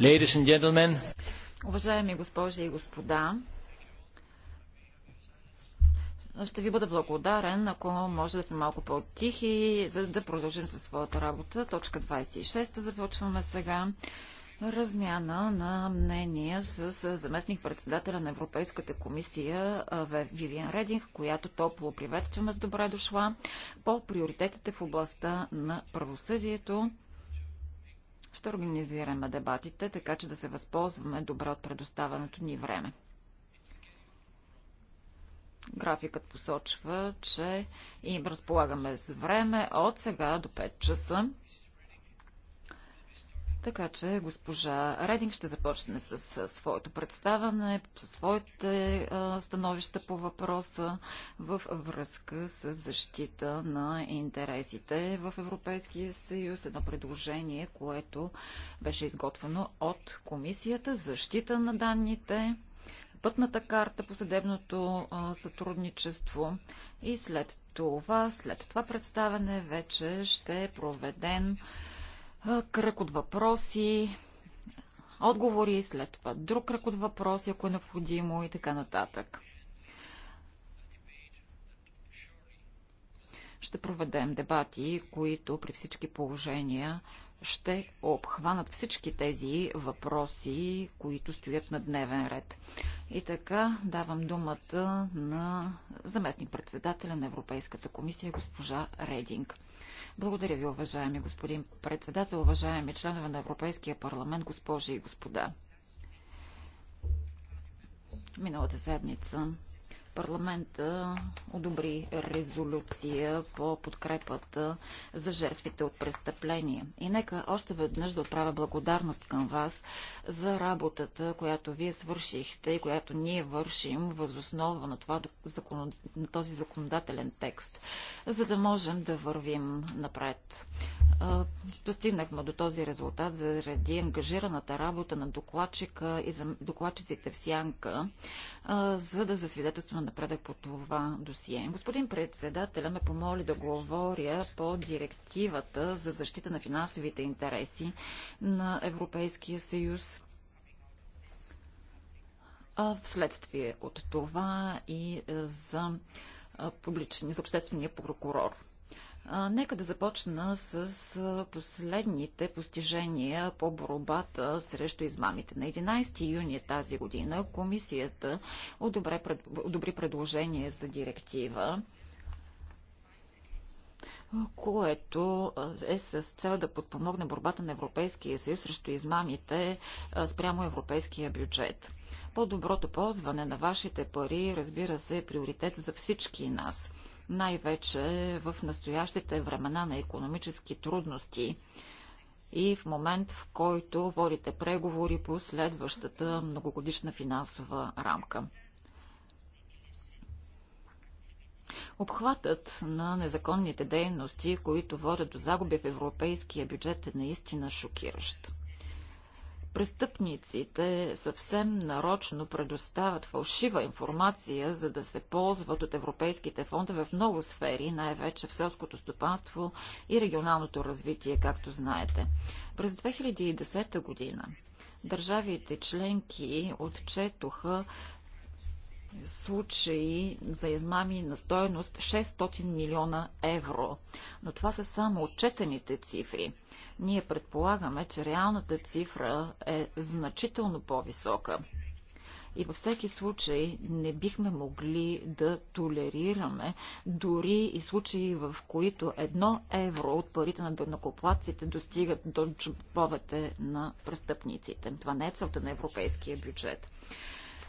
Ladies and gentlemen. Уважаеми госпожи и господа, ще ви бъда благодарен, ако може да сме малко по-тихи, за да продължим със своята работа. Точка 26 започваме сега. Размяна на мнения с заместник председателя на Европейската комисия Вивиан Рединг, която топло приветстваме с добре дошла по приоритетите в областта на правосъдието ще организираме дебатите, така че да се възползваме добре от предоставеното ни време. Графикът посочва, че им разполагаме с време от сега до 5 часа. Така че госпожа Рединг ще започне с, с своето представане, с своите а, становища по въпроса в връзка с защита на интересите в Европейския съюз. Едно предложение, което беше изготвено от Комисията защита на данните пътната карта по съдебното а, сътрудничество и след това, след това представене, вече ще е проведен кръг от въпроси, отговори, след това друг кръг от въпроси, ако е необходимо и така нататък. Ще проведем дебати, които при всички положения ще обхванат всички тези въпроси, които стоят на дневен ред. И така давам думата на заместник председателя на Европейската комисия госпожа Рединг. Благодаря ви, уважаеми господин председател, уважаеми членове на Европейския парламент, госпожи и господа. Миналата седмица Парламента одобри резолюция по подкрепата за жертвите от престъпления. И нека още веднъж да отправя благодарност към вас за работата, която вие свършихте и която ние вършим възоснова на, това, на този законодателен текст, за да можем да вървим напред. Достигнахме до този резултат заради ангажираната работа на докладчика и за докладчиците в Сянка, за да засвидетелстваме напредък по това досие. Господин председателя ме помоли да говоря по директивата за защита на финансовите интереси на Европейския съюз. А вследствие от това и за публични, за обществения прокурор. Нека да започна с последните постижения по борбата срещу измамите. На 11 юни тази година комисията одобри предложение за директива, което е с цел да подпомогне борбата на Европейския съюз срещу измамите спрямо европейския бюджет. По-доброто ползване на вашите пари, разбира се, е приоритет за всички нас – най-вече в настоящите времена на економически трудности и в момент, в който водите преговори по следващата многогодишна финансова рамка. Обхватът на незаконните дейности, които водят до загуби в европейския бюджет е наистина шокиращ. Престъпниците съвсем нарочно предоставят фалшива информация, за да се ползват от европейските фондове в много сфери, най-вече в селското стопанство и регионалното развитие, както знаете. През 2010 година държавите членки отчетоха случаи за измами на стоеност 600 милиона евро. Но това са само отчетените цифри. Ние предполагаме, че реалната цифра е значително по-висока. И във всеки случай не бихме могли да толерираме дори и случаи, в които едно евро от парите на дънакоплаците достигат до джобовете на престъпниците. Това не е целта на европейския бюджет.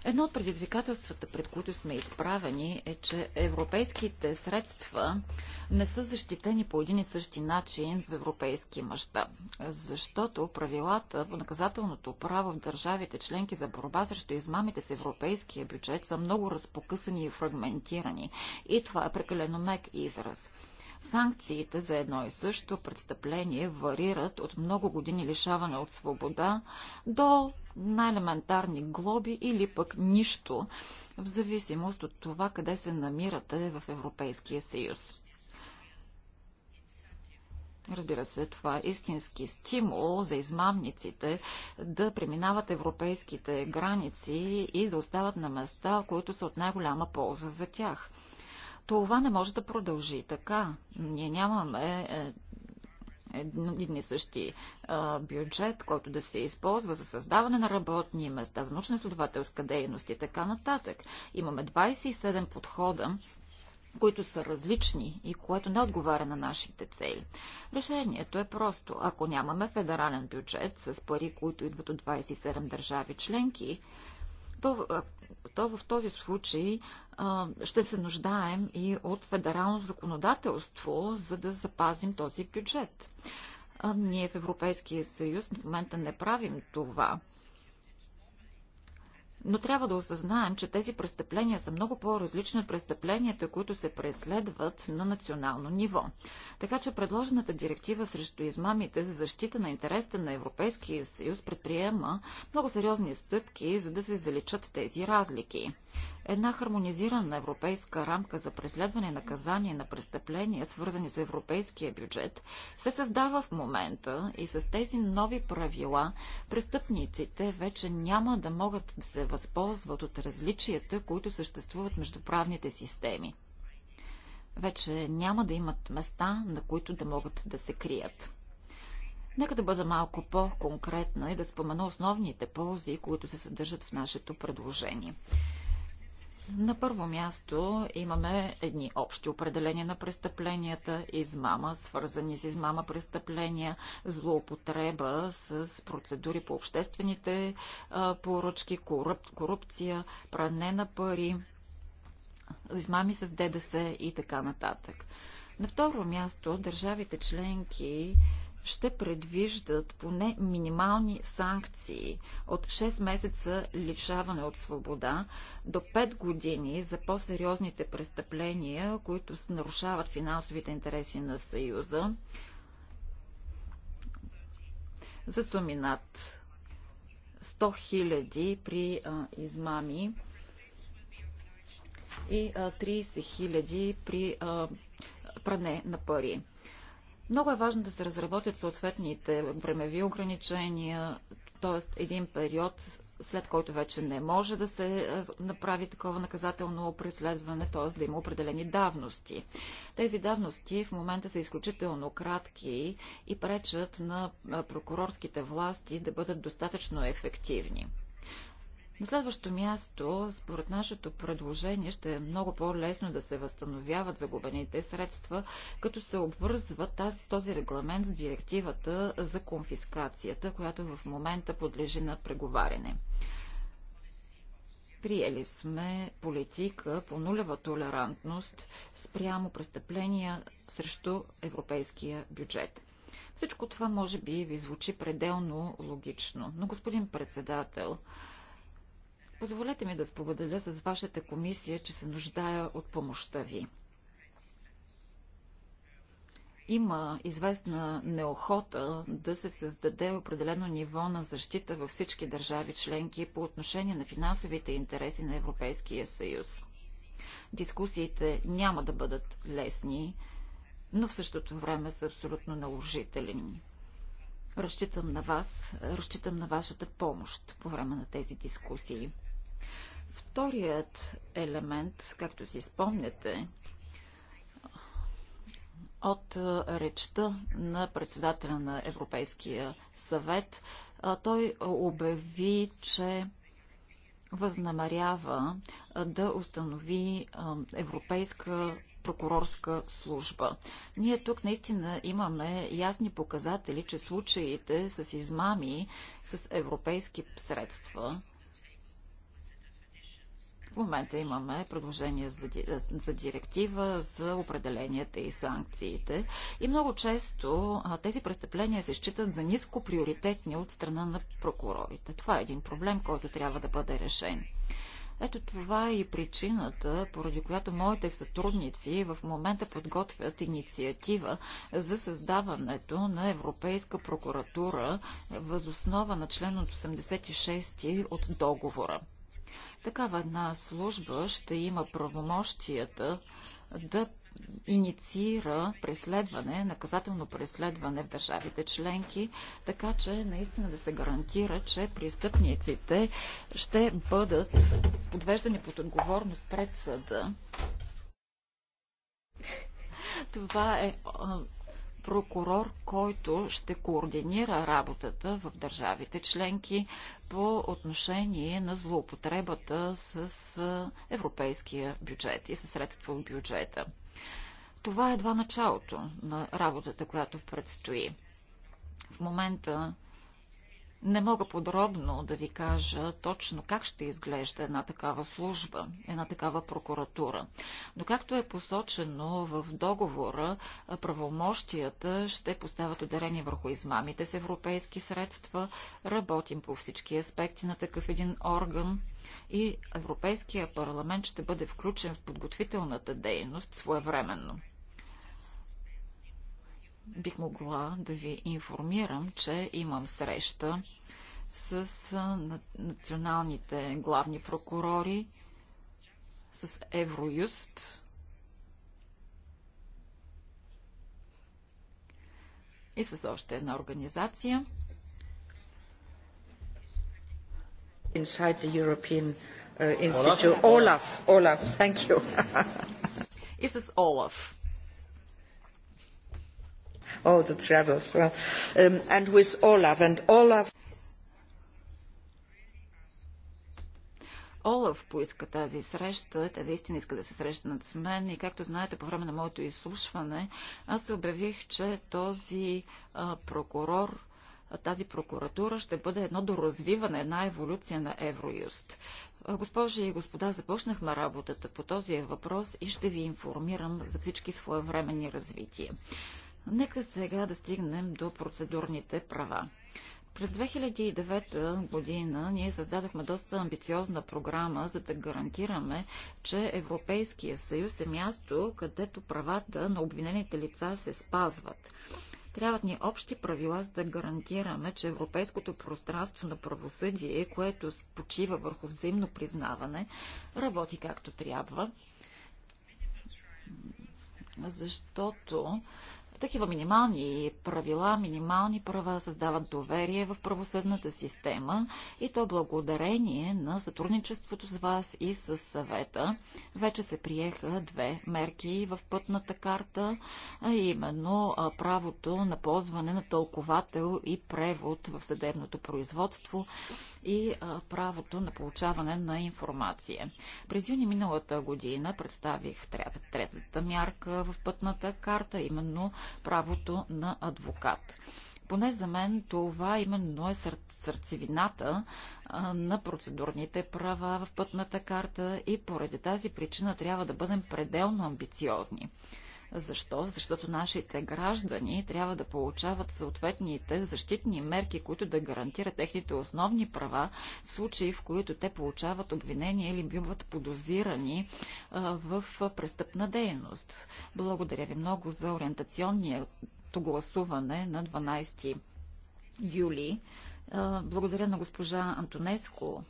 Едно от предизвикателствата, пред които сме изправени, е, че европейските средства не са защитени по един и същи начин в европейски мащаб, защото правилата по наказателното право в държавите членки за борба срещу измамите с европейския бюджет са много разпокъсани и фрагментирани. И това е прекалено мек израз. Санкциите за едно и също престъпление варират от много години лишаване от свобода до най-елементарни глоби или пък нищо, в зависимост от това къде се намирате в Европейския съюз. Разбира се, това е истински стимул за измамниците да преминават европейските граници и да остават на места, които са от най-голяма полза за тях. Това не може да продължи така. Ние нямаме е, е, един и същи бюджет, който да се използва за създаване на работни места, за научно-изследователска дейност и така нататък. Имаме 27 подхода, които са различни и което не отговаря на нашите цели. Решението е просто. Ако нямаме федерален бюджет с пари, които идват от 27 държави членки, то, то в този случай ще се нуждаем и от федерално законодателство, за да запазим този бюджет. Ние в Европейския съюз в момента не правим това. Но трябва да осъзнаем, че тези престъпления са много по-различни от престъпленията, които се преследват на национално ниво. Така че предложената директива срещу измамите за защита на интересите на Европейския съюз предприема много сериозни стъпки, за да се заличат тези разлики. Една хармонизирана европейска рамка за преследване и наказание на престъпления, свързани с европейския бюджет, се създава в момента и с тези нови правила престъпниците вече няма да могат да се възползват от различията, които съществуват между правните системи. Вече няма да имат места, на които да могат да се крият. Нека да бъда малко по-конкретна и да спомена основните ползи, които се съдържат в нашето предложение. На първо място имаме едни общи определения на престъпленията, измама, свързани с измама престъпления, злоупотреба с процедури по обществените а, поръчки, коруп, корупция, пране на пари, измами с ДДС и така нататък. На второ място държавите членки ще предвиждат поне минимални санкции от 6 месеца лишаване от свобода до 5 години за по-сериозните престъпления, които нарушават финансовите интереси на Съюза за суми над 100 хиляди при а, измами и а, 30 хиляди при а, пране на пари. Много е важно да се разработят съответните времеви ограничения, т.е. един период, след който вече не може да се е, направи такова наказателно преследване, т.е. да има определени давности. Тези давности в момента са изключително кратки и пречат на е, прокурорските власти да бъдат достатъчно ефективни. На следващо място, според нашето предложение, ще е много по-лесно да се възстановяват загубените средства, като се обвързва тази, този регламент с директивата за конфискацията, която в момента подлежи на преговаряне. Приели сме политика по нулева толерантност спрямо престъпления срещу европейския бюджет. Всичко това може би ви звучи пределно логично, но господин председател, Позволете ми да споделя с вашата комисия, че се нуждая от помощта ви. Има известна неохота да се създаде определено ниво на защита във всички държави членки по отношение на финансовите интереси на Европейския съюз. Дискусиите няма да бъдат лесни, но в същото време са абсолютно наложителни. Разчитам на вас, разчитам на вашата помощ по време на тези дискусии. Вторият елемент, както си спомняте, от речта на председателя на Европейския съвет, той обяви, че възнамерява да установи европейска прокурорска служба. Ние тук наистина имаме ясни показатели, че случаите с измами с европейски средства в момента имаме предложение за, за директива за определенията и санкциите. И много често а, тези престъпления се считат за ниско приоритетни от страна на прокурорите. Това е един проблем, който трябва да бъде решен. Ето това е и причината, поради която моите сътрудници в момента подготвят инициатива за създаването на Европейска прокуратура възоснова на член от 86 от договора. Такава една служба ще има правомощията да инициира преследване, наказателно преследване в държавите членки, така че наистина да се гарантира, че престъпниците ще бъдат подвеждани под отговорност пред съда. Това е прокурор, който ще координира работата в държавите членки по отношение на злоупотребата с европейския бюджет и със средства от бюджета. Това е едва началото на работата, която предстои. В момента не мога подробно да ви кажа точно как ще изглежда една такава служба, една такава прокуратура. Но както е посочено в договора, правомощията ще поставят ударение върху измамите с европейски средства. Работим по всички аспекти на такъв един орган и Европейския парламент ще бъде включен в подготвителната дейност своевременно бих могла да ви информирам, че имам среща с националните главни прокурори, с Евроюст и с още една организация. Inside the European uh, Institute. Olaf, Olaf, thank you. и с Олаф all the travels, um, and with Olaf. And Olaf Олаф поиска тази среща. Те наистина иска да се срещнат с мен. И както знаете, по време на моето изслушване, аз се обявих, че този а, прокурор, а, тази прокуратура ще бъде едно доразвиване, една еволюция на Евроюст. Госпожи и господа, започнахме работата по този въпрос и ще ви информирам за всички своевременни развития. Нека сега да стигнем до процедурните права. През 2009 година ние създадохме доста амбициозна програма, за да гарантираме, че Европейския съюз е място, където правата на обвинените лица се спазват. Трябват ни общи правила, за да гарантираме, че европейското пространство на правосъдие, което почива върху взаимно признаване, работи както трябва. Защото такива минимални правила, минимални права създават доверие в правосъдната система и то благодарение на сътрудничеството с вас и с съвета. Вече се приеха две мерки в пътната карта, а именно правото на ползване на тълковател и превод в съдебното производство и правото на получаване на информация. През юни миналата година представих третата мярка в пътната карта, именно правото на адвокат. Поне за мен това именно е сърцевината на процедурните права в пътната карта и поради тази причина трябва да бъдем пределно амбициозни. Защо? Защото нашите граждани трябва да получават съответните защитни мерки, които да гарантират техните основни права в случаи, в които те получават обвинения или биват подозирани в престъпна дейност. Благодаря ви много за ориентационния гласуване на 12 юли. Благодаря на госпожа Антонеско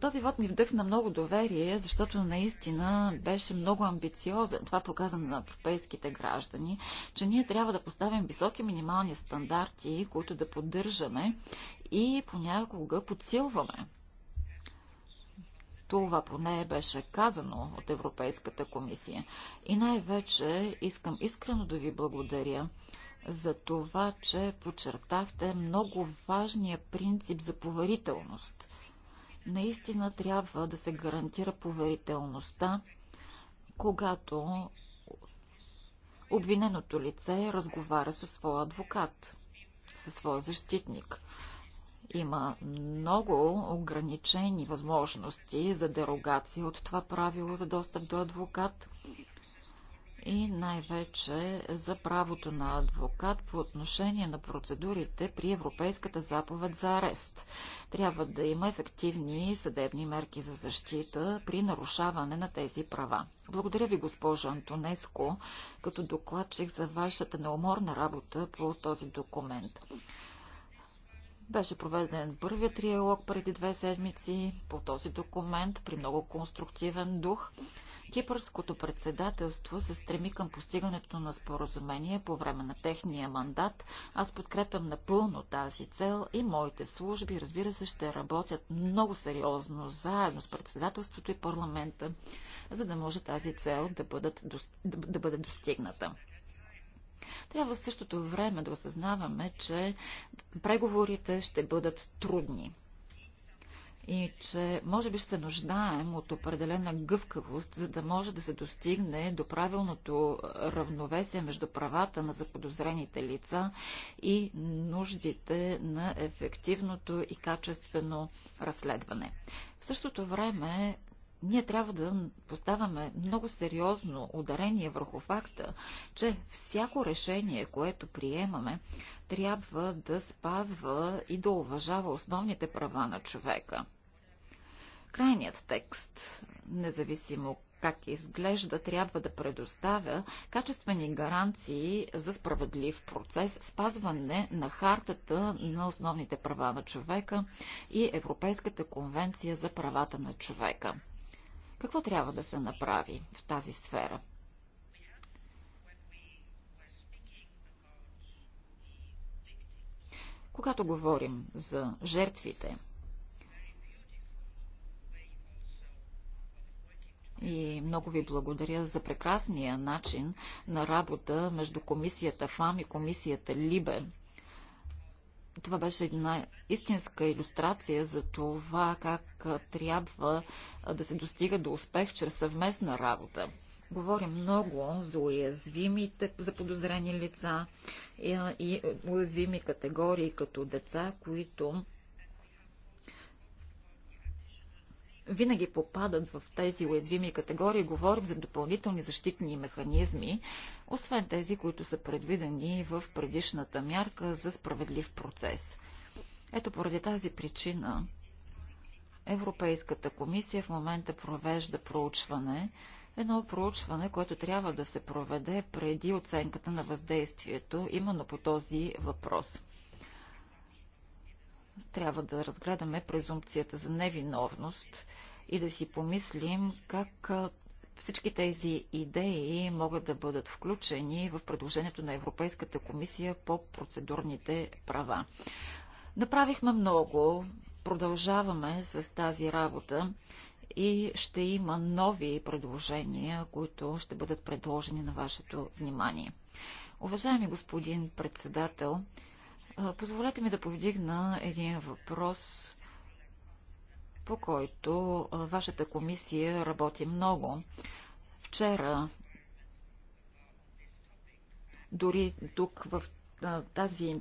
този вод ми вдъхна много доверие, защото наистина беше много амбициозен. Това показа на европейските граждани, че ние трябва да поставим високи минимални стандарти, които да поддържаме и понякога подсилваме. Това поне беше казано от Европейската комисия. И най-вече искам искрено да ви благодаря за това, че подчертахте много важния принцип за поверителност – Наистина трябва да се гарантира поверителността, когато обвиненото лице разговаря със своя адвокат, със своя защитник. Има много ограничени възможности за дерогация от това правило за достъп до адвокат и най-вече за правото на адвокат по отношение на процедурите при Европейската заповед за арест. Трябва да има ефективни съдебни мерки за защита при нарушаване на тези права. Благодаря ви, госпожо Антонеско, като докладчик за вашата неуморна работа по този документ. Беше проведен първият триалог преди две седмици по този документ при много конструктивен дух. Кипърското председателство се стреми към постигането на споразумение по време на техния мандат. Аз подкрепям напълно тази цел и моите служби, разбира се, ще работят много сериозно заедно с председателството и парламента, за да може тази цел да, бъдат, да бъде достигната. Трябва в същото време да осъзнаваме, че преговорите ще бъдат трудни и че може би ще се нуждаем от определена гъвкавост, за да може да се достигне до правилното равновесие между правата на заподозрените лица и нуждите на ефективното и качествено разследване. В същото време ние трябва да поставяме много сериозно ударение върху факта, че всяко решение, което приемаме, трябва да спазва и да уважава основните права на човека. Крайният текст, независимо как изглежда, трябва да предоставя качествени гаранции за справедлив процес, спазване на хартата на основните права на човека и Европейската конвенция за правата на човека. Какво трябва да се направи в тази сфера? Когато говорим за жертвите и много ви благодаря за прекрасния начин на работа между комисията ФАМ и комисията ЛИБЕ, това беше една истинска иллюстрация за това как трябва да се достига до успех чрез съвместна работа. Говорим много за уязвимите, за подозрени лица и, и уязвими категории като деца, които винаги попадат в тези уязвими категории. Говорим за допълнителни защитни механизми, освен тези, които са предвидени в предишната мярка за справедлив процес. Ето поради тази причина Европейската комисия в момента провежда проучване, едно проучване, което трябва да се проведе преди оценката на въздействието, именно по този въпрос трябва да разгледаме презумпцията за невиновност и да си помислим как всички тези идеи могат да бъдат включени в предложението на Европейската комисия по процедурните права. Направихме много, продължаваме с тази работа и ще има нови предложения, които ще бъдат предложени на вашето внимание. Уважаеми господин председател, Позволете ми да повдигна един въпрос, по който вашата комисия работи много. Вчера, дори тук в тази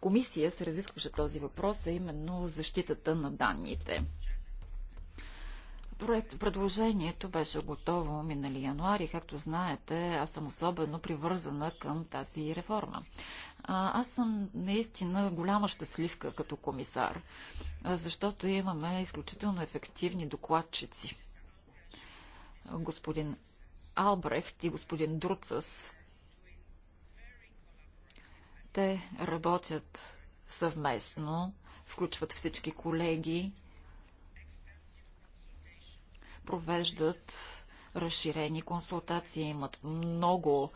комисия се разискваше този въпрос, а именно защитата на данните. Проект, предложението беше готово минали януари. Както знаете, аз съм особено привързана към тази реформа. А, аз съм наистина голяма щастливка като комисар, защото имаме изключително ефективни докладчици. Господин Албрехт и господин Друцас. Те работят съвместно, включват всички колеги, провеждат разширени консултации, имат много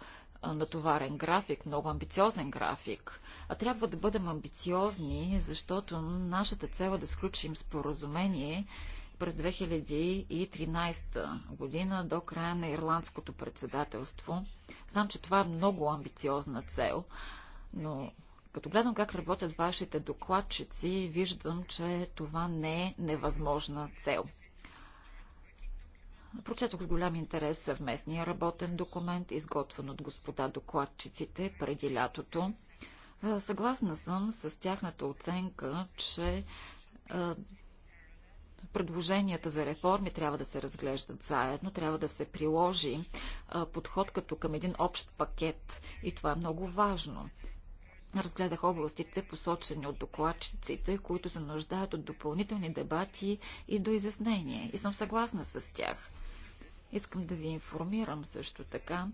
натоварен график, много амбициозен график. А трябва да бъдем амбициозни, защото нашата цел е да сключим споразумение през 2013 година до края на ирландското председателство. Знам, че това е много амбициозна цел, но като гледам как работят вашите докладчици, виждам, че това не е невъзможна цел. Прочетох с голям интерес съвместния работен документ, изготвен от господа докладчиците преди лятото. Е, съгласна съм с тяхната оценка, че е, предложенията за реформи трябва да се разглеждат заедно, трябва да се приложи е, подход като към един общ пакет и това е много важно. Разгледах областите, посочени от докладчиците, които се нуждаят от допълнителни дебати и до изяснение. И съм съгласна с тях. Искам да ви информирам също така,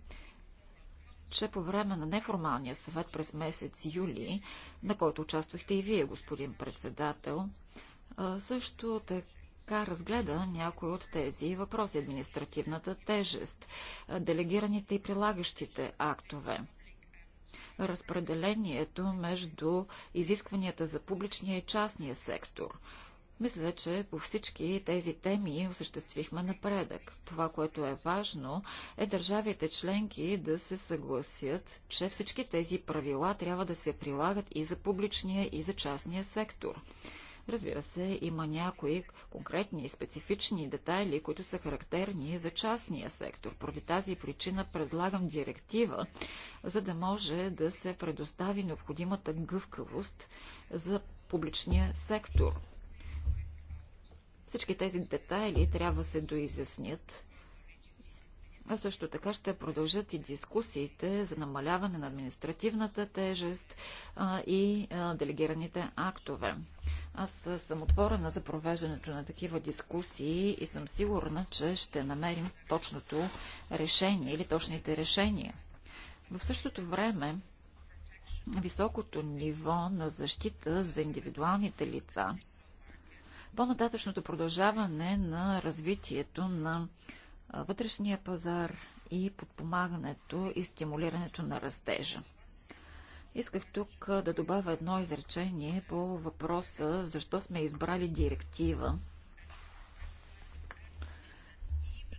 че по време на неформалния съвет през месец юли, на който участвахте и вие, господин председател, също така разгледа някои от тези въпроси, административната тежест, делегираните и прилагащите актове, разпределението между изискванията за публичния и частния сектор – мисля, че по всички тези теми осъществихме напредък. Това, което е важно, е държавите членки да се съгласят, че всички тези правила трябва да се прилагат и за публичния, и за частния сектор. Разбира се, има някои конкретни, и специфични детайли, които са характерни за частния сектор. Поради тази причина предлагам директива, за да може да се предостави необходимата гъвкавост за публичния сектор. Всички тези детайли трябва се доизяснят. А също така ще продължат и дискусиите за намаляване на административната тежест а, и а, делегираните актове. Аз съм отворена за провеждането на такива дискусии и съм сигурна, че ще намерим точното решение или точните решения. В същото време, високото ниво на защита за индивидуалните лица по-нататъчното продължаване на развитието на вътрешния пазар и подпомагането и стимулирането на растежа. Исках тук да добавя едно изречение по въпроса защо сме избрали директива.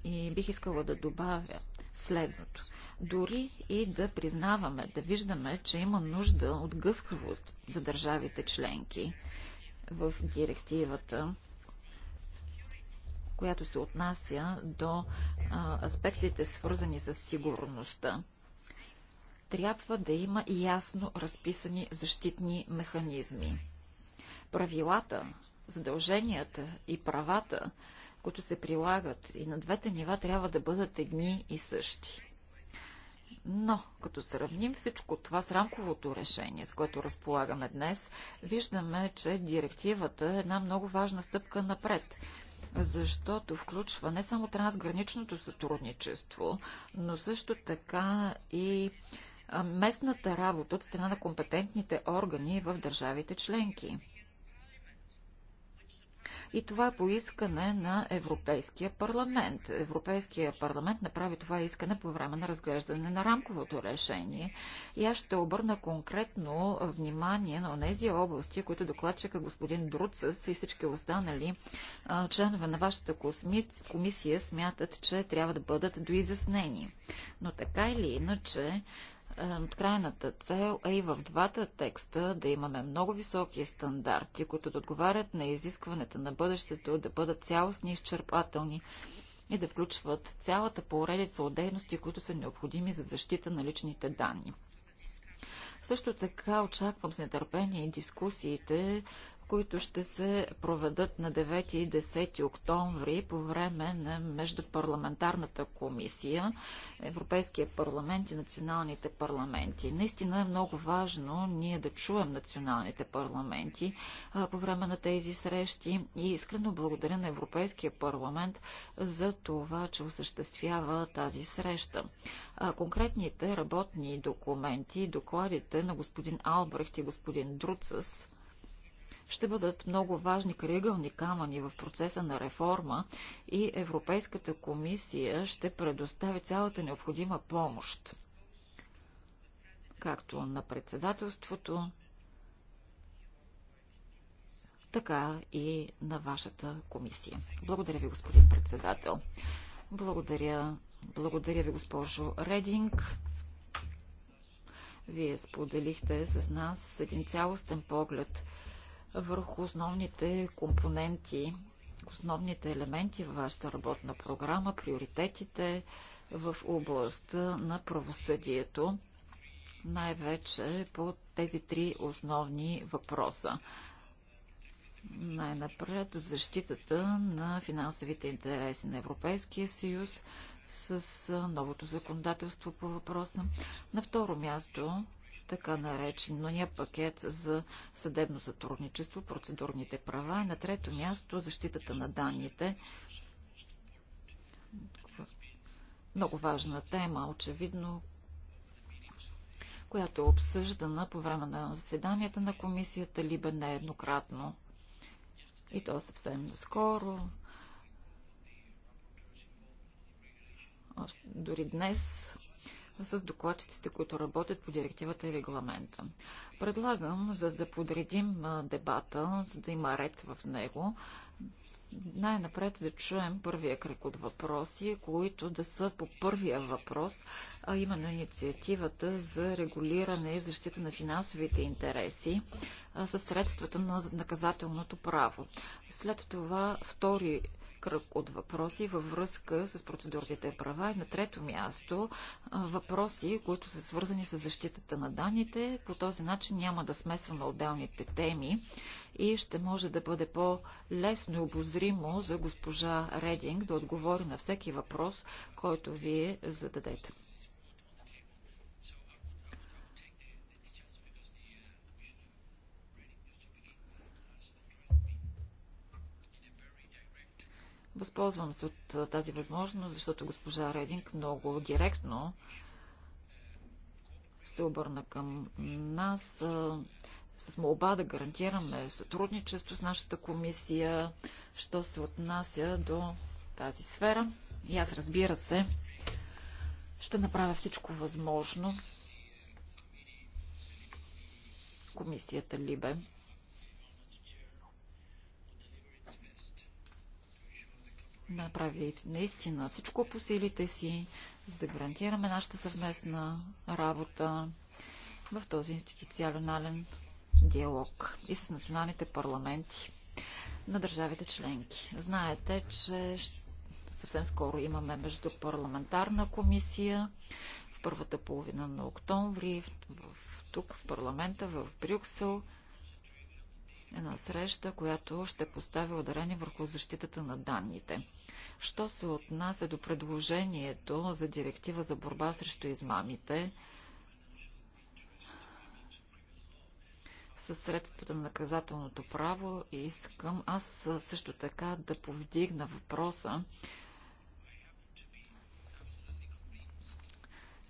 И бих искала да добавя следното. Дори и да признаваме, да виждаме, че има нужда от гъвкавост за държавите членки в директивата, която се отнася до а, аспектите свързани с сигурността. Трябва да има ясно разписани защитни механизми. Правилата, задълженията и правата, които се прилагат и на двете нива, трябва да бъдат едни и същи. Но, като сравним всичко това с рамковото решение, с което разполагаме днес, виждаме, че директивата е една много важна стъпка напред защото включва не само трансграничното сътрудничество, но също така и местната работа от страна на компетентните органи в държавите членки. И това е по искане на Европейския парламент. Европейския парламент направи това искане по време на разглеждане на рамковото решение. И аз ще обърна конкретно внимание на тези области, които докладчика господин Друцъс и всички останали членове на вашата комисия смятат, че трябва да бъдат доизяснени. Но така или иначе, крайната цел е и в двата текста да имаме много високи стандарти, които да отговарят на изискването на бъдещето, да бъдат цялостни, изчерпателни и да включват цялата поредица от дейности, които са необходими за защита на личните данни. Също така очаквам с нетърпение дискусиите които ще се проведат на 9 и 10 октомври по време на Междупарламентарната комисия, Европейския парламент и националните парламенти. Наистина е много важно ние да чуем националните парламенти а, по време на тези срещи и искрено благодаря на Европейския парламент за това, че осъществява тази среща. А, конкретните работни документи, докладите на господин Албрехт и господин Друцъс ще бъдат много важни кръгълни камъни в процеса на реформа и Европейската комисия ще предостави цялата необходима помощ, както на председателството, така и на вашата комисия. Благодаря ви, господин председател. Благодаря, благодаря ви, госпожо Рединг. Вие споделихте с нас един цялостен поглед върху основните компоненти, основните елементи във вашата работна програма, приоритетите в областта на правосъдието, най-вече по тези три основни въпроса. Най-напред защитата на финансовите интереси на Европейския съюз с новото законодателство по въпроса. На второ място така наречения пакет за съдебно сътрудничество, процедурните права и на трето място защитата на данните. Много важна тема, очевидно, която е обсъждана по време на заседанията на комисията Либе нееднократно. И то съвсем скоро. Дори днес с докладчиците, които работят по директивата и регламента. Предлагам, за да подредим дебата, за да има ред в него, най-напред да чуем първия кръг от въпроси, които да са по първия въпрос, а именно инициативата за регулиране и защита на финансовите интереси със средствата на наказателното право. След това втори кръг от въпроси във връзка с процедурните права. И на трето място въпроси, които са свързани с защитата на данните. По този начин няма да смесваме отделните теми и ще може да бъде по-лесно и обозримо за госпожа Рединг да отговори на всеки въпрос, който вие зададете. Възползвам се от тази възможност, защото госпожа Рединг много директно се обърна към нас с молба да гарантираме сътрудничество с нашата комисия, що се отнася до тази сфера. И аз разбира се, ще направя всичко възможно комисията Либе направи наистина всичко по силите си, за да гарантираме нашата съвместна работа в този институционален диалог и с националните парламенти на държавите членки. Знаете, че съвсем скоро имаме междупарламентарна комисия в първата половина на октомври, в, тук в парламента, в Брюксел. Една среща, която ще постави ударение върху защитата на данните. Що се отнася до предложението за директива за борба срещу измамите, със средствата на наказателното право и искам аз също така да повдигна въпроса,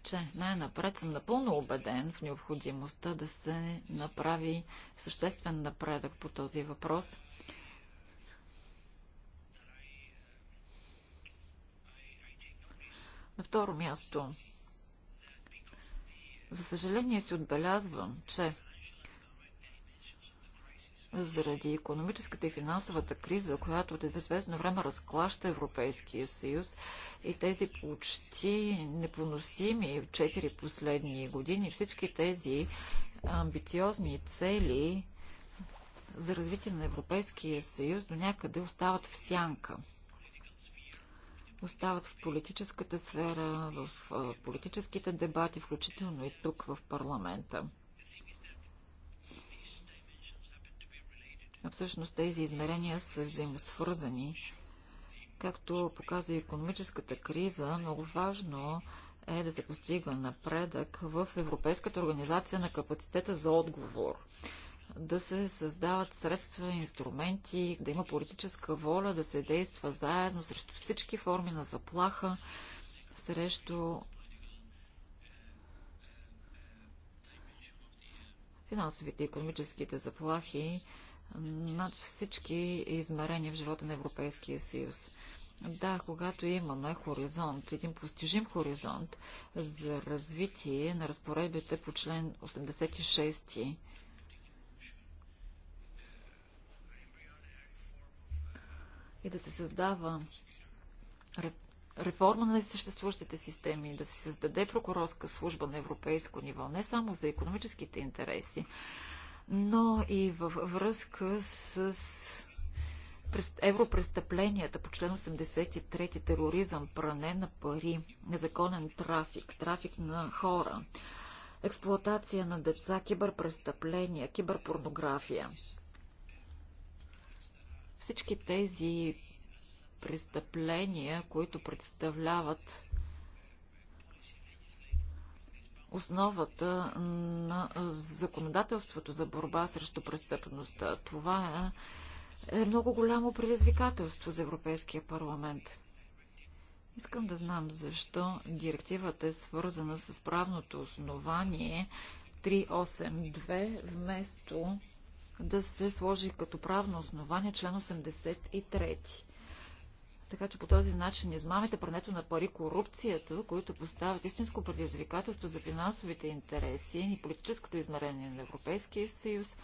че най-напред съм напълно убеден в необходимостта да се направи съществен напредък по този въпрос – На второ място, за съжаление си отбелязвам, че заради економическата и финансовата криза, която от известно време разклаща Европейския съюз и тези почти непоносими четири последни години, всички тези амбициозни цели за развитие на Европейския съюз до някъде остават в сянка – остават в политическата сфера, в политическите дебати, включително и тук в парламента. А всъщност тези измерения са взаимосвързани. Както показа и економическата криза, много важно е да се постига напредък в Европейската организация на капацитета за отговор да се създават средства, инструменти, да има политическа воля да се действа заедно срещу всички форми на заплаха, срещу финансовите и економическите заплахи над всички измерения в живота на Европейския съюз. Да, когато имаме хоризонт, един постижим хоризонт за развитие на разпоредбите по член 86 и да се създава реформа на съществуващите системи, да се създаде прокурорска служба на европейско ниво, не само за економическите интереси, но и във връзка с европрестъпленията по член 83 тероризъм, пране на пари, незаконен трафик, трафик на хора, експлоатация на деца, киберпрестъпления, киберпорнография. Всички тези престъпления, които представляват основата на законодателството за борба срещу престъпността. Това е много голямо предизвикателство за Европейския парламент. Искам да знам защо директивата е свързана с правното основание 382 вместо да се сложи като правно основание член 83. Така че по този начин измамите, прането на пари, корупцията, които поставят истинско предизвикателство за финансовите интереси и политическото измерение на Европейския съюз,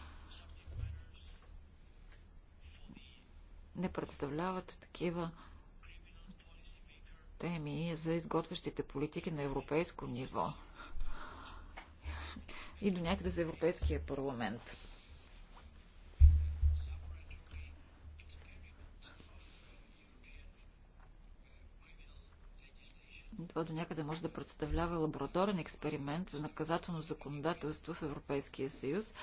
не представляват такива теми за изготвящите политики на европейско ниво и до някъде за Европейския парламент. Това до някъде може да представлява лабораторен експеримент за наказателно законодателство в Европейския съюз.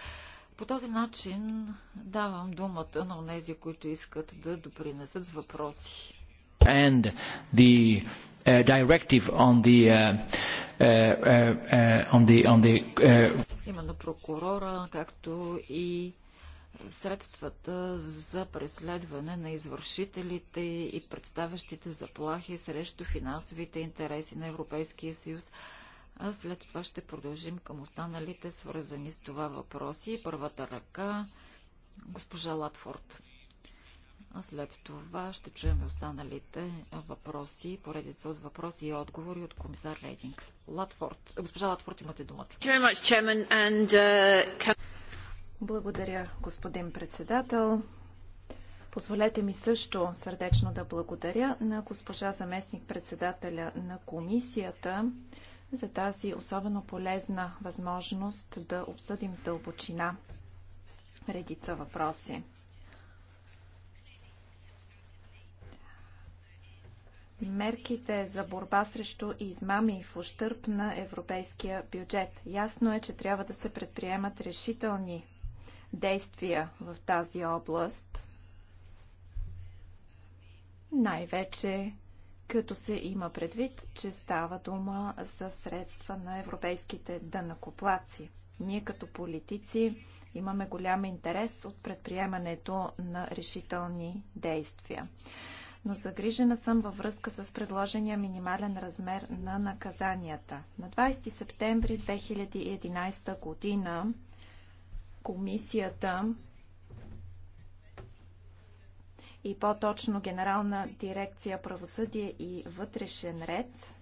По този начин давам думата на онези, които искат да допринесат с въпроси. And the uh, directive on the uh, uh, uh, uh on the on the uh... именно прокурора, както и средствата за преследване на извършителите и представящите заплахи срещу финансовите интереси на Европейския съюз. А след това ще продължим към останалите свързани с това въпроси. Първата ръка госпожа Латфорд. А след това ще чуем останалите въпроси, поредица от въпроси и отговори от комисар Рейдинг. Латфорд. Госпожа Латфорд, имате думата. Uh, благодаря, господин председател. Позволете ми също сърдечно да благодаря на госпожа заместник председателя на комисията за тази особено полезна възможност да обсъдим дълбочина редица въпроси. мерките за борба срещу измами в ущърп на европейския бюджет. Ясно е, че трябва да се предприемат решителни действия в тази област, най-вече като се има предвид, че става дума за средства на европейските дънакоплаци. Ние като политици имаме голям интерес от предприемането на решителни действия. Но загрижена съм във връзка с предложения минимален размер на наказанията. На 20 септември 2011 година комисията и по-точно Генерална дирекция правосъдие и вътрешен ред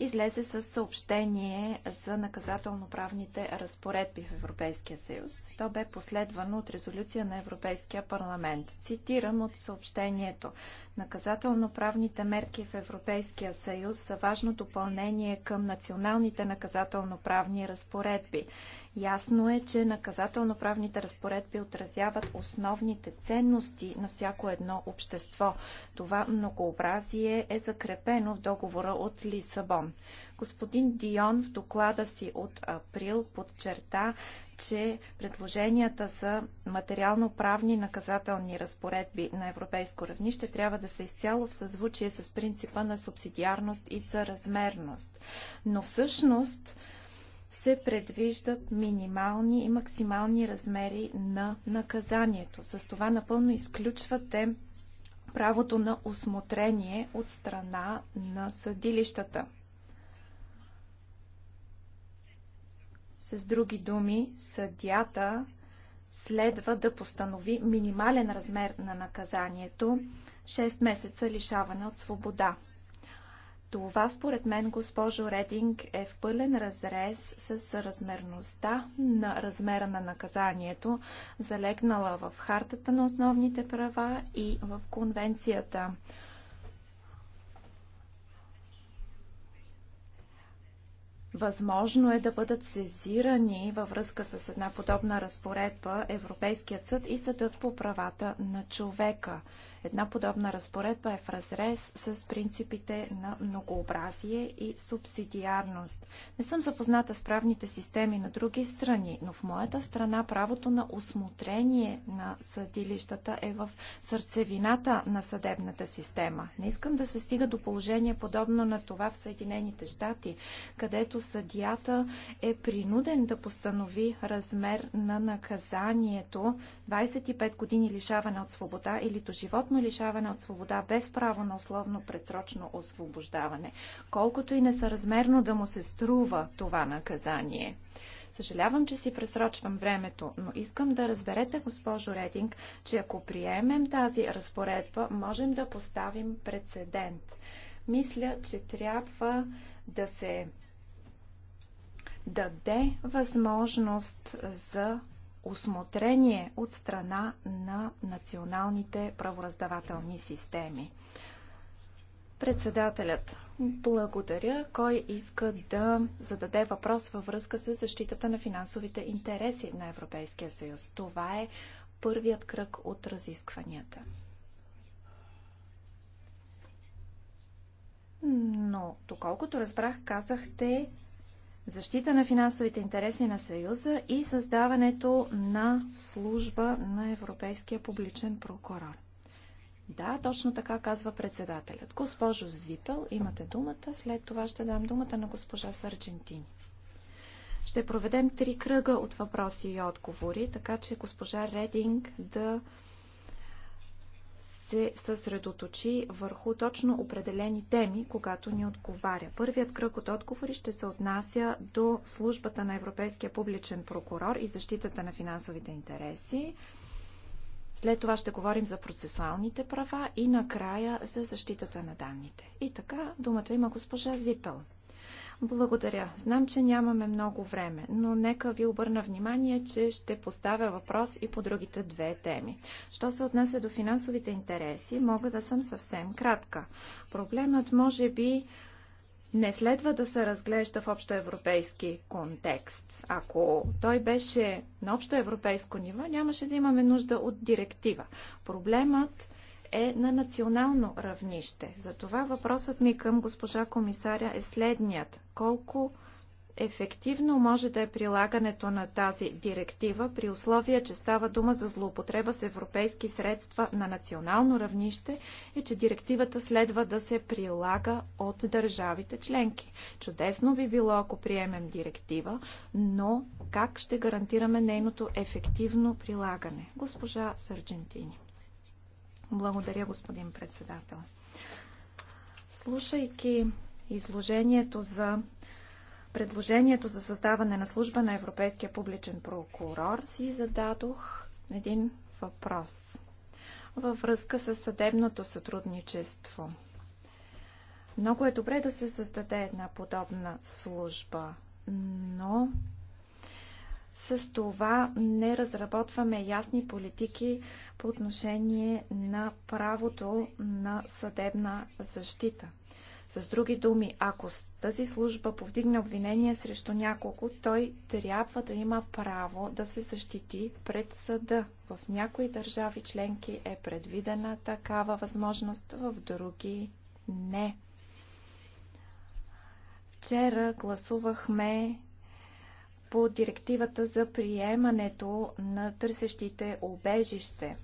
излезе с съобщение за наказателно-правните разпоредби в Европейския съюз. То бе последвано от резолюция на Европейския парламент. Цитирам от съобщението. Наказателно-правните мерки в Европейския съюз са важно допълнение към националните наказателно-правни разпоредби Ясно е, че наказателно-правните разпоредби отразяват основните ценности на всяко едно общество. Това многообразие е закрепено в договора от Лисабон. Господин Дион в доклада си от април подчерта, че предложенията за материално-правни наказателни разпоредби на европейско равнище трябва да са изцяло в съзвучие с принципа на субсидиарност и съразмерност. Но всъщност се предвиждат минимални и максимални размери на наказанието. С това напълно изключвате правото на осмотрение от страна на съдилищата. С други думи, съдята следва да постанови минимален размер на наказанието 6 месеца лишаване от свобода. Това според мен, госпожо Рединг, е в пълен разрез с размерността на размера на наказанието, залегнала в Хартата на основните права и в Конвенцията. Възможно е да бъдат сезирани във връзка с една подобна разпоредба Европейският съд и Съдът по правата на човека. Една подобна разпоредба е в разрез с принципите на многообразие и субсидиарност. Не съм запозната с правните системи на други страни, но в моята страна правото на осмотрение на съдилищата е в сърцевината на съдебната система. Не искам да се стига до положение подобно на това в Съединените щати, където съдията е принуден да постанови размер на наказанието 25 години лишаване от свобода или до живот безсрочно лишаване от свобода без право на условно предсрочно освобождаване, колкото и несъразмерно да му се струва това наказание. Съжалявам, че си пресрочвам времето, но искам да разберете, госпожо Рединг, че ако приемем тази разпоредба, можем да поставим прецедент. Мисля, че трябва да се даде възможност за осмотрение от страна на националните правораздавателни системи. Председателят, благодаря. Кой иска да зададе въпрос във връзка с защитата на финансовите интереси на Европейския съюз? Това е първият кръг от разискванията. Но, доколкото разбрах, казахте, защита на финансовите интереси на Съюза и създаването на служба на Европейския публичен прокурор. Да, точно така казва председателят. Госпожо Зипел, имате думата. След това ще дам думата на госпожа Сарджентини. Ще проведем три кръга от въпроси и отговори, така че госпожа Рединг да се съсредоточи върху точно определени теми, когато ни отговаря. Първият кръг от отговори ще се отнася до службата на Европейския публичен прокурор и защитата на финансовите интереси. След това ще говорим за процесуалните права и накрая за защитата на данните. И така, думата има госпожа Зипел. Благодаря. Знам, че нямаме много време, но нека ви обърна внимание, че ще поставя въпрос и по другите две теми. Що се отнася до финансовите интереси, мога да съм съвсем кратка. Проблемът може би не следва да се разглежда в общоевропейски контекст. Ако той беше на общоевропейско ниво, нямаше да имаме нужда от директива. Проблемът е на национално равнище. Затова въпросът ми към госпожа комисаря е следният. Колко ефективно може да е прилагането на тази директива при условие, че става дума за злоупотреба с европейски средства на национално равнище и че директивата следва да се прилага от държавите членки. Чудесно би било, ако приемем директива, но как ще гарантираме нейното ефективно прилагане? Госпожа Сърджентини. Благодаря, господин председател. Слушайки изложението за предложението за създаване на служба на Европейския публичен прокурор, си зададох един въпрос във връзка с съдебното сътрудничество. Много е добре да се създаде една подобна служба, но с това не разработваме ясни политики по отношение на правото на съдебна защита. С други думи, ако тази служба повдигне обвинение срещу няколко, той трябва да има право да се защити пред съда. В някои държави членки е предвидена такава възможност, в други не. Вчера гласувахме по директивата за приемането на търсещите обежище.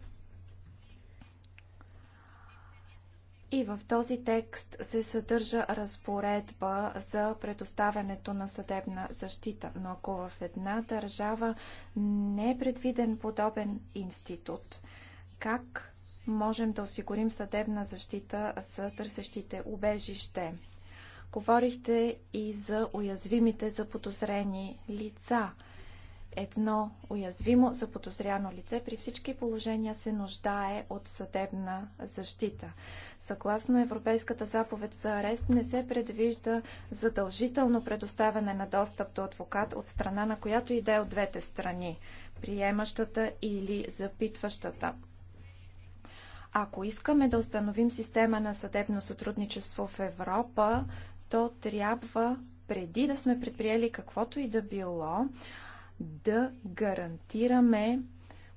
И в този текст се съдържа разпоредба за предоставянето на съдебна защита. Но ако в една държава не е предвиден подобен институт, как можем да осигурим съдебна защита за търсещите убежище? Говорихте и за уязвимите за подозрени лица. Едно уязвимо за подозряно лице при всички положения се нуждае от съдебна защита. Съгласно Европейската заповед за арест не се предвижда задължително предоставяне на достъп до адвокат от страна на която иде от двете страни приемащата или запитващата. Ако искаме да установим система на съдебно сътрудничество в Европа, то трябва преди да сме предприели каквото и да било, да гарантираме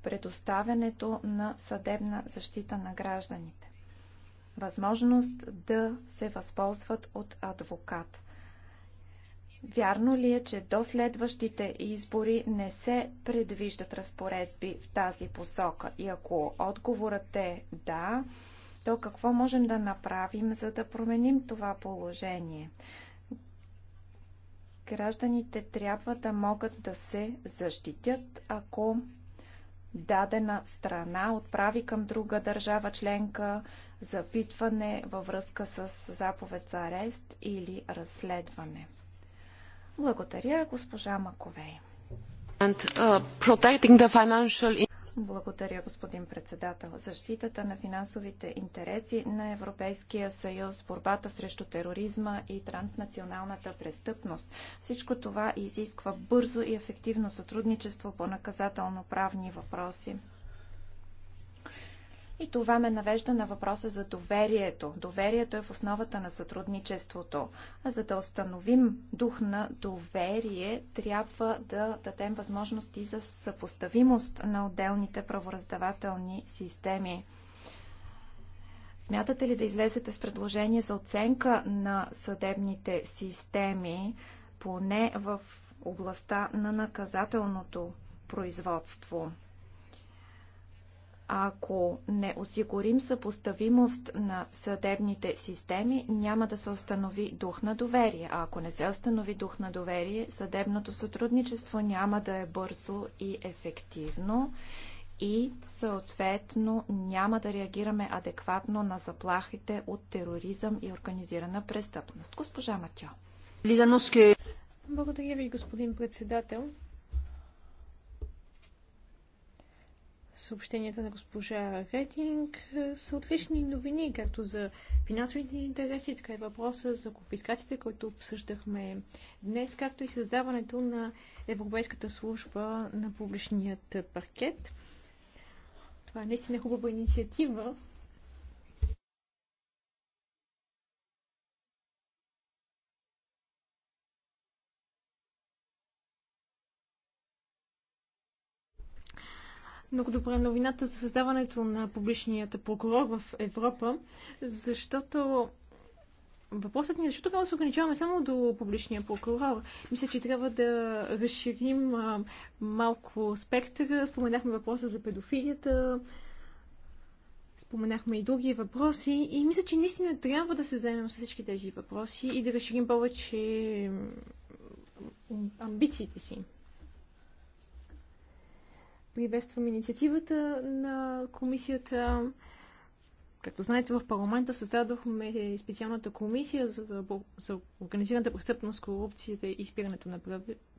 предоставянето на съдебна защита на гражданите. Възможност да се възползват от адвокат. Вярно ли е, че до следващите избори не се предвиждат разпоредби в тази посока? И ако отговорът е да, то какво можем да направим, за да променим това положение? Гражданите трябва да могат да се защитят, ако дадена страна отправи към друга държава членка запитване във връзка с заповед за арест или разследване. Благодаря, госпожа Маковей. And, uh, благодаря, господин председател. Защитата на финансовите интереси на Европейския съюз, борбата срещу тероризма и транснационалната престъпност. Всичко това изисква бързо и ефективно сътрудничество по наказателно-правни въпроси. И това ме навежда на въпроса за доверието. Доверието е в основата на сътрудничеството. А за да установим дух на доверие, трябва да дадем възможности за съпоставимост на отделните правораздавателни системи. Смятате ли да излезете с предложение за оценка на съдебните системи, поне в областта на наказателното производство? Ако не осигурим съпоставимост на съдебните системи, няма да се установи дух на доверие. А ако не се установи дух на доверие, съдебното сътрудничество няма да е бързо и ефективно и съответно няма да реагираме адекватно на заплахите от тероризъм и организирана престъпност. Госпожа Матьо. Благодаря ви, господин председател. съобщенията на госпожа Ретинг е, са отлични новини, както за финансовите интереси, така и въпроса за конфискациите, които обсъждахме днес, както и създаването на Европейската служба на публичният паркет. Това е наистина хубава инициатива, много добра новината за създаването на публичният прокурор в Европа, защото въпросът ни е защо трябва да се ограничаваме само до публичния прокурор. Мисля, че трябва да разширим малко спектъра. Споменахме въпроса за педофилията, споменахме и други въпроси и мисля, че наистина трябва да се заемем с всички тези въпроси и да разширим повече амбициите си. Приветствам инициативата на комисията. Както знаете, в парламента създадохме специалната комисия за, за организираната престъпност, корупцията и изпирането на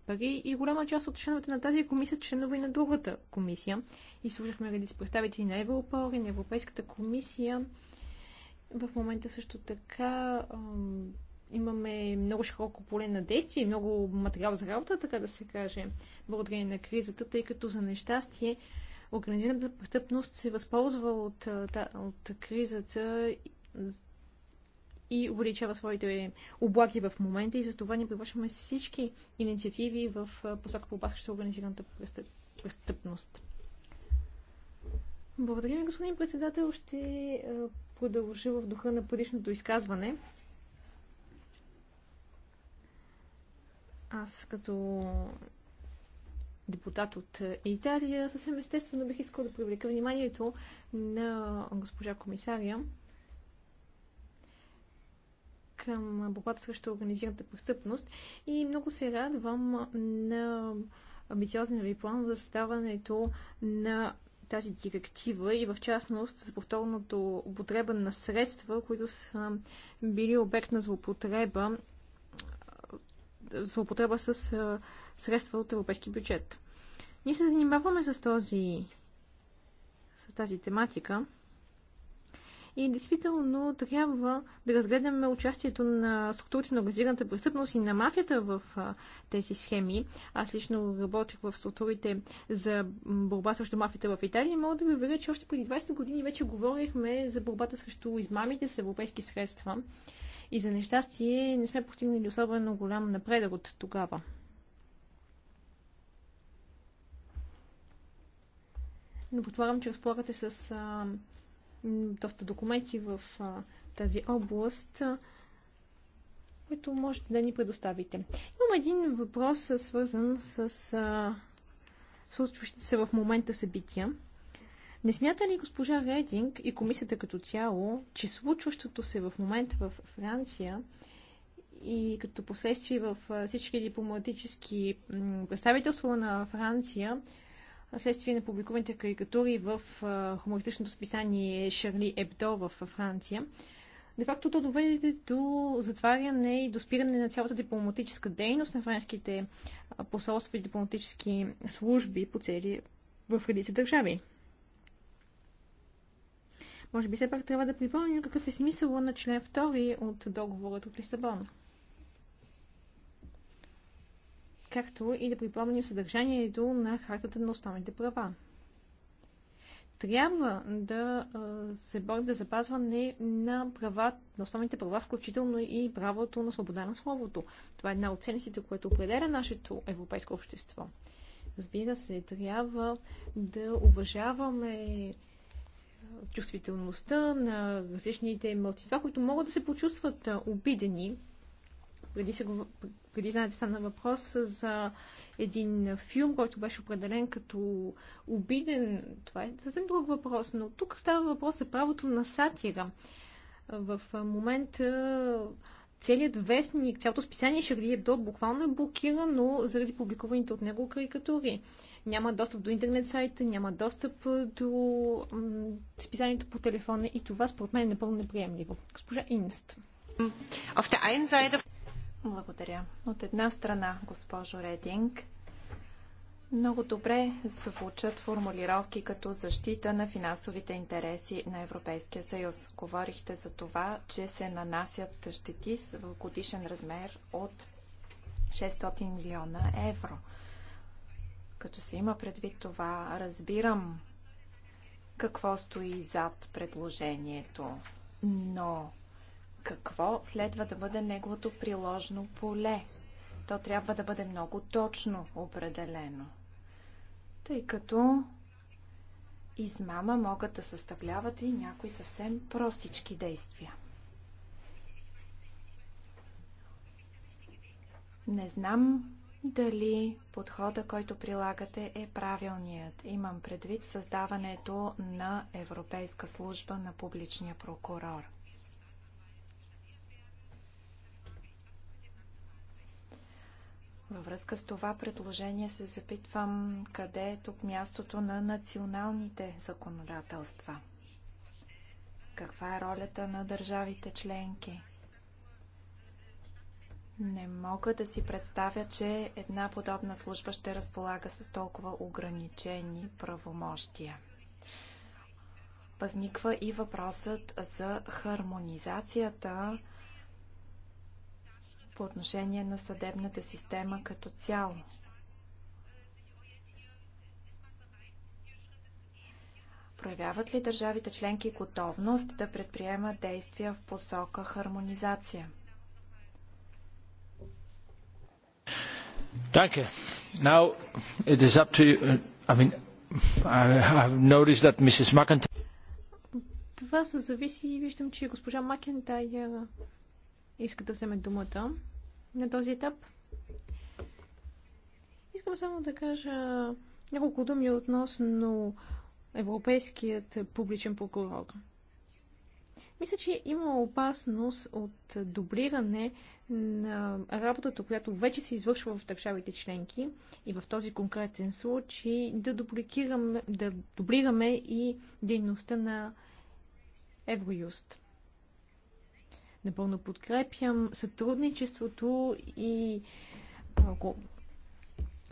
пари. И голяма част от членовете на тази комисия членове и на другата комисия. И служихме ради с представители на Европол и на Европейската комисия. В момента също така имаме много широко поле на действие и много материал за работа, така да се каже благодарение на кризата, тъй като за нещастие организираната престъпност се възползва от, от кризата и увеличава своите облаки в момента и за това ни привършваме всички инициативи в посока по обаскаща организираната престъпност. Благодаря ви, господин председател. Ще продължа в духа на предишното изказване. Аз като депутат от е, Италия, съвсем естествено бих искал да привлека вниманието на госпожа комисария към борбата срещу организираната престъпност и много се радвам на амбициозния ви план за създаването на тази директива и в частност за повторното употреба на средства, които са били обект на злоупотреба злоупотреба с средства от европейски бюджет. Ние се занимаваме с, този, с тази тематика и действително трябва да разгледаме участието на структурите на организираната престъпност и на мафията в а, тези схеми. Аз лично работех в структурите за борба срещу мафията в Италия и мога да ви уверя, че още преди 20 години вече говорихме за борбата срещу измамите с европейски средства. И за нещастие не сме постигнали особено голям напредък от тогава. но предполагам, че разполагате с а, доста документи в а, тази област, а, които можете да ни предоставите. Имам един въпрос, свързан с а, случващите се в момента събития. Не смята ли госпожа Рединг и комисията като цяло, че случващото се в момента в Франция и като последствие в всички дипломатически представителства на Франция следствие на публикуваните карикатури в хумористичното списание Шарли Ебдо в Франция. Де факто то доведе до затваряне и до спиране на цялата дипломатическа дейност на френските посолства и дипломатически служби по цели в редица държави. Може би все пак трябва да припомним какъв е смисъл на член 2 от договорът от Лисабон както и да припомним съдържанието на хартата на основните права. Трябва да се борим за запазване на права, на основните права, включително и правото на свобода на словото. Това е една от ценностите, което определя нашето европейско общество. Разбира се, трябва да уважаваме чувствителността на различните мълчества, които могат да се почувстват обидени преди, се, преди знаете, стана въпрос за един филм, който беше определен като обиден. Това е съвсем друг въпрос, но тук става въпрос за правото на сатира. В момента целият вестник, цялото списание Шарли Ебдо буквално е блокирано заради публикуваните от него карикатури. Няма достъп до интернет сайта, няма достъп до списанието по телефона и това според мен е напълно неприемливо. Госпожа Инст. Благодаря. От една страна, госпожо Рединг, много добре звучат формулировки като защита на финансовите интереси на Европейския съюз. Говорихте за това, че се нанасят щети в годишен размер от 600 милиона евро. Като се има предвид това, разбирам какво стои зад предложението, но какво следва да бъде неговото приложно поле. То трябва да бъде много точно определено, тъй като измама могат да съставляват и някои съвсем простички действия. Не знам дали подхода, който прилагате е правилният. Имам предвид създаването на Европейска служба на публичния прокурор – Във връзка с това предложение се запитвам къде е тук мястото на националните законодателства. Каква е ролята на държавите членки? Не мога да си представя, че една подобна служба ще разполага с толкова ограничени правомощия. Възниква и въпросът за хармонизацията по отношение на съдебната система като цяло. Проявяват ли държавите членки готовност да предприемат действия в посока хармонизация? Danke. Now it is up to you. Uh, I mean, I have noticed that Mrs. McIntyre. Това се зависи и виждам, че госпожа Макентайер иска да вземе думата на този етап. Искам само да кажа няколко думи относно Европейският публичен прокурор. Мисля, че има опасност от дублиране на работата, която вече се извършва в държавите членки и в този конкретен случай да дублираме, да дублираме и дейността на Евроюст. Напълно подкрепям сътрудничеството и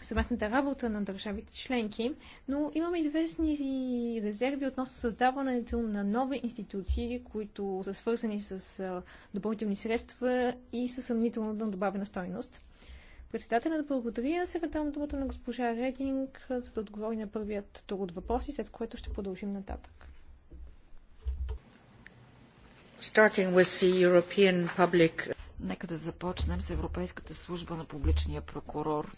съвместната работа на държавите членки, но имаме известни резерви относно създаването на нови институции, които са свързани с допълнителни средства и със съмнително добавена стойност. Председателят благодаря. Сега дам думата на госпожа Регинг, за да отговори на първият тур от въпроси, след което ще продължим нататък. Public... Нека да започнем с Европейската служба на публичния прокурор.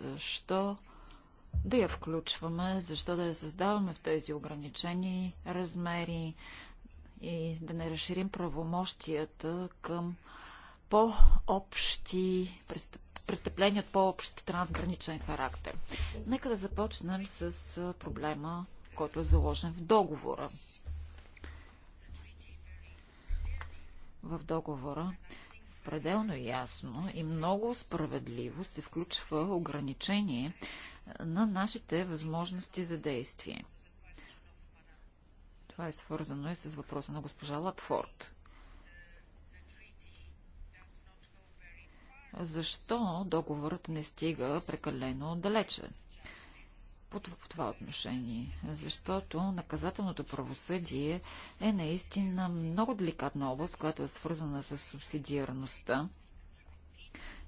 Защо да я включваме, защо да я създаваме в тези ограничени размери и да не разширим правомощията към по-общи престъпления от по-общ трансграничен характер. Нека да започнем с проблема който е заложен в договора. В договора пределно ясно и много справедливо се включва ограничение на нашите възможности за действие. Това е свързано и с въпроса на госпожа Латфорд. Защо договорът не стига прекалено далече? в това отношение, защото наказателното правосъдие е наистина много деликатна област, която е свързана с субсидиарността.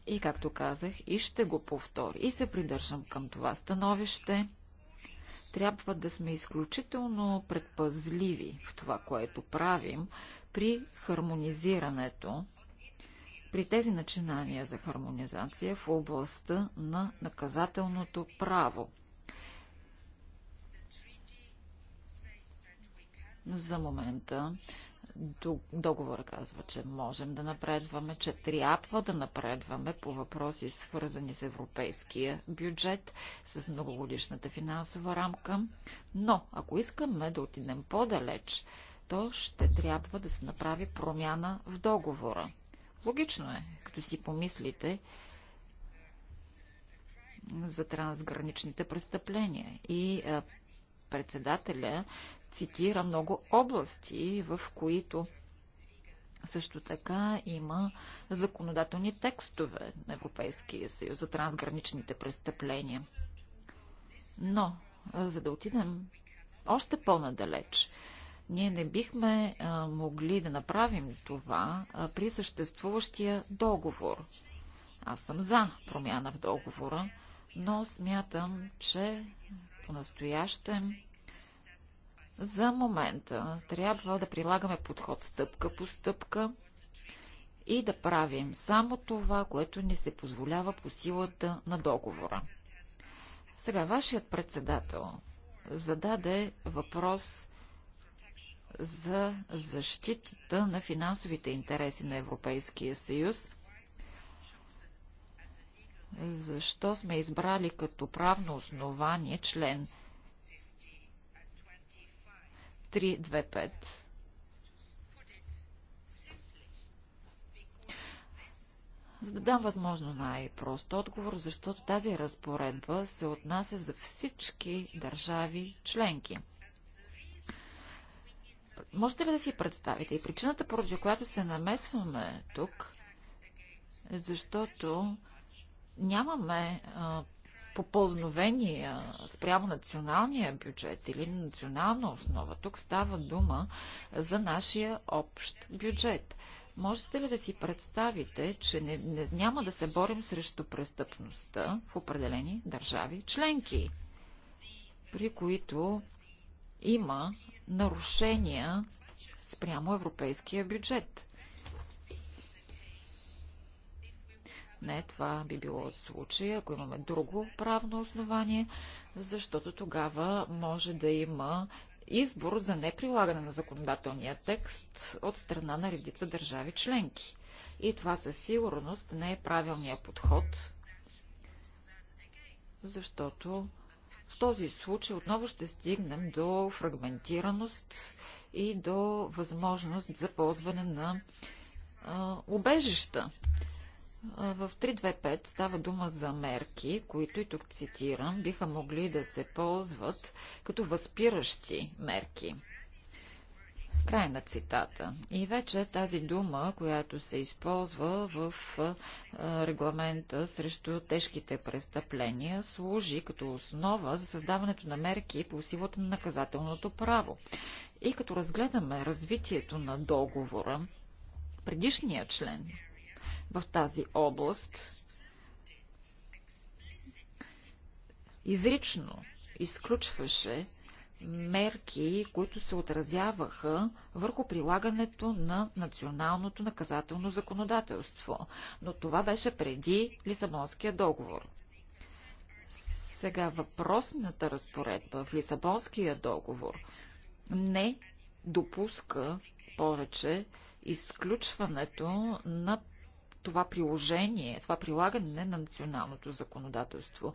И както казах, и ще го повторя, и се придържам към това становище. Трябва да сме изключително предпазливи в това, което правим при хармонизирането при тези начинания за хармонизация в областта на наказателното право. За момента договора казва, че можем да напредваме, че трябва да напредваме по въпроси свързани с европейския бюджет, с многогодишната финансова рамка. Но ако искаме да отидем по-далеч, то ще трябва да се направи промяна в договора. Логично е, като си помислите за трансграничните престъпления и председателя цитира много области, в които също така има законодателни текстове на Европейския съюз за трансграничните престъпления. Но, за да отидем още по-надалеч, ние не бихме а, могли да направим това а, при съществуващия договор. Аз съм за промяна в договора, но смятам, че по-настоящем за момента трябва да прилагаме подход стъпка по стъпка и да правим само това, което ни се позволява по силата на договора. Сега, вашият председател зададе въпрос за защитата на финансовите интереси на Европейския съюз. Защо сме избрали като правно основание член 325. За да дам възможно най-прост отговор, защото тази разпоредба се отнася за всички държави членки. Можете ли да си представите? И причината, поради която се намесваме тук, е защото нямаме а, попълзновения спрямо националния бюджет или на национална основа. Тук става дума за нашия общ бюджет. Можете ли да си представите, че не, не, няма да се борим срещу престъпността в определени държави членки, при които има нарушения спрямо европейския бюджет? Не, това би било случай, ако имаме друго правно основание, защото тогава може да има избор за неприлагане на законодателния текст от страна на редица държави членки. И това със сигурност не е правилният подход, защото в този случай отново ще стигнем до фрагментираност и до възможност за ползване на а, убежища. В 325 става дума за мерки, които, и тук цитирам, биха могли да се ползват като възпиращи мерки. Край на цитата. И вече тази дума, която се използва в регламента срещу тежките престъпления, служи като основа за създаването на мерки по силата на наказателното право. И като разгледаме развитието на договора, предишният член, в тази област изрично изключваше мерки, които се отразяваха върху прилагането на националното наказателно законодателство. Но това беше преди Лисабонския договор. Сега въпросната разпоредба в Лисабонския договор не допуска повече изключването на това приложение, това прилагане на националното законодателство.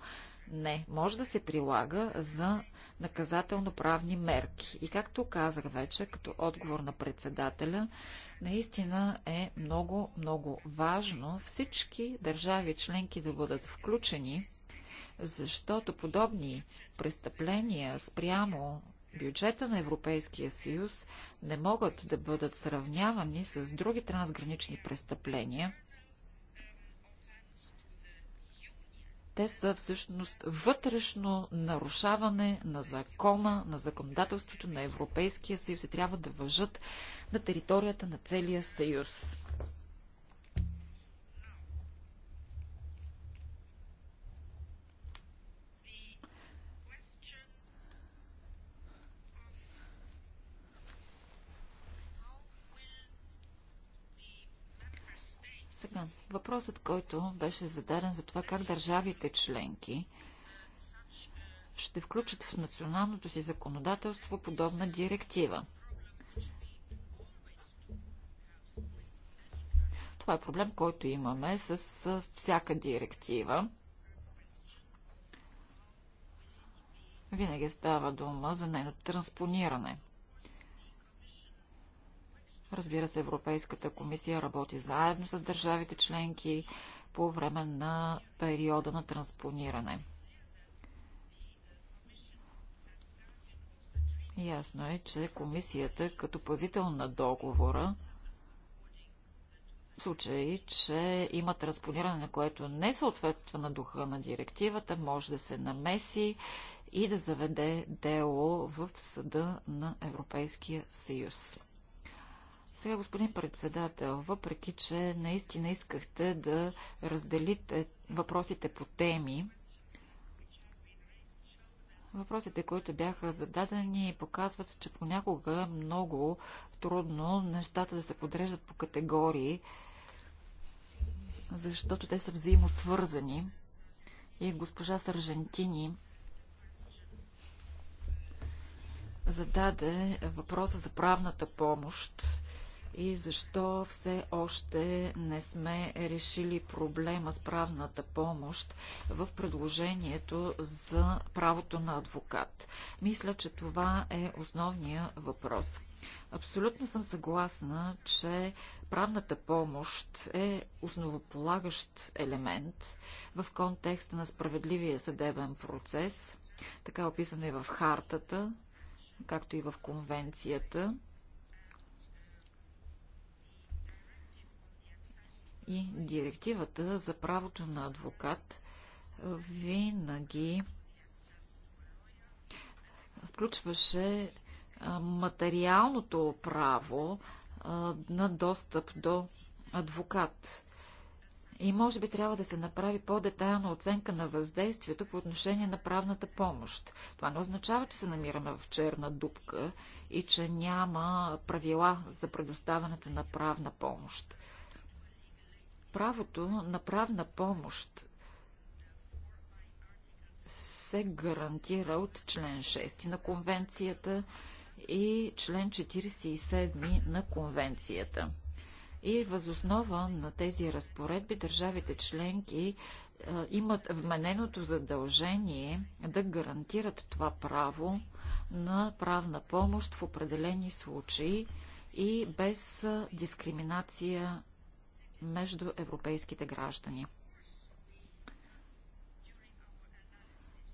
Не, може да се прилага за наказателно-правни мерки. И както казах вече, като отговор на председателя, наистина е много, много важно всички държави членки да бъдат включени, защото подобни престъпления спрямо бюджета на Европейския съюз не могат да бъдат сравнявани с други трансгранични престъпления – Те са всъщност вътрешно нарушаване на закона, на законодателството на Европейския съюз и трябва да въжат на територията на целия съюз. Въпросът, който беше зададен за това как държавите членки ще включат в националното си законодателство подобна директива. Това е проблем, който имаме с всяка директива. Винаги става дума за нейното транспониране. Разбира се, Европейската комисия работи заедно с държавите членки по време на периода на транспониране. Ясно е, че комисията като пазител на договора в случай, че има транспониране, на което не съответства на духа на директивата, може да се намеси и да заведе дело в съда на Европейския съюз. Сега, господин председател, въпреки, че наистина искахте да разделите въпросите по теми, Въпросите, които бяха зададени, показват, че понякога много трудно нещата да се подреждат по категории, защото те са взаимосвързани. И госпожа Саржентини зададе въпроса за правната помощ и защо все още не сме решили проблема с правната помощ в предложението за правото на адвокат. Мисля, че това е основния въпрос. Абсолютно съм съгласна, че правната помощ е основополагащ елемент в контекста на справедливия съдебен процес, така описано и в хартата, както и в конвенцията. и директивата за правото на адвокат винаги включваше материалното право на достъп до адвокат. И може би трябва да се направи по-детайлна оценка на въздействието по отношение на правната помощ. Това не означава, че се намираме в черна дупка и че няма правила за предоставянето на правна помощ правото на правна помощ се гарантира от член 6 на конвенцията и член 47 на конвенцията. И възоснова на тези разпоредби държавите членки е, имат вмененото задължение да гарантират това право на правна помощ в определени случаи и без дискриминация между европейските граждани.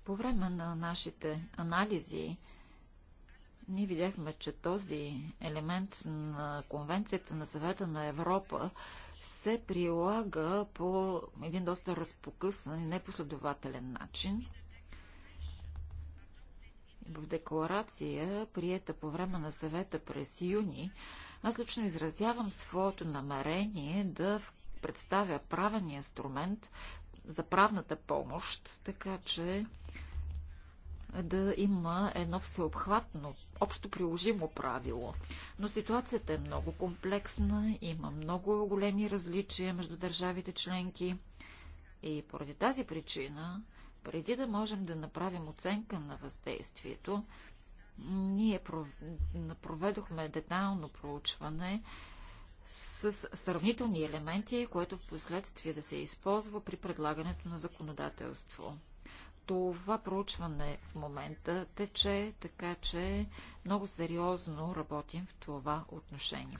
По време на нашите анализи ние видяхме, че този елемент на Конвенцията на съвета на Европа се прилага по един доста разпокъсан и непоследователен начин. В декларация, приета по време на съвета през юни, аз лично изразявам своето намерение да представя правен инструмент за правната помощ, така че да има едно всеобхватно, общо приложимо правило. Но ситуацията е много комплексна, има много големи различия между държавите членки и поради тази причина, преди да можем да направим оценка на въздействието, ние проведохме детайлно проучване с сравнителни елементи, което в последствие да се използва при предлагането на законодателство. Това проучване в момента тече, така че много сериозно работим в това отношение.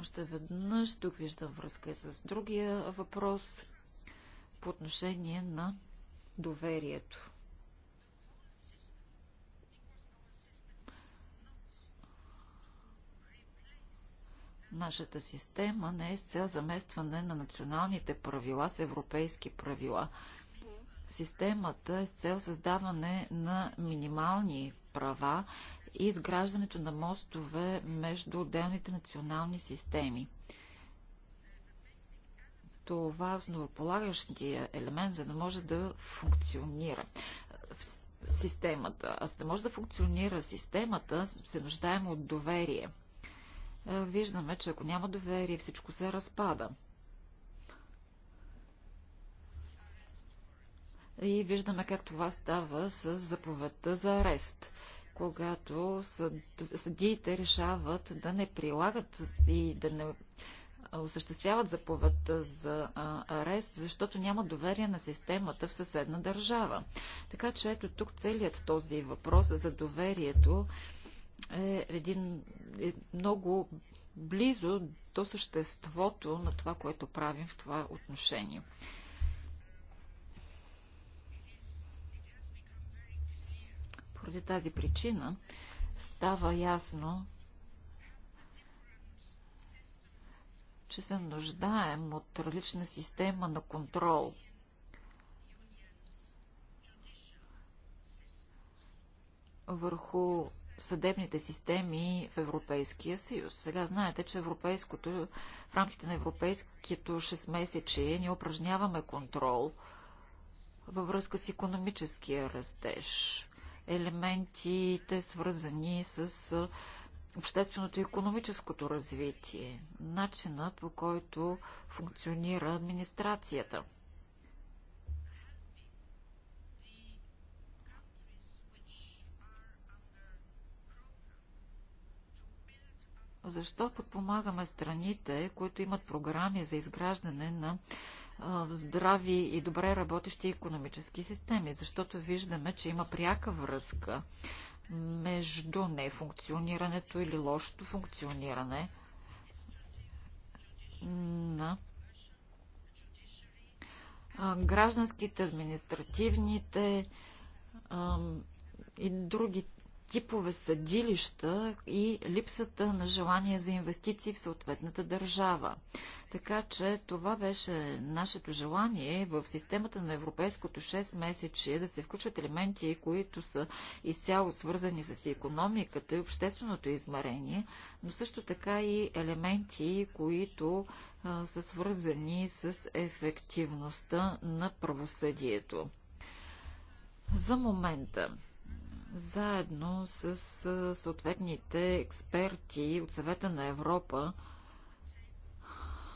Още веднъж тук виждам връзка и с другия въпрос, по отношение на доверието. Нашата система не е с цел заместване на националните правила с европейски правила. Системата е с цел създаване на минимални права и изграждането на мостове между отделните национални системи това е основополагащия елемент, за да може да функционира системата. А за да може да функционира системата, се нуждаем от доверие. Виждаме, че ако няма доверие, всичко се разпада. И виждаме как това става с заповедта за арест когато съд, съдиите решават да не прилагат и да не осъществяват заповед за арест, защото няма доверие на системата в съседна държава. Така че ето тук целият този въпрос за доверието е, един, е много близо до съществото на това, което правим в това отношение. Поради тази причина става ясно, че се нуждаем от различна система на контрол. върху съдебните системи в Европейския съюз. Сега знаете, че европейското, в рамките на европейското 6 месече ние упражняваме контрол във връзка с економическия растеж, елементите свързани с общественото и економическото развитие, начина по който функционира администрацията. Защо подпомагаме страните, които имат програми за изграждане на здрави и добре работещи економически системи? Защото виждаме, че има пряка връзка между нефункционирането или лошото функциониране на гражданските, административните и другите типове съдилища и липсата на желание за инвестиции в съответната държава. Така че това беше нашето желание в системата на европейското 6 месече да се включват елементи, които са изцяло свързани с економиката и общественото измерение, но също така и елементи, които а, са свързани с ефективността на правосъдието. За момента заедно с съответните експерти от съвета на Европа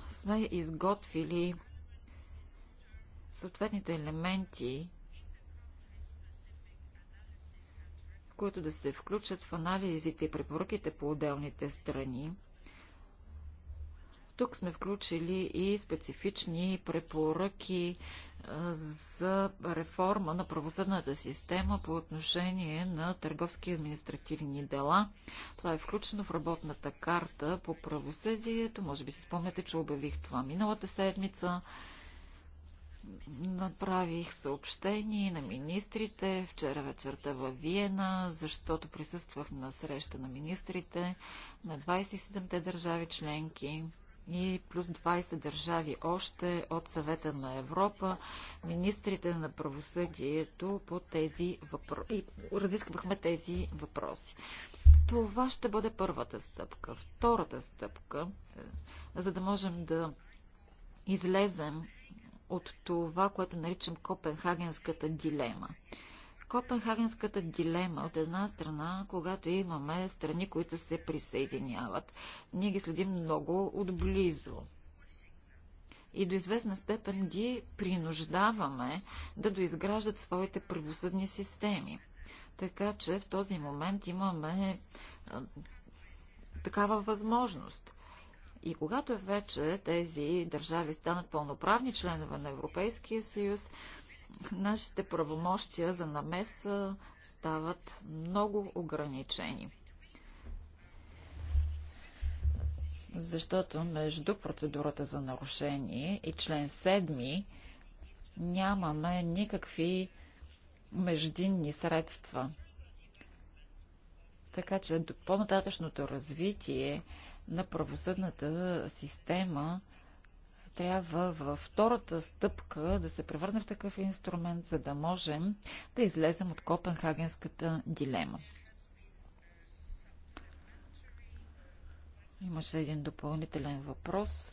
сме изготвили съответните елементи, които да се включат в анализите и препоръките по отделните страни – тук сме включили и специфични препоръки за реформа на правосъдната система по отношение на търговски и административни дела. Това е включено в работната карта по правосъдието. Може би си спомняте, че обявих това миналата седмица. Направих съобщение на министрите вчера вечерта във Виена, защото присъствах на среща на министрите на 27-те държави членки и плюс 20 държави още от съвета на Европа, министрите на правосъдието по тези въпроси. Разисквахме тези въпроси. Това ще бъде първата стъпка. Втората стъпка, е, за да можем да излезем от това, което наричам Копенхагенската дилема. Копенхагенската дилема от една страна, когато имаме страни, които се присъединяват, ние ги следим много отблизо и до известна степен ги принуждаваме да доизграждат своите правосъдни системи. Така че в този момент имаме а, такава възможност. И когато вече тези държави станат пълноправни членове на Европейския съюз, нашите правомощия за намеса стават много ограничени. Защото между процедурата за нарушение и член 7 нямаме никакви междинни средства. Така че до по-нататъчното развитие на правосъдната система трябва във втората стъпка да се превърне в такъв инструмент, за да можем да излезем от Копенхагенската дилема. Имаше един допълнителен въпрос.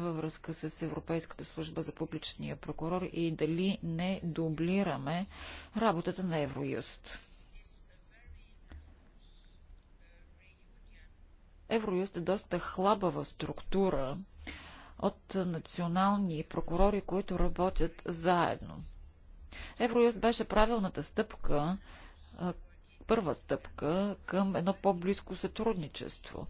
във връзка с Европейската служба за публичния прокурор и дали не дублираме работата на Евроюст. Евроюст е доста хлабава структура от национални прокурори, които работят заедно. Евроюст беше правилната стъпка, първа стъпка към едно по-близко сътрудничество.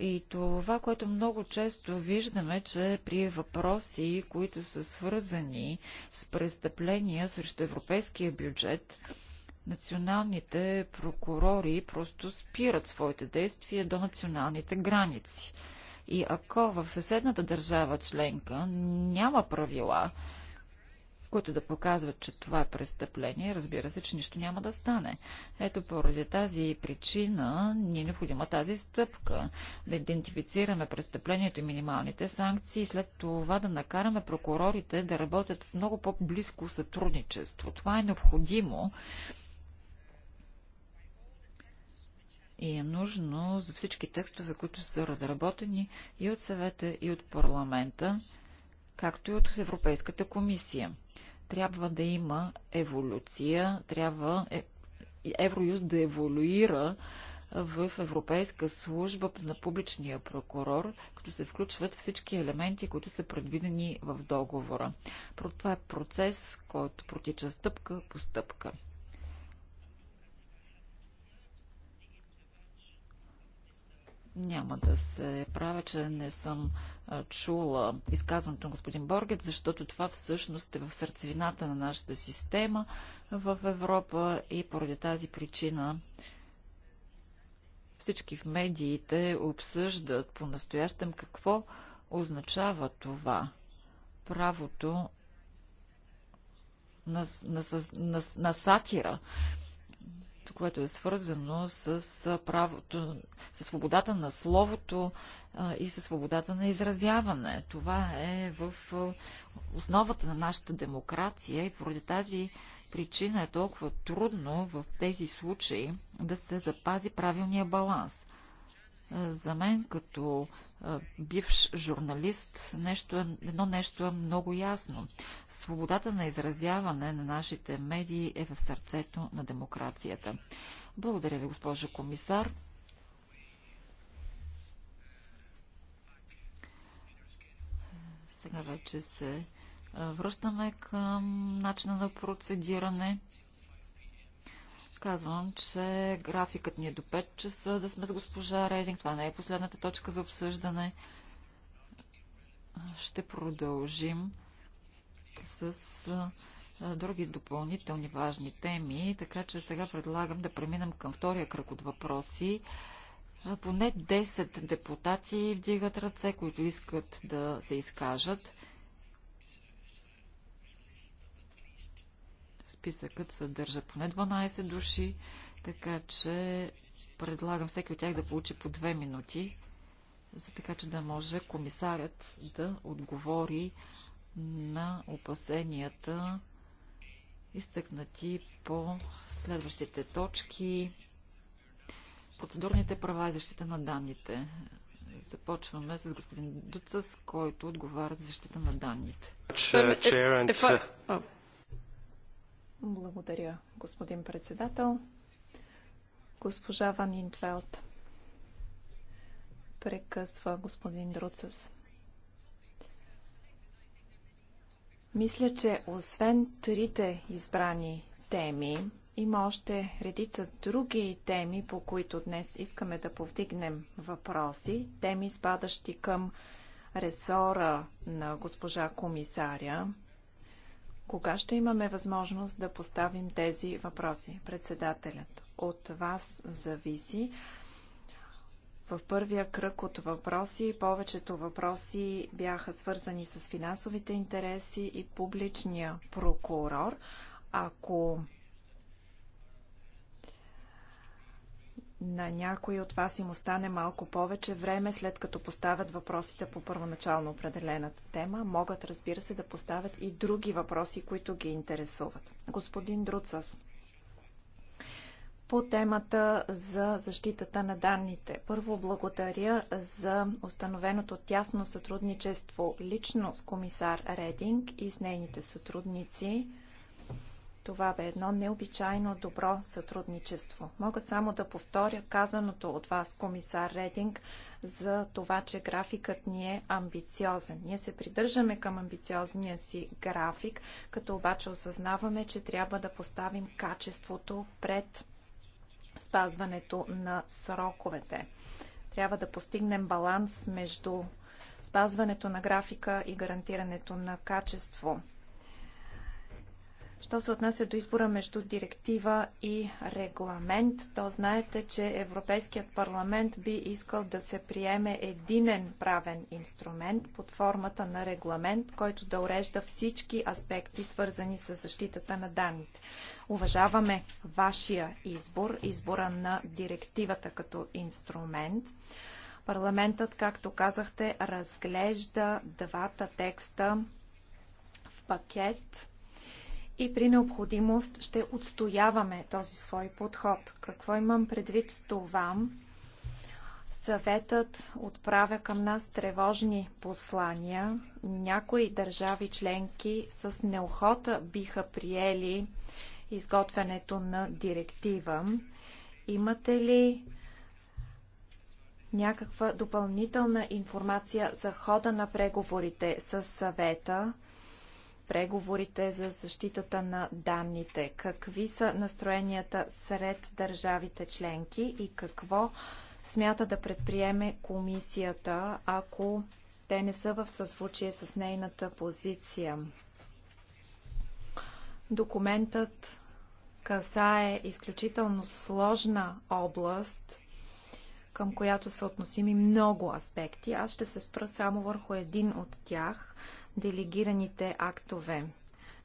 И това, което много често виждаме, че при въпроси, които са свързани с престъпления срещу европейския бюджет, националните прокурори просто спират своите действия до националните граници. И ако в съседната държава членка няма правила, които да показват, че това е престъпление, разбира се, че нищо няма да стане. Ето поради тази причина ни е необходима тази стъпка. Да идентифицираме престъплението и минималните санкции, след това да накараме прокурорите да работят в много по-близко сътрудничество. Това е необходимо, и е нужно за всички текстове, които са разработени и от съвета, и от парламента, както и от Европейската комисия. Трябва да има еволюция, трябва е, Евроюз да еволюира в Европейска служба на публичния прокурор, като се включват всички елементи, които са предвидени в договора. Това е процес, който протича стъпка по стъпка. Няма да се правя, че не съм чула изказването на господин Боргет, защото това всъщност е в сърцевината на нашата система в Европа и поради тази причина всички в медиите обсъждат по-настоящем какво означава това правото на, на, на, на сатира което е свързано с правото, с свободата на словото и със свободата на изразяване. Това е в основата на нашата демокрация и поради тази причина е толкова трудно в тези случаи да се запази правилния баланс. За мен като бивш журналист нещо е, едно нещо е много ясно. Свободата на изразяване на нашите медии е в сърцето на демокрацията. Благодаря ви, госпожо комисар. Сега вече се връщаме към начина на процедиране. Казвам, че графикът ни е до 5 часа да сме с госпожа Рейдинг. Това не е последната точка за обсъждане. Ще продължим с други допълнителни важни теми, така че сега предлагам да преминем към втория кръг от въпроси. Поне 10 депутати вдигат ръце, които искат да се изкажат. Списъкът съдържа поне 12 души, така че предлагам всеки от тях да получи по 2 минути, за така че да може комисарят да отговори на опасенията, изтъкнати по следващите точки. Процедурните права и защита на данните. Започваме с господин Дуцъс, който отговаря за защита на данните. Благодаря, господин председател. Госпожа Ван Интвелт прекъсва господин Друцес. Мисля, че освен трите избрани теми, има още редица други теми, по които днес искаме да повдигнем въпроси. Теми, спадащи към ресора на госпожа комисаря. Кога ще имаме възможност да поставим тези въпроси? Председателят, от вас зависи. В първия кръг от въпроси, повечето въпроси бяха свързани с финансовите интереси и публичния прокурор. Ако На някои от вас им остане малко повече време, след като поставят въпросите по първоначално определената тема. Могат, разбира се, да поставят и други въпроси, които ги интересуват. Господин Друцас, по темата за защитата на данните. Първо благодаря за установеното тясно сътрудничество лично с комисар Рединг и с нейните сътрудници – това бе едно необичайно добро сътрудничество. Мога само да повторя казаното от вас, комисар Рединг, за това, че графикът ни е амбициозен. Ние се придържаме към амбициозния си график, като обаче осъзнаваме, че трябва да поставим качеството пред спазването на сроковете. Трябва да постигнем баланс между спазването на графика и гарантирането на качество. Що се отнася до избора между директива и регламент, то знаете, че Европейският парламент би искал да се приеме единен правен инструмент под формата на регламент, който да урежда всички аспекти, свързани с защитата на данните. Уважаваме вашия избор, избора на директивата като инструмент. Парламентът, както казахте, разглежда двата текста в пакет и при необходимост ще отстояваме този свой подход. Какво имам предвид с това? Съветът отправя към нас тревожни послания. Някои държави членки с неохота биха приели изготвянето на директива. Имате ли някаква допълнителна информация за хода на преговорите с съвета? преговорите за защитата на данните? Какви са настроенията сред държавите членки и какво смята да предприеме комисията, ако те не са в съзвучие с нейната позиция? Документът касае изключително сложна област, към която са относими много аспекти. Аз ще се спра само върху един от тях – делегираните актове.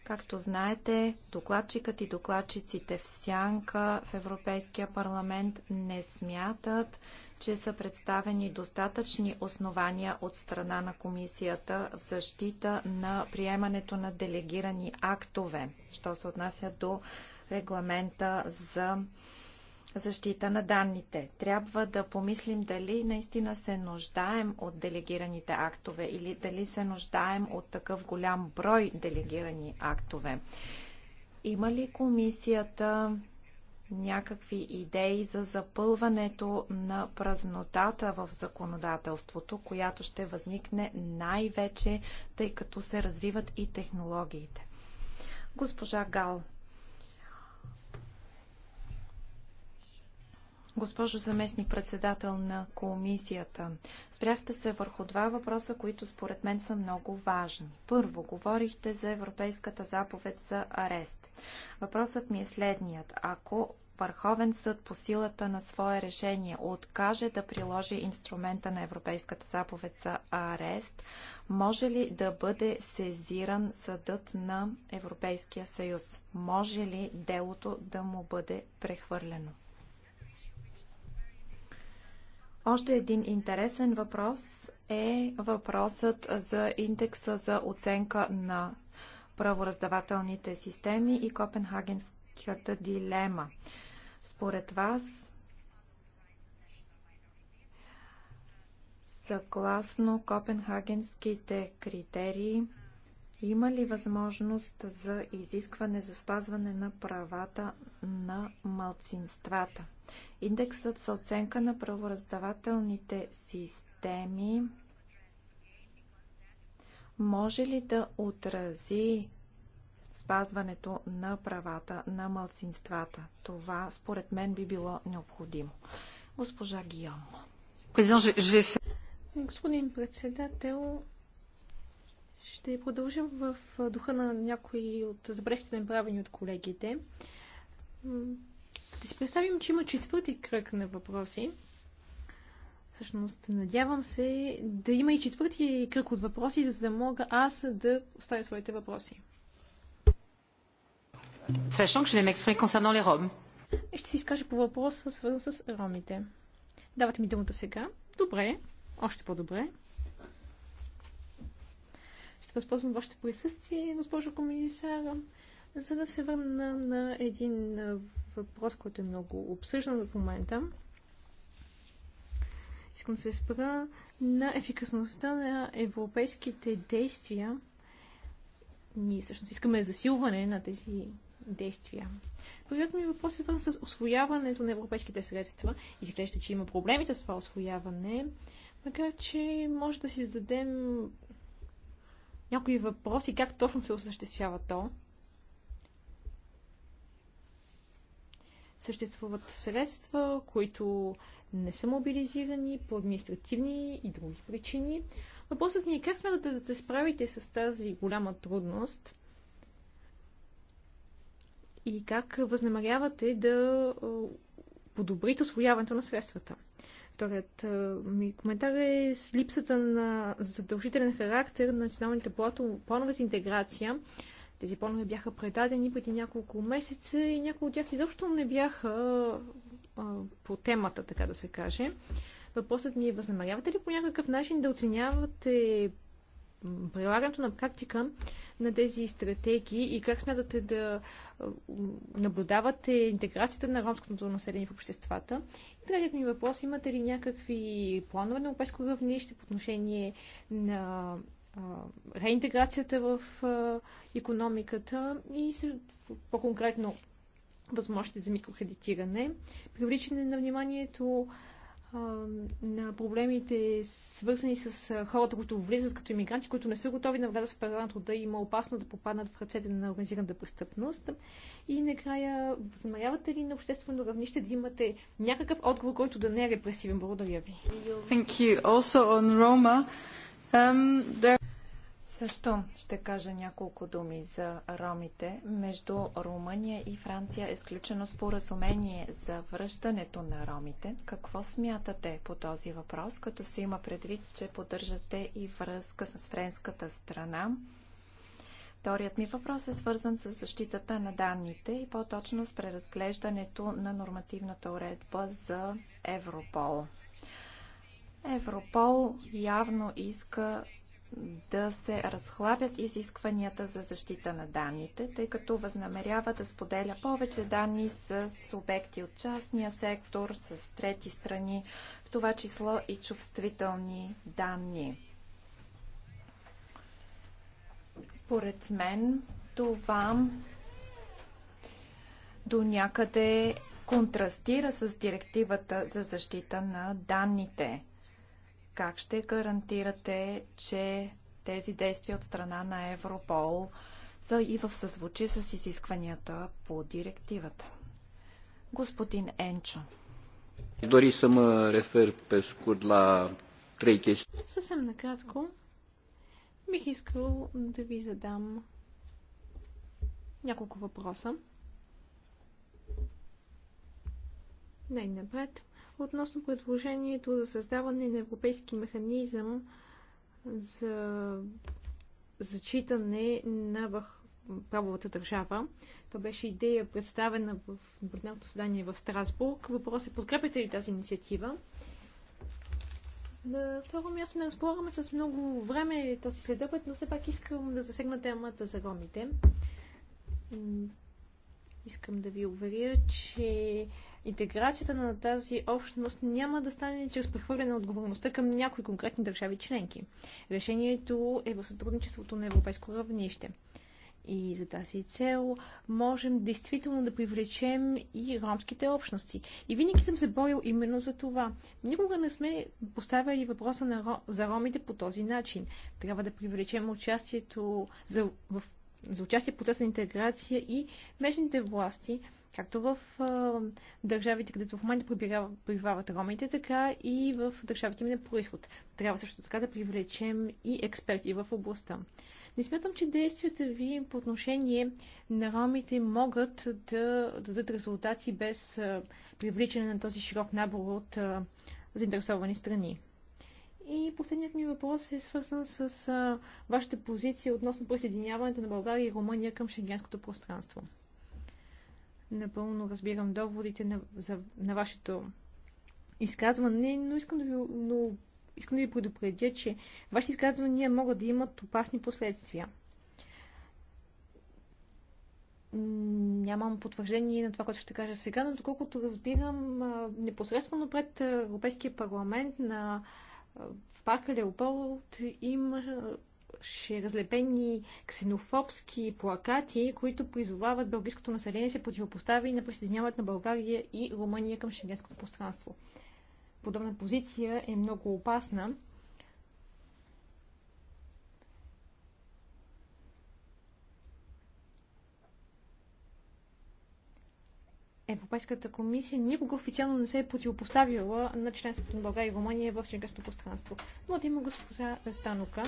Както знаете, докладчикът и докладчиците в Сянка в Европейския парламент не смятат, че са представени достатъчни основания от страна на комисията в защита на приемането на делегирани актове, що се отнася до регламента за защита на данните. Трябва да помислим дали наистина се нуждаем от делегираните актове или дали се нуждаем от такъв голям брой делегирани актове. Има ли комисията някакви идеи за запълването на празнотата в законодателството, която ще възникне най-вече, тъй като се развиват и технологиите? Госпожа Гал Госпожо заместник председател на комисията, спряхте се върху два въпроса, които според мен са много важни. Първо, говорихте за Европейската заповед за арест. Въпросът ми е следният. Ако Върховен съд по силата на свое решение откаже да приложи инструмента на Европейската заповед за арест, може ли да бъде сезиран съдът на Европейския съюз? Може ли делото да му бъде прехвърлено? Още един интересен въпрос е въпросът за индекса за оценка на правораздавателните системи и Копенхагенската дилема. Според вас, съгласно Копенхагенските критерии, има ли възможност за изискване за спазване на правата на малцинствата? Индексът за оценка на правораздавателните системи може ли да отрази спазването на правата на малцинствата? Това според мен би било необходимо. Госпожа Гиом. Господин председател, ще продължим в духа на някои от забрехите, направени от колегите. Да си представим, че има четвърти кръг на въпроси. Всъщност, надявам се да има и четвърти кръг от въпроси, за да мога аз да оставя своите въпроси. Sachant que je vais m'exprimer concernant les Roms. Е, ще си изкажа по въпроса, свързан с ромите. Давате ми думата сега. Добре. Още по-добре. Ще възползвам вашето присъствие, госпожо комисара. За да се върна на един въпрос, който е много обсъждан в момента, искам да се спра на ефикасността на европейските действия. Ние всъщност искаме засилване на тези действия. Първият ми въпрос е свързан с освояването на европейските средства. Изглежда, че има проблеми с това освояване, така че може да си зададем някои въпроси как точно се осъществява то. съществуват средства, които не са мобилизирани по административни и други причини. Въпросът ми е как смятате да се справите с тази голяма трудност и как възнамерявате да подобрите освояването на средствата. Вторият ми коментар е с липсата на задължителен характер на националните планове за интеграция тези планове бяха предадени преди няколко месеца и някои от тях изобщо не бяха а, по темата, така да се каже. Въпросът ми е, възнамерявате ли по някакъв начин да оценявате прилагането на практика на тези стратегии и как смятате да наблюдавате интеграцията на ромското население в обществата? И третият ми въпрос, имате ли някакви планове на европейско равнище по отношение на реинтеграцията в економиката и по-конкретно възможности за микрокредитиране, привличане на вниманието на проблемите, свързани с хората, които влизат като иммигранти, които не са готови да влязат в пазара на труда и има опасност да попаднат в ръцете на организираната престъпност. И накрая, възнамерявате ли на обществено равнище да имате някакъв отговор, който да не е репресивен? Благодаря ви. Thank you. Also on Roma, също ще кажа няколко думи за ромите. Между Румъния и Франция е сключено споразумение за връщането на ромите. Какво смятате по този въпрос, като се има предвид, че поддържате и връзка с френската страна? Вторият ми въпрос е свързан с защитата на данните и по-точно с преразглеждането на нормативната уредба за Европол. Европол явно иска да се разхлабят изискванията за защита на данните, тъй като възнамерява да споделя повече данни с обекти от частния сектор, с трети страни, в това число и чувствителни данни. Според мен това до някъде контрастира с директивата за защита на данните. Как ще гарантирате, че тези действия от страна на Европол са и в съзвучи с изискванията по директивата? Господин Енчо. Дори съм рефер refer pe scurt Съвсем накратко бих искал да ви задам няколко въпроса. Най-напред относно предложението за създаване на европейски механизъм за зачитане на правовата държава. Това беше идея представена в наблюдателното съдание в Страсбург. Въпрос е, подкрепяте ли тази инициатива? На второ място не разполагаме с много време този следобед, но все пак искам да засегна темата за ромите. Искам да ви уверя, че интеграцията на тази общност няма да стане чрез прехвърляне на отговорността към някои конкретни държави членки. Решението е в сътрудничеството на европейско равнище. И за тази цел можем действително да привлечем и ромските общности. И винаги съм се борил именно за това. Никога не сме поставяли въпроса на, за ромите по този начин. Трябва да привлечем участието за, в, за участие в процеса на интеграция и местните власти, както в а, държавите, където в момента прибивават ромите, така и в държавите ми на происход. Трябва също така да привлечем и експерти в областта. Не смятам, че действията ви по отношение на ромите могат да дадат резултати без а, привличане на този широк набор от а, заинтересовани страни. И последният ми въпрос е свързан с а, вашата позиция относно присъединяването на България и Румъния към шенгенското пространство. Напълно разбирам доводите на, за, на вашето изказване, но искам да ви, но искам да ви предупредя, че вашите изказвания могат да имат опасни последствия. Нямам потвърждение на това, което ще кажа сега, но доколкото разбирам, непосредствено пред Европейския парламент на в парка Леополд има имаше разлепени ксенофобски плакати, които призовават българското население се противопостави и на присъединяват на България и Румъния към шенгенското пространство. Подобна позиция е много опасна. Европейската комисия никога официално не се е противопоставила на членството на България и Румъния в шенгенското пространство. Но да има госпожа Станука.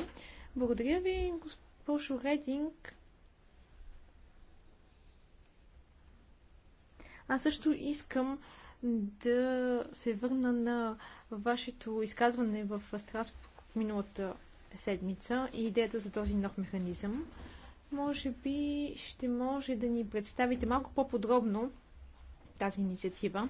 Благодаря ви, госпожо Рединг. Аз също искам да се върна на вашето изказване в Страсбург миналата седмица и идеята за този нов механизъм. Може би ще може да ни представите малко по-подробно тази инициатива.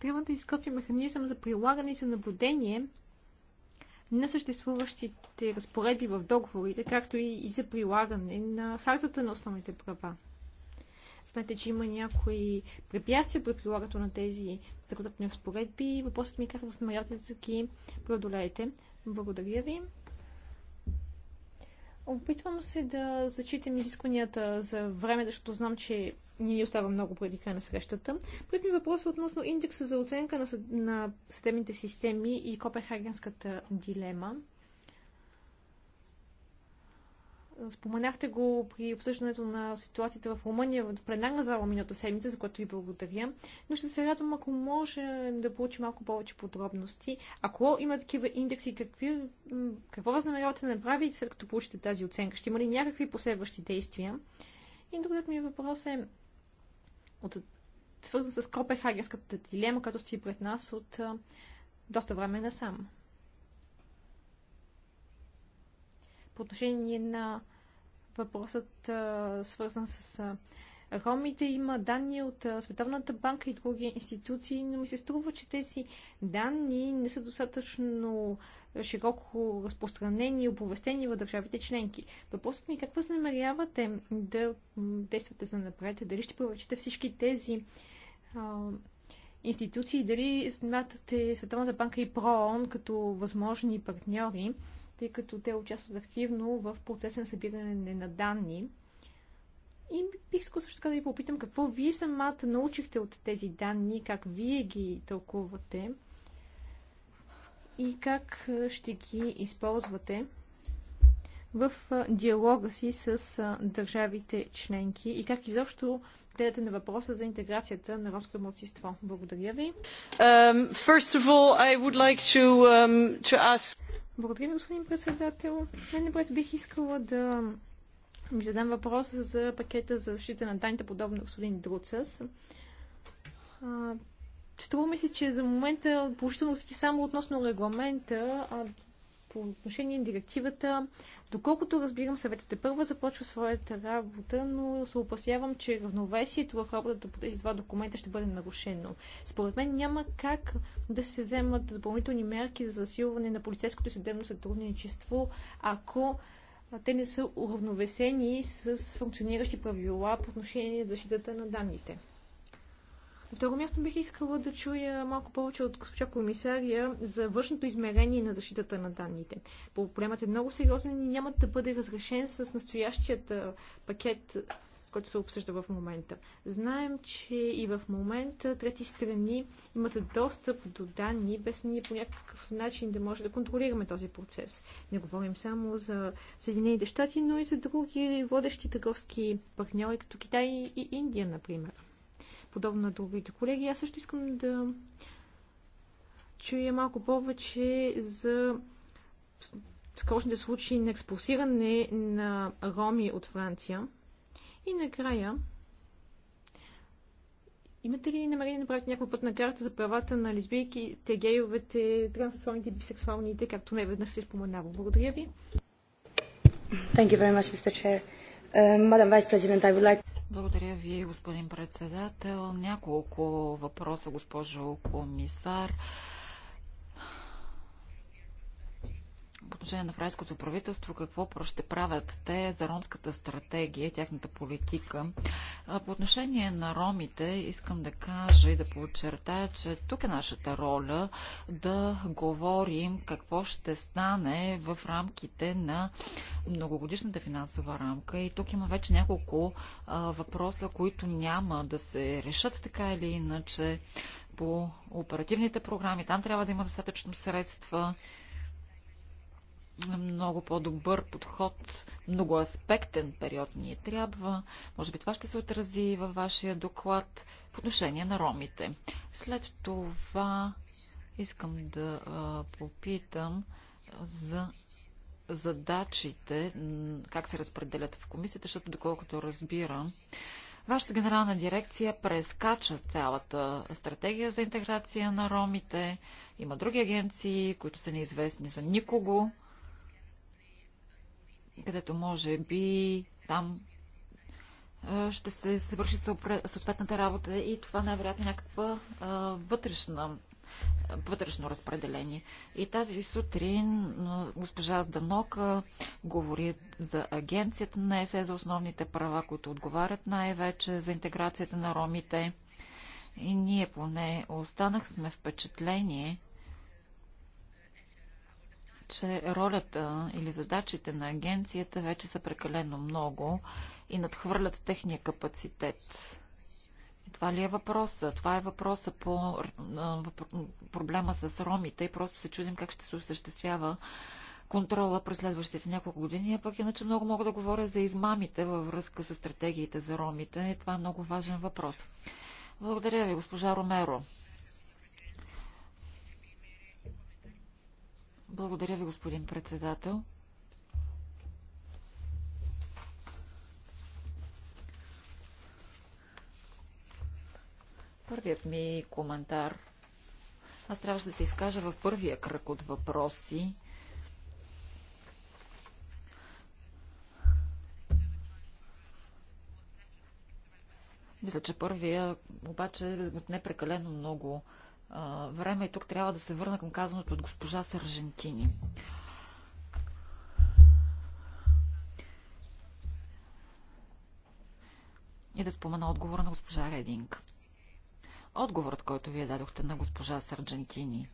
трябва да изготви механизъм за прилагане и за наблюдение на съществуващите разпоредби в договорите, както и, за прилагане на хартата на основните права. Знаете, че има някои препятствия при прилагането на тези законодателни разпоредби въпросът ми е как възнамерявате да ги преодолеете. Благодаря ви. Опитвам се да зачитам изискванията за време, защото знам, че ни остава много преди края на срещата. Пред ми въпрос е относно индекса за оценка на, съд... на съдебните системи и Копенхагенската дилема. Споменахте го при обсъждането на ситуацията в Румъния в пленарна зала миналата седмица, за което ви благодаря. Но ще се радвам, ако може да получи малко повече подробности. Ако има такива индекси, какви, какво възнамерявате да направите след като получите тази оценка? Ще има ли някакви последващи действия? И другият ми въпрос е, от, свързан с Копенхагенската дилема, която стои пред нас от а, доста време насам. По отношение на въпросът, а, свързан с а, ромите. Има данни от Световната банка и други институции, но ми се струва, че тези данни не са достатъчно широко разпространени и оповестени в държавите членки. Въпросът ми е как възнамерявате да действате за напред? Дали ще поръчате всички тези а, институции? Дали смятате Световната банка и ПРООН като възможни партньори, тъй като те участват активно в процеса на събиране на данни? И бих искал също така да ви попитам какво вие самата научихте от тези данни, как вие ги тълкувате и как ще ги използвате в диалога си с държавите членки и как изобщо гледате на въпроса за интеграцията на ромското младсинство. Благодаря ви. Um, all, like to, um, to ask... Благодаря ви, господин председател. Не, не бих искала да ми задам въпрос за пакета за защита на данните, подобно господин Друцас. Струва ми се, че за момента положително само относно регламента, а по отношение на директивата, доколкото разбирам, съветите първа започва своята работа, но се опасявам, че равновесието в работата по тези два документа ще бъде нарушено. Според мен няма как да се вземат допълнителни мерки за засилване на полицейското и съдебно сътрудничество, ако те не са уравновесени с функциониращи правила по отношение на защитата на данните. На второ място бих искала да чуя малко повече от госпожа комисария за външното измерение на защитата на данните. Проблемът е много сериозен и няма да бъде разрешен с настоящият пакет който се обсъжда в момента. Знаем, че и в момента трети страни имат достъп до данни, без ние по някакъв начин да може да контролираме този процес. Не говорим само за Съединените щати, но и за други водещи търговски партньори, като Китай и Индия, например. Подобно на другите колеги, аз също искам да чуя малко повече за скорошните случаи на експулсиране на роми от Франция. И накрая, имате ли намерение да направите някаква път на карта за правата на лесбийките, гейовете, транссексуалните, бисексуалните, както не веднъж се споменава? Благодаря ви. Thank you very much, Mr. Chair. Uh, Благодаря ви, господин председател. Няколко въпроса, госпожо комисар. по отношение на фрайското правителство, какво ще правят те за ромската стратегия, тяхната политика. По отношение на ромите, искам да кажа и да подчертая, че тук е нашата роля да говорим какво ще стане в рамките на многогодишната финансова рамка. И тук има вече няколко а, въпроса, които няма да се решат така или иначе по оперативните програми. Там трябва да има достатъчно средства много по-добър подход, многоаспектен период ни е трябва. Може би това ще се отрази във вашия доклад по отношение на ромите. След това искам да а, попитам за задачите, как се разпределят в комисията, защото доколкото разбирам, Вашата генерална дирекция прескача цялата стратегия за интеграция на ромите. Има други агенции, които са неизвестни за никого където може би там ще се свърши съответната работа и това най-вероятно е някаква вътрешна вътрешно разпределение. И тази сутрин госпожа Зданока говори за агенцията на ЕСЕ за основните права, които отговарят най-вече за интеграцията на ромите. И ние поне останахме впечатление, че ролята или задачите на агенцията вече са прекалено много и надхвърлят техния капацитет. И това ли е въпроса? Това е въпроса по проблема с ромите и просто се чудим как ще се осъществява контрола през следващите няколко години, а пък иначе много мога да говоря за измамите във връзка с стратегиите за ромите. И това е много важен въпрос. Благодаря ви, госпожа Ромеро. Благодаря ви, господин председател. Първият ми коментар. Аз трябваше да се изкажа в първия кръг от въпроси. Мисля, че първия обаче от е непрекалено много време и тук трябва да се върна към казаното от госпожа Саржентини. И да спомена отговора на госпожа Рединг. Отговорът, който вие дадохте на госпожа Сарджентини,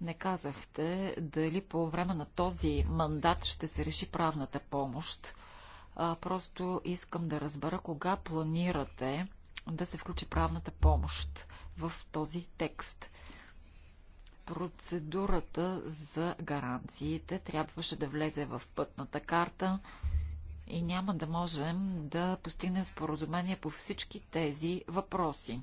не казахте дали по време на този мандат ще се реши правната помощ. А, просто искам да разбера кога планирате да се включи правната помощ в този текст. Процедурата за гаранциите трябваше да влезе в пътната карта и няма да можем да постигнем споразумение по всички тези въпроси.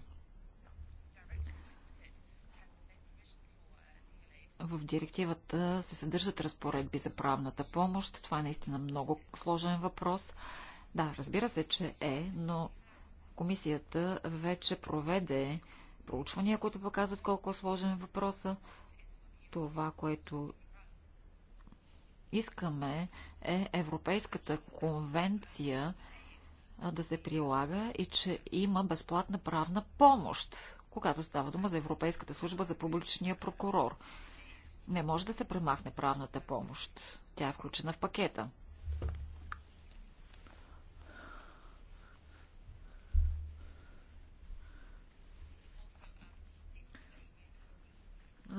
В директивата се съдържат разпоредби за правната помощ. Това е наистина много сложен въпрос. Да, разбира се, че е, но комисията вече проведе проучвания, които показват колко е сложен въпроса. Това, което искаме е Европейската конвенция да се прилага и че има безплатна правна помощ, когато става дума за Европейската служба за публичния прокурор. Не може да се премахне правната помощ. Тя е включена в пакета.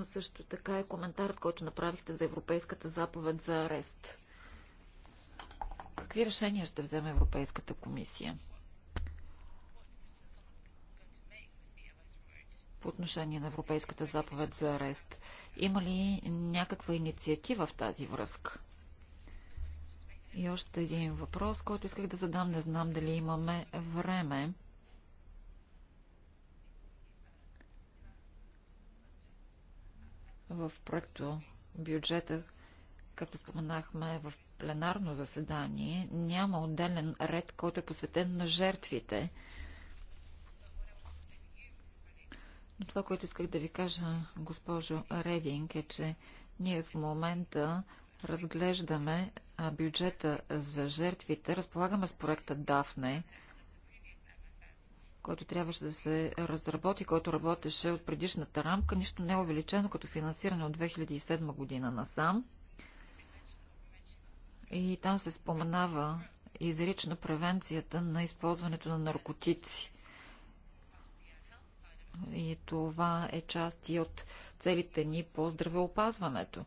също така е коментарът, който направихте за Европейската заповед за арест. Какви решения ще вземе Европейската комисия? По отношение на Европейската заповед за арест. Има ли някаква инициатива в тази връзка? И още един въпрос, който исках да задам. Не знам дали имаме време. в проекто бюджета, както споменахме в пленарно заседание, няма отделен ред, който е посветен на жертвите. Но това, което исках да ви кажа, госпожо Рединг, е, че ние в момента разглеждаме бюджета за жертвите. Разполагаме с проекта Дафне който трябваше да се разработи, който работеше от предишната рамка, нищо не е увеличено като финансиране от 2007 година насам. И там се споменава изрично превенцията на използването на наркотици. И това е част и от целите ни по здравеопазването.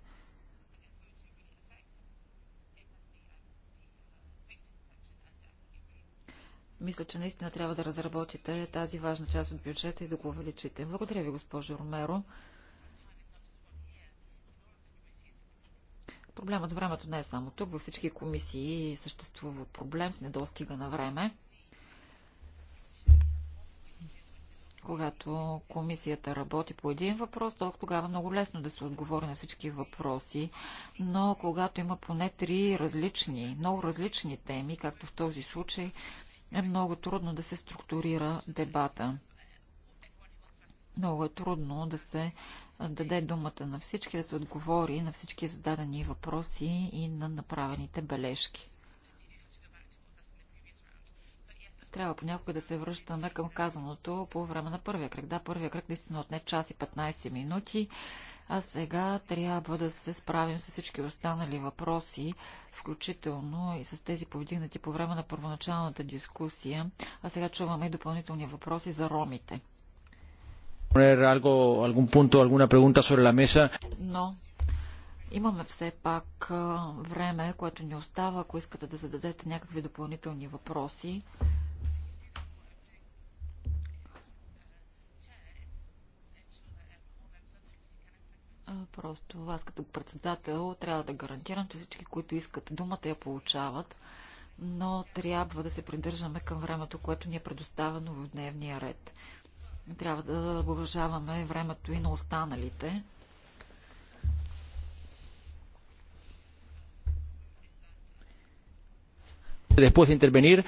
Мисля, че наистина трябва да разработите тази важна част от бюджета и да го увеличите. Благодаря ви, госпожо Ромеро. Проблемът с времето не е само тук. Във всички комисии съществува проблем с недостига на време. Когато комисията работи по един въпрос, то тогава много лесно да се отговори на всички въпроси, но когато има поне три различни, много различни теми, както в този случай, е много трудно да се структурира дебата. Много е трудно да се даде думата на всички, да се отговори на всички зададени въпроси и на направените бележки. Трябва понякога да се връщаме към казаното по време на първия кръг. Да, първия кръг наистина отне час и 15 минути а сега трябва да се справим с всички останали въпроси, включително и с тези повдигнати по време на първоначалната дискусия. А сега чуваме и допълнителни въпроси за ромите. Но имаме все пак време, което ни остава, ако искате да зададете някакви допълнителни въпроси. Просто аз като председател трябва да гарантирам, че всички, които искат думата, я получават, но трябва да се придържаме към времето, което ни е предоставено в дневния ред. Трябва да уважаваме времето и на останалите. después de intervenir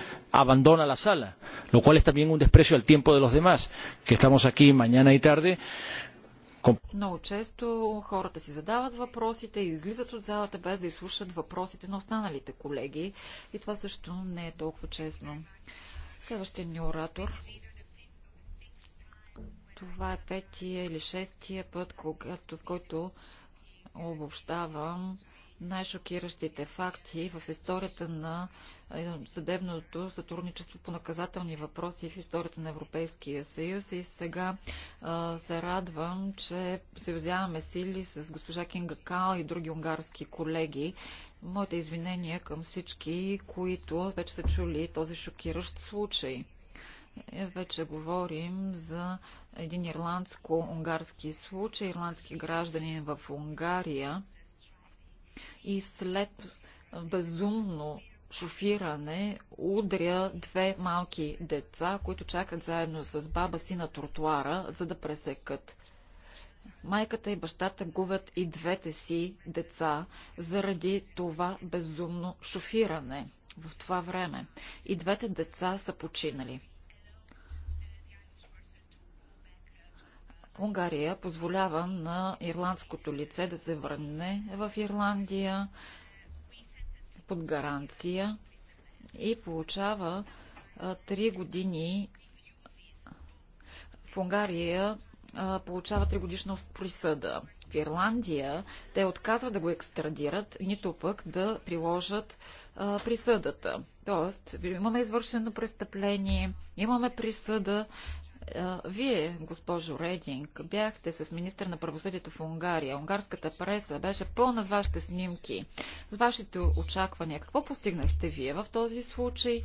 abandona la sala, lo cual es también un desprecio al tiempo de los demás, que estamos aquí mañana y tarde много често хората си задават въпросите и излизат от залата без да изслушат въпросите на останалите колеги. И това също не е толкова честно. Следващия ни оратор. Това е петия или шестия път, когато, в който обобщавам най-шокиращите факти в историята на съдебното сътрудничество по наказателни въпроси в историята на Европейския съюз. И сега а, се радвам, че съюзяваме сили с госпожа Кинга Кал и други унгарски колеги. Моите извинения към всички, които вече са чули този шокиращ случай. Вече говорим за един ирландско-унгарски случай, ирландски гражданин в Унгария, и след безумно шофиране удря две малки деца, които чакат заедно с баба си на тротуара, за да пресекат. Майката и бащата губят и двете си деца заради това безумно шофиране в това време. И двете деца са починали. Унгария позволява на ирландското лице да се върне в Ирландия под гаранция и получава 3 години в Унгария получава 3 годишна присъда. В Ирландия те отказват да го екстрадират, нито пък да приложат а, присъдата. Тоест, имаме извършено престъпление, имаме присъда вие, госпожо Рединг, бяхте с министър на правосъдието в Унгария. Унгарската преса беше пълна с вашите снимки, с вашите очаквания. Какво постигнахте вие в този случай?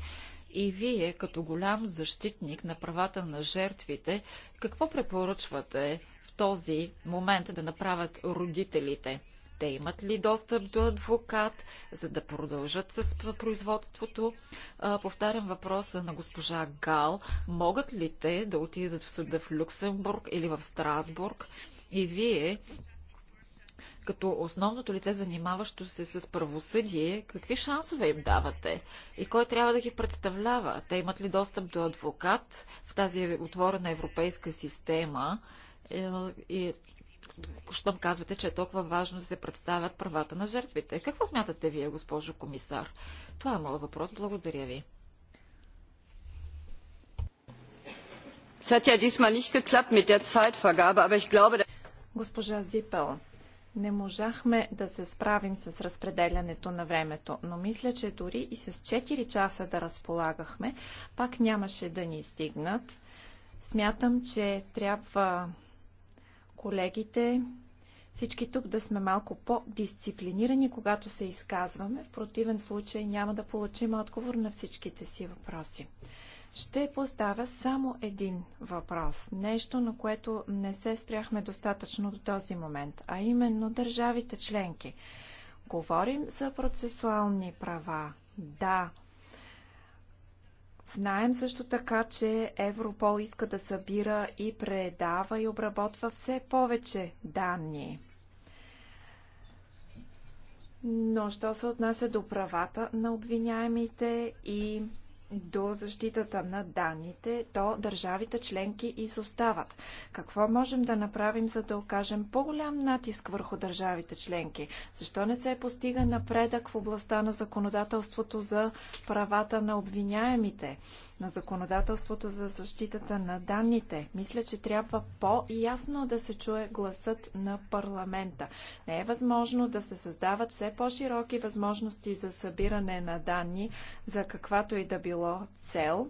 И вие, като голям защитник на правата на жертвите, какво препоръчвате в този момент да направят родителите? те имат ли достъп до адвокат, за да продължат с производството. Повтарям въпроса на госпожа Гал. Могат ли те да отидат в съда в Люксембург или в Страсбург? И вие, като основното лице, занимаващо се с правосъдие, какви шансове им давате? И кой трябва да ги представлява? Те имат ли достъп до адвокат в тази отворена европейска система? Е, и щом казвате, че е толкова важно да се представят правата на жертвите. Какво смятате вие, госпожо комисар? Това е моят въпрос. Благодаря ви. Госпожа Зипел, не можахме да се справим с разпределянето на времето, но мисля, че дори и с 4 часа да разполагахме, пак нямаше да ни стигнат. Смятам, че трябва колегите, всички тук да сме малко по-дисциплинирани, когато се изказваме. В противен случай няма да получим отговор на всичките си въпроси. Ще поставя само един въпрос. Нещо, на което не се спряхме достатъчно до този момент, а именно държавите членки. Говорим за процесуални права. Да, Знаем също така, че Европол иска да събира и предава и обработва все повече данни. Но що се отнася до правата на обвиняемите и до защитата на данните, то държавите членки изостават. Какво можем да направим, за да окажем по-голям натиск върху държавите членки? Защо не се постига напредък в областта на законодателството за правата на обвиняемите, на законодателството за защитата на данните? Мисля, че трябва по-ясно да се чуе гласът на парламента. Не е възможно да се създават все по-широки възможности за събиране на данни, за каквато и да било било цел,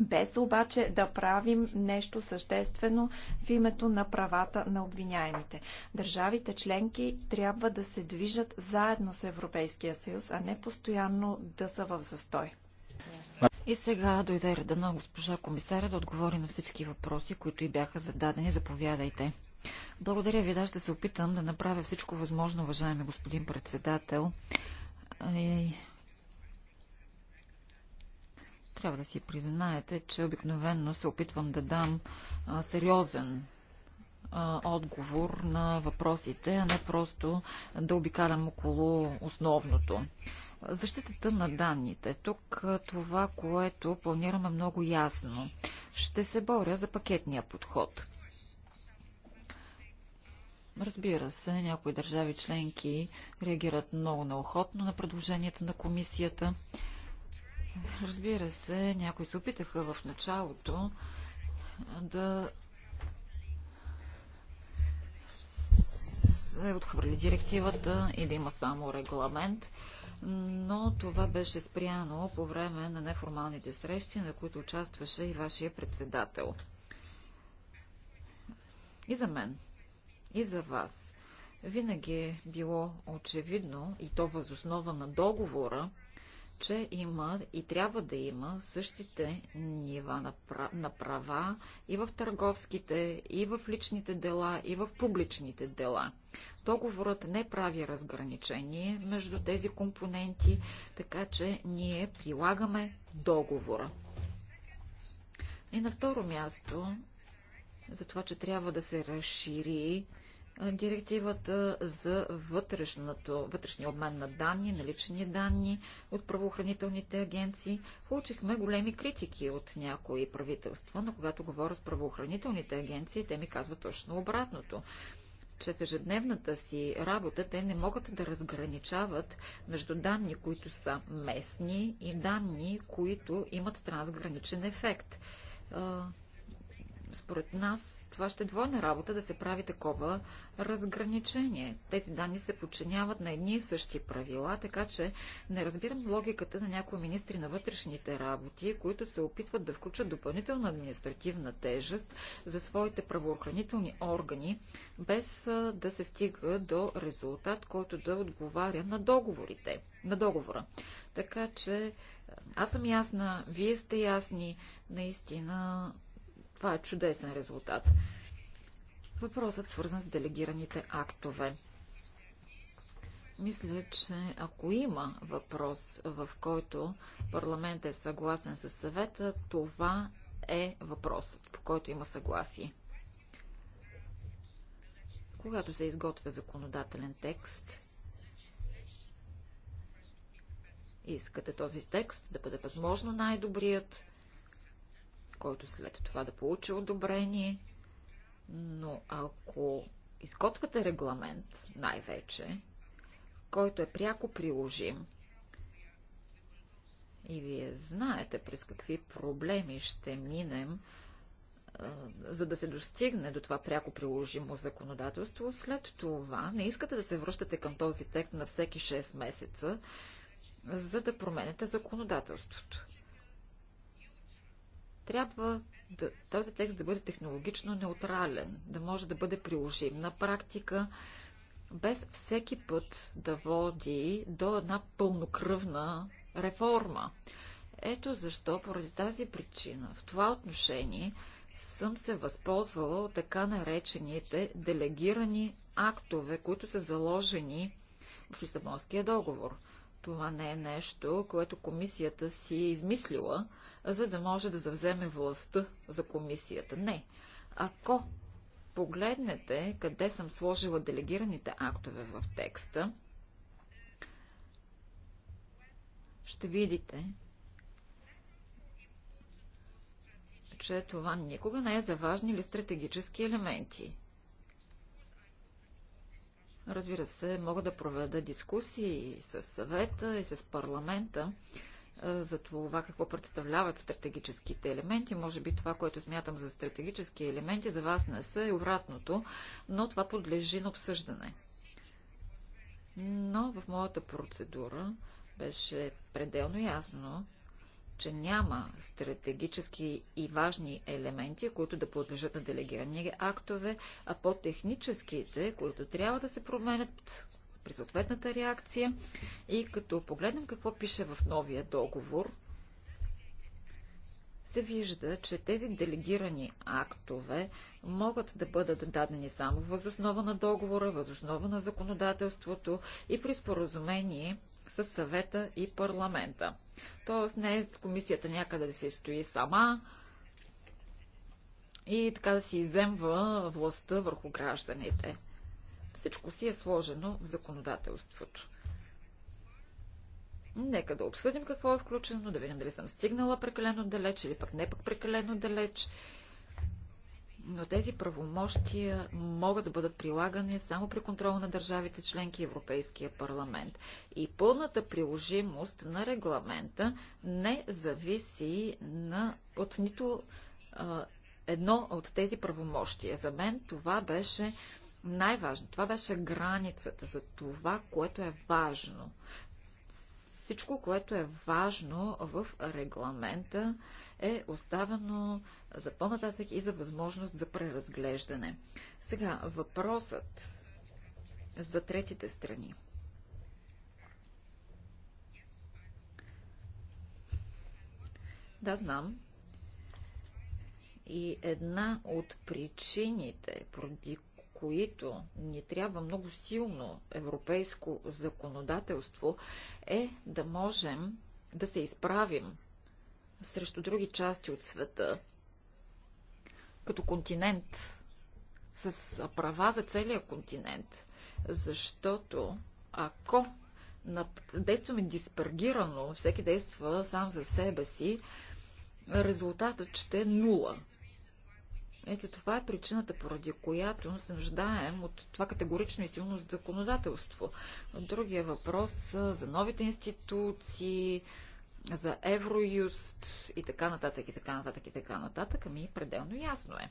без обаче да правим нещо съществено в името на правата на обвиняемите. Държавите членки трябва да се движат заедно с Европейския съюз, а не постоянно да са в застой. И сега дойде реда на госпожа комисаря да отговори на всички въпроси, които и бяха зададени. Заповядайте. Благодаря ви. Да, ще се опитам да направя всичко възможно, уважаеми господин председател. И трябва да си признаете, че обикновенно се опитвам да дам а, сериозен а, отговор на въпросите, а не просто да обикалям около основното. Защитата на данните. Тук това, което планираме много ясно. Ще се боря за пакетния подход. Разбира се, някои държави членки реагират много наохотно на предложенията на комисията. Разбира се, някои се опитаха в началото да се отхвърли директивата и да има само регламент, но това беше спряно по време на неформалните срещи, на които участваше и вашия председател. И за мен, и за вас винаги е било очевидно, и то възоснова на договора, че има и трябва да има същите нива на права и в търговските, и в личните дела, и в публичните дела. Договорът не прави разграничение между тези компоненти, така че ние прилагаме договора. И на второ място, за това, че трябва да се разшири директивата за вътрешния обмен на данни, на лични данни от правоохранителните агенции. Получихме големи критики от някои правителства, но когато говоря с правоохранителните агенции, те ми казват точно обратното че в ежедневната си работа те не могат да разграничават между данни, които са местни и данни, които имат трансграничен ефект според нас това ще е двойна работа да се прави такова разграничение. Тези данни се подчиняват на едни и същи правила, така че не разбирам логиката на някои министри на вътрешните работи, които се опитват да включат допълнителна административна тежест за своите правоохранителни органи, без да се стига до резултат, който да отговаря на договорите, на договора. Така че аз съм ясна, вие сте ясни, наистина това е чудесен резултат. Въпросът свързан с делегираните актове. Мисля, че ако има въпрос, в който парламент е съгласен с съвета, това е въпросът, по който има съгласие. Когато се изготвя законодателен текст, искате този текст да бъде възможно най-добрият, който след това да получи одобрение. Но ако изготвяте регламент, най-вече, който е пряко приложим, и вие знаете през какви проблеми ще минем, за да се достигне до това пряко приложимо законодателство, след това не искате да се връщате към този текст на всеки 6 месеца, за да променете законодателството. Трябва да, този текст да бъде технологично неутрален, да може да бъде приложим на практика, без всеки път да води до една пълнокръвна реформа. Ето защо, поради тази причина, в това отношение, съм се възползвала от така наречените делегирани актове, които са заложени в Лисабонския договор. Това не е нещо, което комисията си е измислила – за да може да завземе властта за комисията. Не. Ако погледнете къде съм сложила делегираните актове в текста, ще видите, че това никога не е за важни или стратегически елементи. Разбира се, мога да проведа дискусии с съвета, и с парламента, за това какво представляват стратегическите елементи. Може би това, което смятам за стратегически елементи, за вас не са и е обратното, но това подлежи на обсъждане. Но в моята процедура беше пределно ясно, че няма стратегически и важни елементи, които да подлежат на делегирани актове, а по-техническите, които трябва да се променят при съответната реакция. И като погледнем какво пише в новия договор, се вижда, че тези делегирани актове могат да бъдат дадени само възоснова на договора, възоснова на законодателството и при споразумение с съвета и парламента. Тоест не с комисията някъде да се стои сама и така да си иземва властта върху гражданите. Всичко си е сложено в законодателството. Нека да обсъдим какво е включено, да видим дали съм стигнала прекалено далеч или пък не пък прекалено далеч. Но тези правомощия могат да бъдат прилагани само при контрол на държавите членки Европейския парламент. И пълната приложимост на регламента не зависи на, от нито а, едно от тези правомощия. За мен това беше най-важно. Това беше границата за това, което е важно. Всичко, което е важно в регламента е оставено за по-нататък и за възможност за преразглеждане. Сега, въпросът за третите страни. Да, знам. И една от причините, поради които ни трябва много силно европейско законодателство, е да можем да се изправим срещу други части от света, като континент, с права за целия континент, защото ако действаме диспергирано, всеки действа сам за себе си, резултатът ще е нула. Ето това е причината, поради която се нуждаем от това категорично и силно законодателство. Другия въпрос за новите институции, за Евроюст и така нататък, и така нататък, и така нататък, ами пределно ясно е.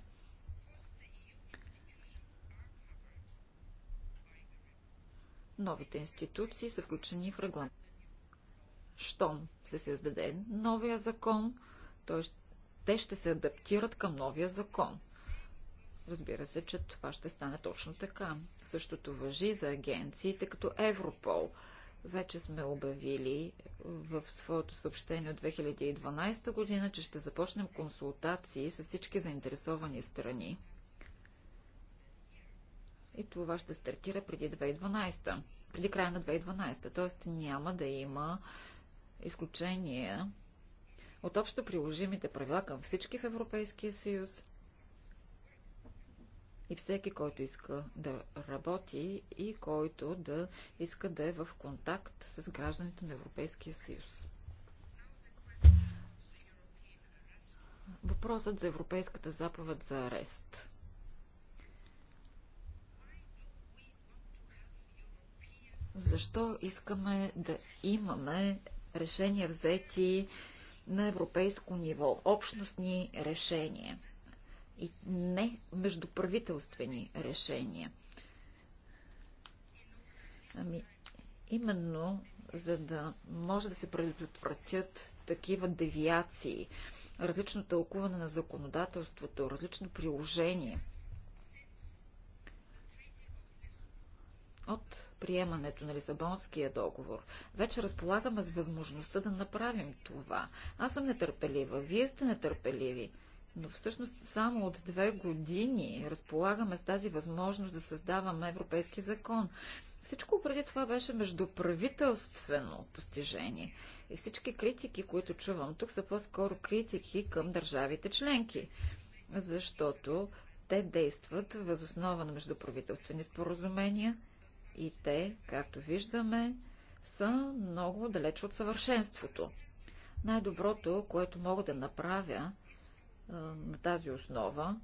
Новите институции са включени в регламент. Щом се създаде новия закон, той ще те ще се адаптират към новия закон. Разбира се, че това ще стане точно така. Същото въжи за агенциите като Европол. Вече сме обявили в своето съобщение от 2012 година, че ще започнем консултации с всички заинтересовани страни. И това ще стартира преди 2012, преди края на 2012. Тоест няма да има изключения от общо приложимите правила към всички в Европейския съюз и всеки, който иска да работи и който да иска да е в контакт с гражданите на Европейския съюз. Въпросът за Европейската заповед за арест. Защо искаме да имаме решения взети на европейско ниво, общностни решения и не междуправителствени решения. Ами, именно за да може да се предотвратят такива девиации, различно тълкуване на законодателството, различно приложение – от приемането на Лисабонския договор. Вече разполагаме с възможността да направим това. Аз съм нетърпелива, вие сте нетърпеливи. Но всъщност само от две години разполагаме с тази възможност да създаваме европейски закон. Всичко преди това беше междуправителствено постижение. И всички критики, които чувам тук, са по-скоро критики към държавите членки. Защото те действат възоснова на междуправителствени споразумения и те, както виждаме, са много далеч от съвършенството. Най-доброто, което мога да направя е, на тази основа,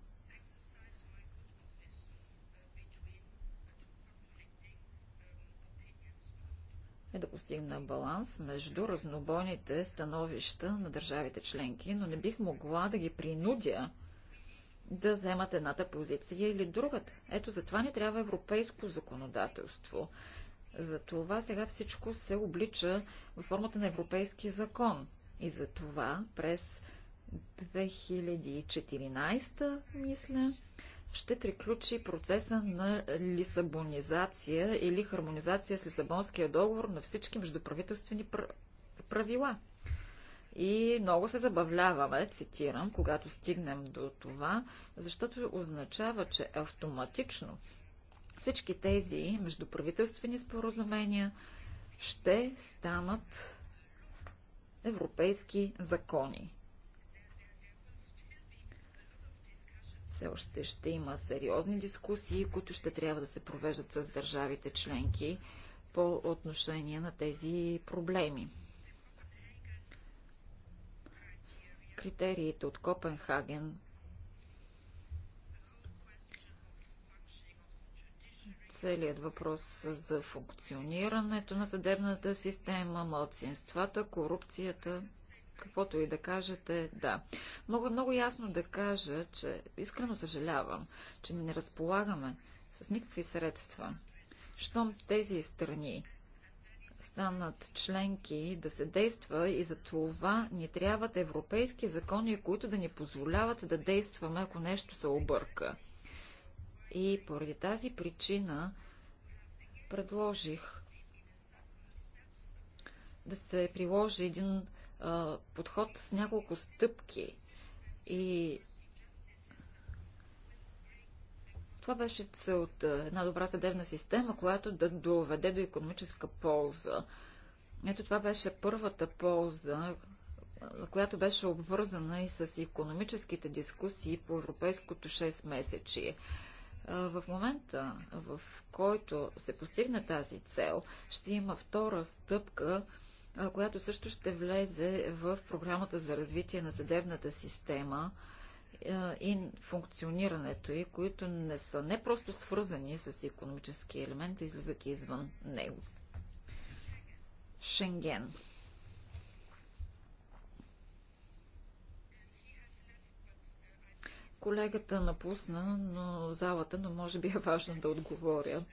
е да постигна баланс между разнобойните становища на държавите членки, но не бих могла да ги принудя да вземат едната позиция или другата. Ето за това ни трябва европейско законодателство. За това сега всичко се облича в формата на европейски закон. И за това през 2014, мисля, ще приключи процеса на лисабонизация или хармонизация с Лисабонския договор на всички междуправителствени правила. И много се забавляваме, цитирам, когато стигнем до това, защото означава, че автоматично всички тези междуправителствени споразумения ще станат европейски закони. Все още ще има сериозни дискусии, които ще трябва да се провеждат с държавите членки по отношение на тези проблеми. критериите от Копенхаген целият въпрос за функционирането на съдебната система, младсинствата, корупцията, каквото и да кажете, да. Мога много ясно да кажа, че искрено съжалявам, че не разполагаме с никакви средства. Щом тези страни станат членки да се действа и за това ни трябват европейски закони, които да ни позволяват да действаме, ако нещо се обърка. И поради тази причина предложих да се приложи един а, подход с няколко стъпки. И Това беше целта. Е, една добра съдебна система, която да доведе до економическа полза. Ето това беше първата полза, е, която беше обвързана и с економическите дискусии по европейското 6 месечие. В момента, в който се постигне тази цел, ще има втора стъпка, е, която също ще влезе в програмата за развитие на съдебната система – е, и функционирането и които не са не просто свързани с економически елементи излизат извън него. Шенген. Колегата напусна, но залата, но може би е важно да отговоря,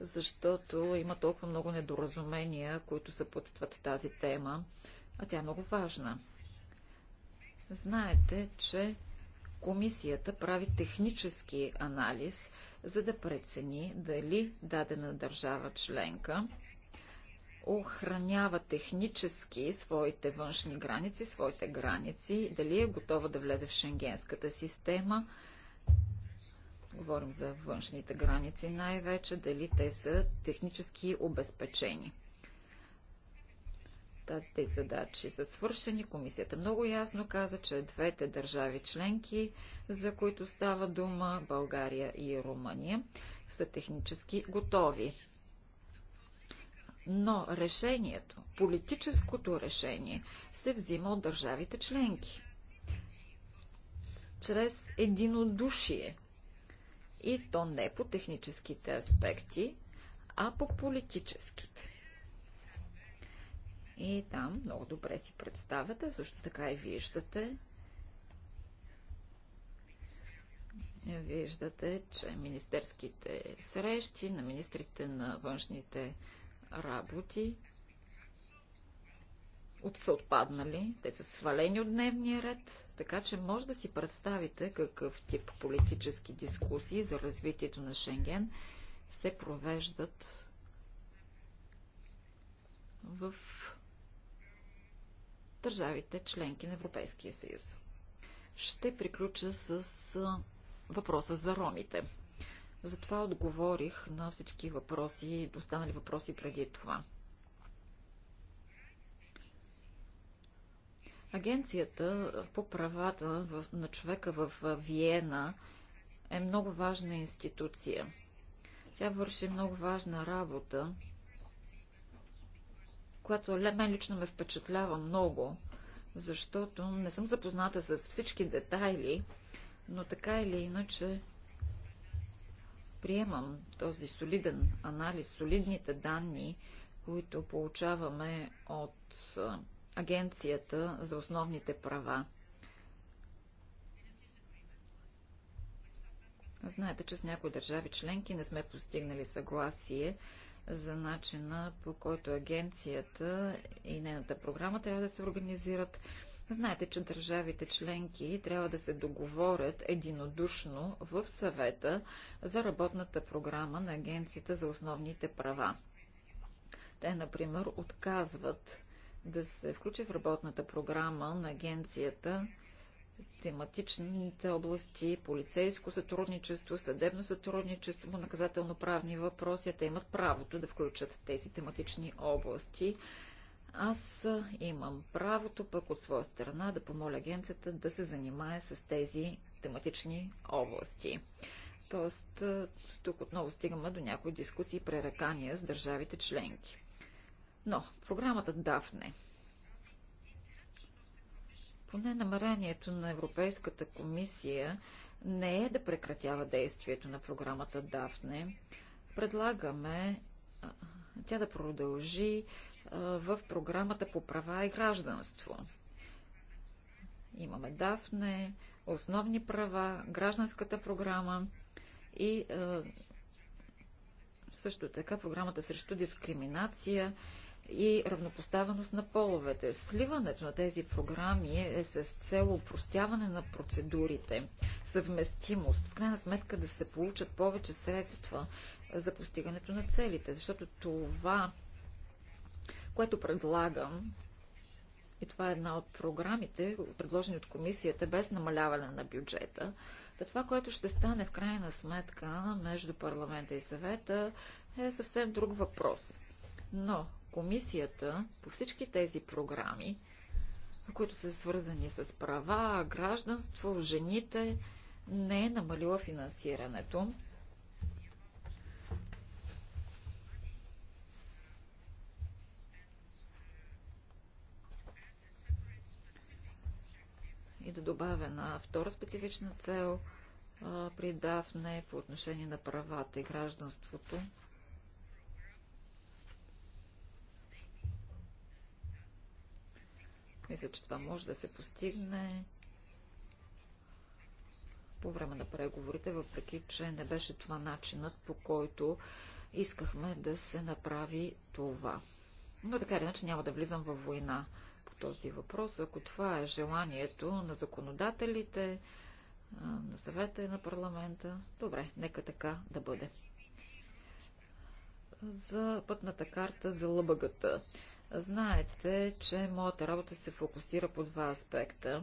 защото има толкова много недоразумения, които съпътстват тази тема, а тя е много важна. Знаете, че комисията прави технически анализ, за да прецени дали дадена държава членка охранява технически своите външни граници, своите граници, дали е готова да влезе в шенгенската система, говорим за външните граници най-вече, дали те са технически обезпечени. Тази задачи са свършени. Комисията много ясно каза, че двете държави членки, за които става дума, България и Румъния, са технически готови. Но решението, политическото решение, се взима от държавите членки. Чрез единодушие. И то не по техническите аспекти, а по политическите. И там много добре си представяте, също така и виждате. Виждате, че министерските срещи на министрите на външните работи от са отпаднали, те са свалени от дневния ред, така че може да си представите какъв тип политически дискусии за развитието на Шенген се провеждат в държавите членки на Европейския съюз. Ще приключа с въпроса за ромите. Затова отговорих на всички въпроси, останали въпроси преди това. Агенцията по правата на човека в Виена е много важна институция. Тя върши много важна работа която мен лично ме впечатлява много, защото не съм запозната с всички детайли, но така или иначе приемам този солиден анализ, солидните данни, които получаваме от Агенцията за основните права. Знаете, че с някои държави членки не сме постигнали съгласие за начина по който агенцията и нейната програма трябва да се организират. Знаете, че държавите членки трябва да се договорят единодушно в съвета за работната програма на Агенцията за основните права. Те, например, отказват да се включи в работната програма на агенцията тематичните области, полицейско сътрудничество, съдебно сътрудничество, наказателно-правни въпроси, те имат правото да включат тези тематични области. Аз имам правото пък от своя страна да помоля агенцията да се занимае с тези тематични области. Тоест, тук отново стигаме до някои дискусии и пререкания с държавите членки. Но програмата Дафне – поне намерението на Европейската комисия не е да прекратява действието на програмата Дафне. Предлагаме тя да продължи в програмата по права и гражданство. Имаме Дафне, основни права, гражданската програма и също така програмата срещу дискриминация и равнопоставеност на половете. Сливането на тези програми е, е с цел упростяване на процедурите, съвместимост, в крайна сметка да се получат повече средства за постигането на целите, защото това, което предлагам, и това е една от програмите, предложени от комисията, без намаляване на бюджета, да това, което ще стане в крайна сметка между парламента и съвета, е съвсем друг въпрос. Но комисията по всички тези програми, които са свързани с права, гражданство, жените, не е намалила финансирането. И да добавя на втора специфична цел при Дафне по отношение на правата и гражданството. Мисля, че това може да се постигне по време на преговорите, въпреки че не беше това начинът, по който искахме да се направи това. Но така или иначе няма да влизам във война по този въпрос. Ако това е желанието на законодателите, на съвета и на парламента, добре, нека така да бъде. За пътната карта за лъбъгата. Знаете, че моята работа се фокусира по два аспекта.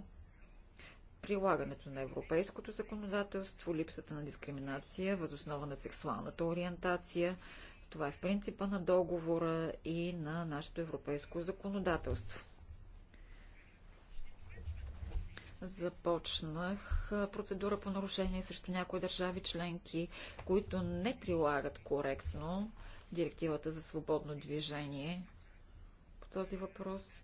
Прилагането на европейското законодателство, липсата на дискриминация, възоснова на сексуалната ориентация. Това е в принципа на договора и на нашето европейско законодателство. започнах процедура по нарушение срещу някои държави членки, които не прилагат коректно директивата за свободно движение този въпрос.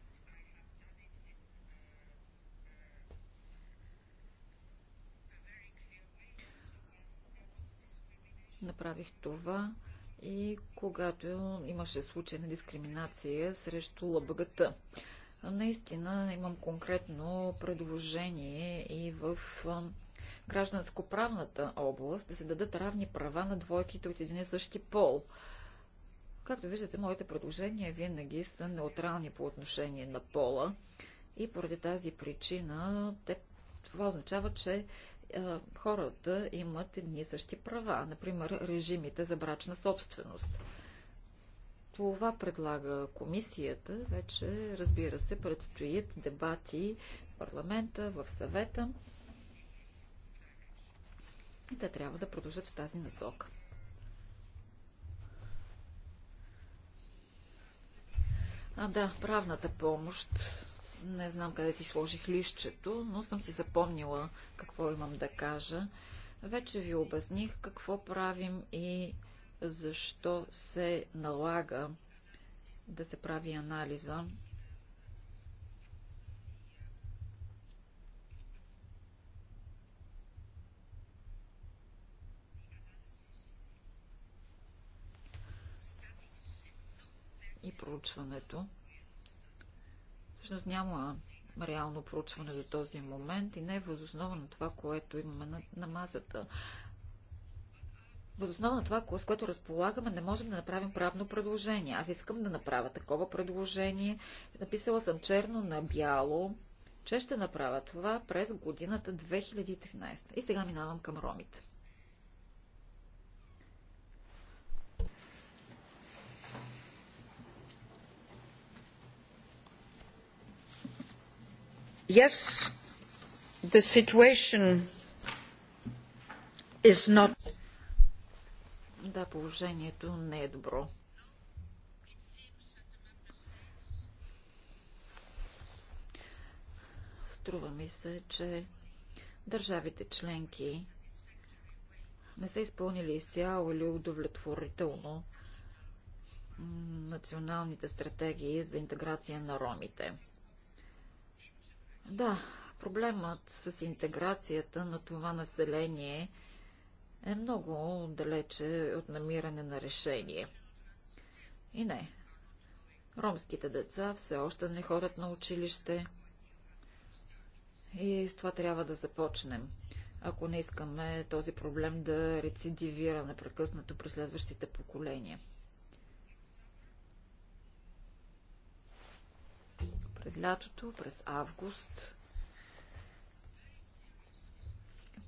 Направих това и когато имаше случай на дискриминация срещу ЛБГТ. Наистина имам конкретно предложение и в гражданско-правната област да се дадат равни права на двойките от един и същи пол. Както виждате, моите предложения винаги са неутрални по отношение на пола и поради тази причина това означава, че хората имат едни и същи права, например режимите за брачна собственост. Това предлага комисията. Вече, разбира се, предстоят дебати в парламента, в съвета. И те трябва да продължат в тази насока. А, да, правната помощ. Не знам къде си сложих лището, но съм си запомнила какво имам да кажа. Вече ви обясних какво правим и защо се налага да се прави анализа и проучването. Всъщност няма реално проучване до този момент и не е възоснова на това, което имаме на, на масата. Възоснова на това, с което разполагаме, не можем да направим правно предложение. Аз искам да направя такова предложение. Написала съм черно на бяло, че ще направя това през годината 2013. И сега минавам към ромите. Yes, the situation is not... Да, положението не е добро. Струва ми се, че държавите членки не са изпълнили изцяло или удовлетворително националните стратегии за интеграция на ромите. Да, проблемът с интеграцията на това население е много далече от намиране на решение. И не, ромските деца все още не ходят на училище и с това трябва да започнем, ако не искаме този проблем да рецидивира непрекъснато през следващите поколения. през лятото, през август.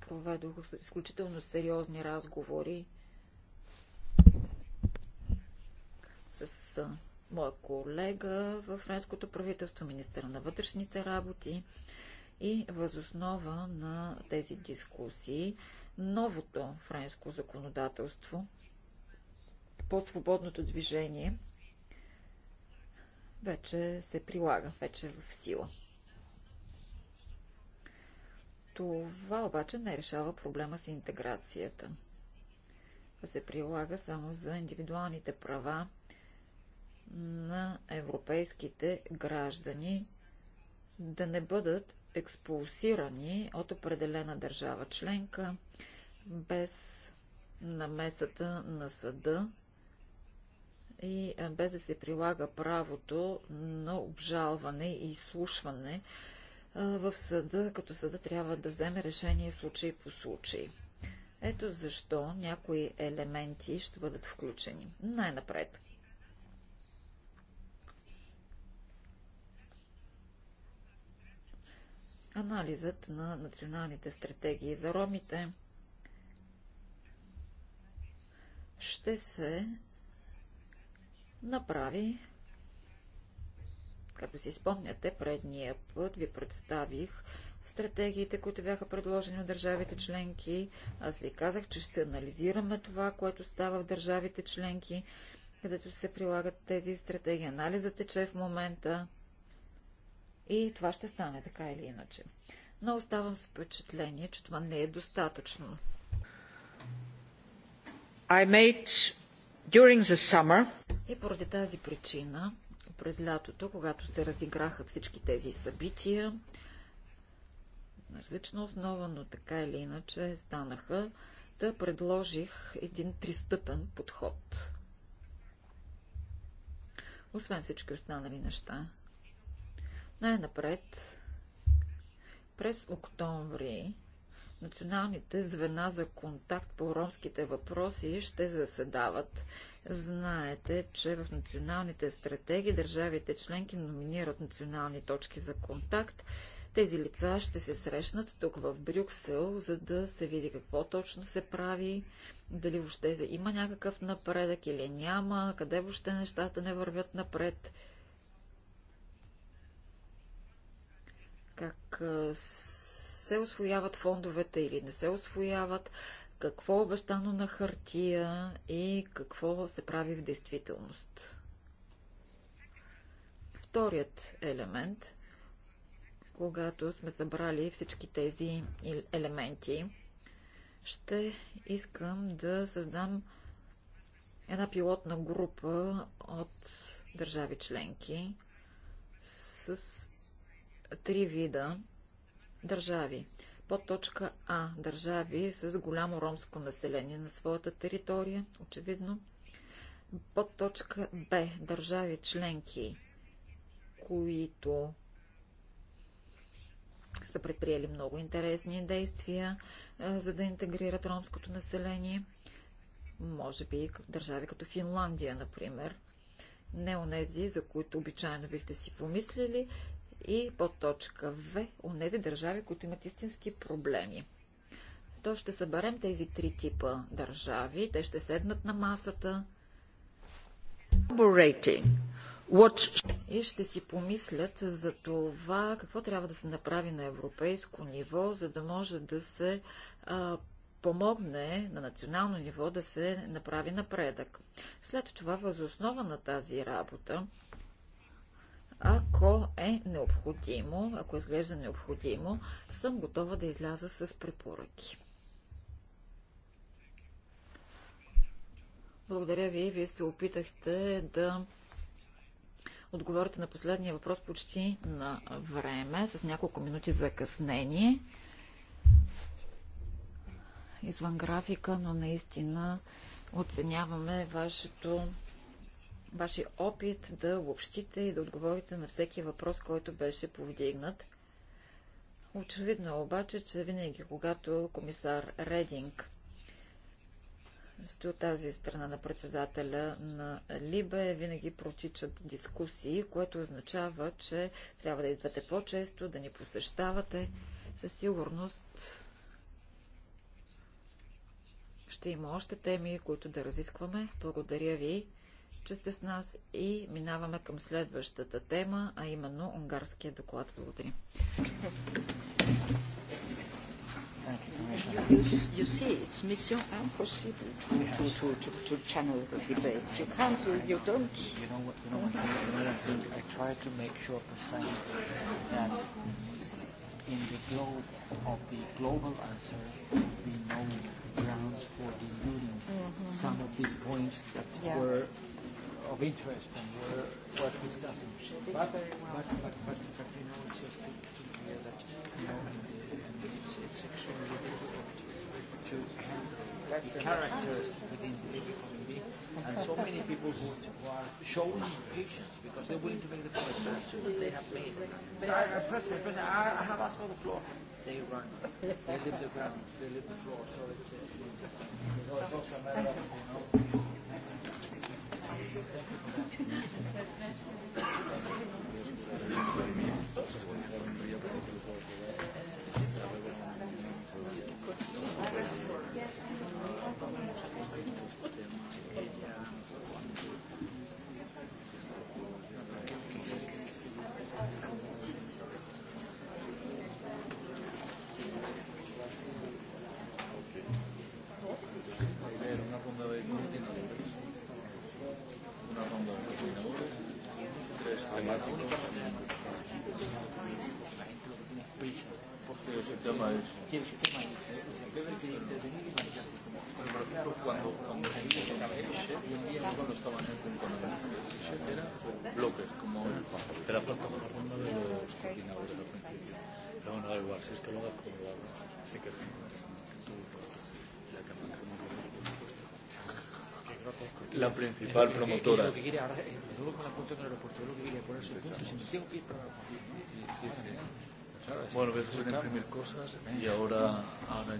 Проведох изключително сериозни разговори с моя колега в френското правителство, министър на вътрешните работи и възоснова на тези дискусии новото френско законодателство по свободното движение – вече се прилага, вече е в сила. Това обаче не решава проблема с интеграцията. Това се прилага само за индивидуалните права на европейските граждани да не бъдат експулсирани от определена държава членка без намесата на съда и без да се прилага правото на обжалване и изслушване в съда, като съда трябва да вземе решение случай по случай. Ето защо някои елементи ще бъдат включени. Най-напред. Анализът на националните стратегии за ромите ще се направи, Като си спомняте, предния път ви представих стратегиите, които бяха предложени от държавите членки. Аз ви казах, че ще анализираме това, което става в държавите членки, където се прилагат тези стратегии. Анализът тече в момента и това ще стане така или иначе. Но оставам с впечатление, че това не е достатъчно. I made During the summer... И поради тази причина, през лятото, когато се разиграха всички тези събития, на различна основа, но така или иначе станаха, да предложих един тристъпен подход. Освен всички останали неща. Най-напред, през октомври Националните звена за контакт по ромските въпроси ще заседават. Знаете, че в националните стратегии държавите членки номинират национални точки за контакт. Тези лица ще се срещнат тук в Брюксел, за да се види какво точно се прави, дали въобще има някакъв напредък или няма, къде въобще нещата не вървят напред. как се освояват фондовете или не се освояват, какво е обещано на хартия и какво се прави в действителност. Вторият елемент, когато сме събрали всички тези елементи, ще искам да създам една пилотна група от държави членки с три вида държави. Под точка А. Държави с голямо ромско население на своята територия, очевидно. Под точка Б. Държави членки, които са предприели много интересни действия, за да интегрират ромското население. Може би държави като Финландия, например. Не онези, за които обичайно бихте си помислили, и под точка В, тези държави, които имат истински проблеми. То ще съберем тези три типа държави, те ще седнат на масата и ще си помислят за това какво трябва да се направи на европейско ниво, за да може да се а, помогне на национално ниво да се направи напредък. След това, възоснова на тази работа, ако е необходимо, ако изглежда необходимо, съм готова да изляза с препоръки. Благодаря ви. Вие се опитахте да отговорите на последния въпрос почти на време, с няколко минути закъснение. Извън графика, но наистина оценяваме вашето вашия опит да обобщите и да отговорите на всеки въпрос, който беше повдигнат. Очевидно е обаче, че винаги, когато комисар Рединг стои от тази страна на председателя на Либе, винаги протичат дискусии, което означава, че трябва да идвате по-често, да ни посещавате. Със сигурност ще има още теми, които да разискваме. Благодаря ви че сте с нас и минаваме към следващата тема, а именно унгарския доклад. Благодаря. You, you see, it's mission impossible to, to, to, to channel the debates. You can't, you, you don't. You know what, you know what, you know what I think? I try to make sure percent that in the globe of the global answer, we know grounds for deluding mm-hmm. some of the points that yeah. were of interest and were worth discussing. But, but, but, but, but you know, it's just to, to hear that, you know, and, and it's, it's extremely difficult to handle the characters within the community and so many people who, who are showing patience because they're willing to make the promise. as soon as they have made, they are president, president, I, I have asked for the floor. They run. They live the grounds. They live the floor. So it's, uh, it's also a matter of, you know. Thank you. principal promotora. Lo que quiere ahora, con la del aeropuerto, lo que quiere ponerse el punto, si tengo que ir para Sí, sí. Bueno, voy a hacer imprimir cosas y ahora, ahora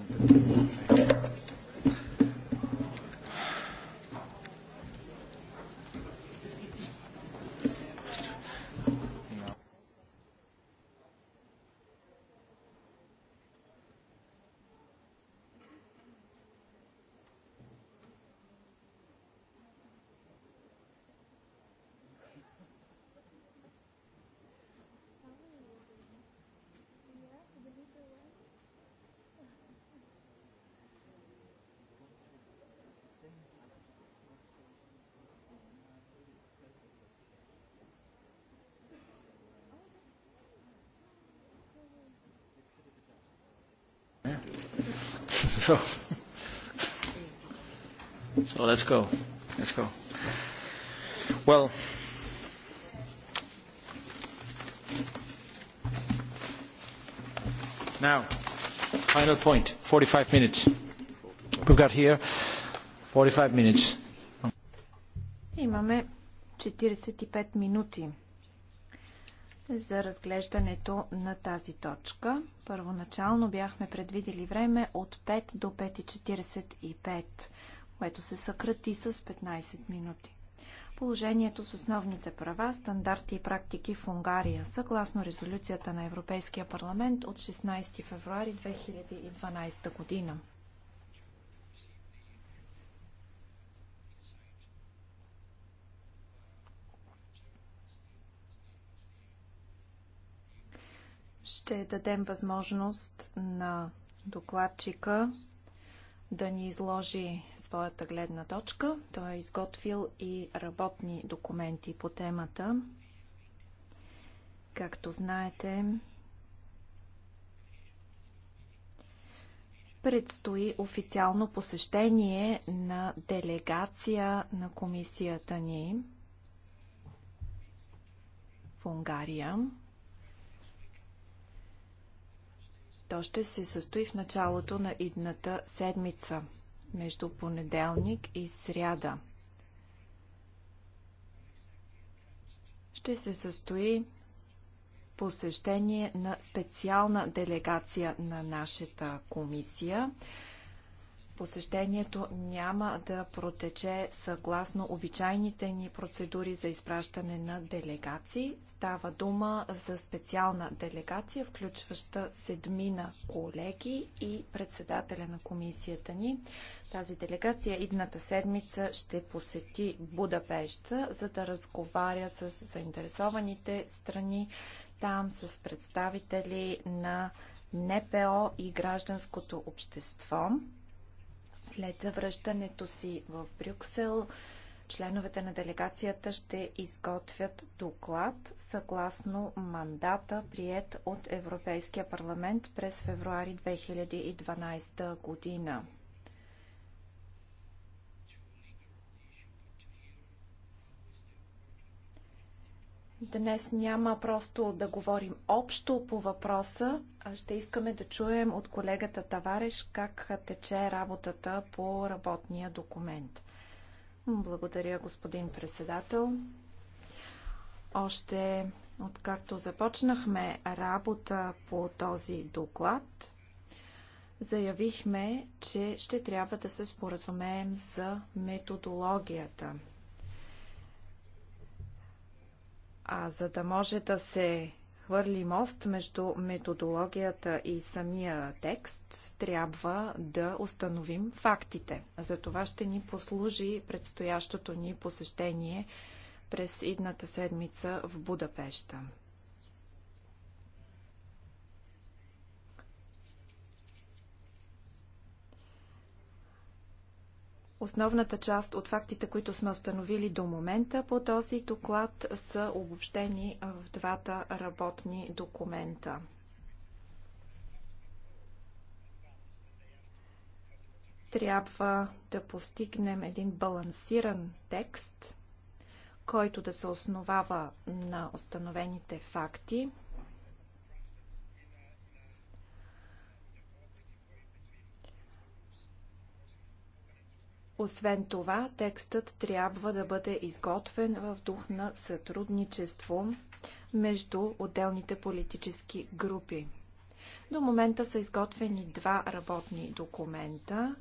Yeah. So, so let's go. Let's go. Well, now, final point, 45 minutes. We've got here 45 minutes. 45 минути за разглеждането на тази точка. Първоначално бяхме предвидели време от 5 до 5.45, което се съкрати с 15 минути. Положението с основните права, стандарти и практики в Унгария, съгласно резолюцията на Европейския парламент от 16 февруари 2012 година. Ще дадем възможност на докладчика да ни изложи своята гледна точка. Той е изготвил и работни документи по темата. Както знаете, предстои официално посещение на делегация на комисията ни в Унгария. То ще се състои в началото на идната седмица, между понеделник и сряда. Ще се състои посещение на специална делегация на нашата комисия – Посещението няма да протече съгласно обичайните ни процедури за изпращане на делегации. Става дума за специална делегация, включваща седмина колеги и председателя на комисията ни. Тази делегация идната седмица ще посети Будапешта, за да разговаря с заинтересованите страни там с представители на НПО и гражданското общество. След завръщането си в Брюксел, членовете на делегацията ще изготвят доклад съгласно мандата, прият от Европейския парламент през февруари 2012 година. Днес няма просто да говорим общо по въпроса, а ще искаме да чуем от колегата Тавареш как тече работата по работния документ. Благодаря, господин председател. Още откакто започнахме работа по този доклад, заявихме, че ще трябва да се споразумеем за методологията – А за да може да се хвърли мост между методологията и самия текст, трябва да установим фактите. За това ще ни послужи предстоящото ни посещение през идната седмица в Будапешта. Основната част от фактите, които сме установили до момента по този доклад, са обобщени в двата работни документа. Трябва да постигнем един балансиран текст, който да се основава на установените факти – Освен това, текстът трябва да бъде изготвен в дух на сътрудничество между отделните политически групи. До момента са изготвени два работни документа.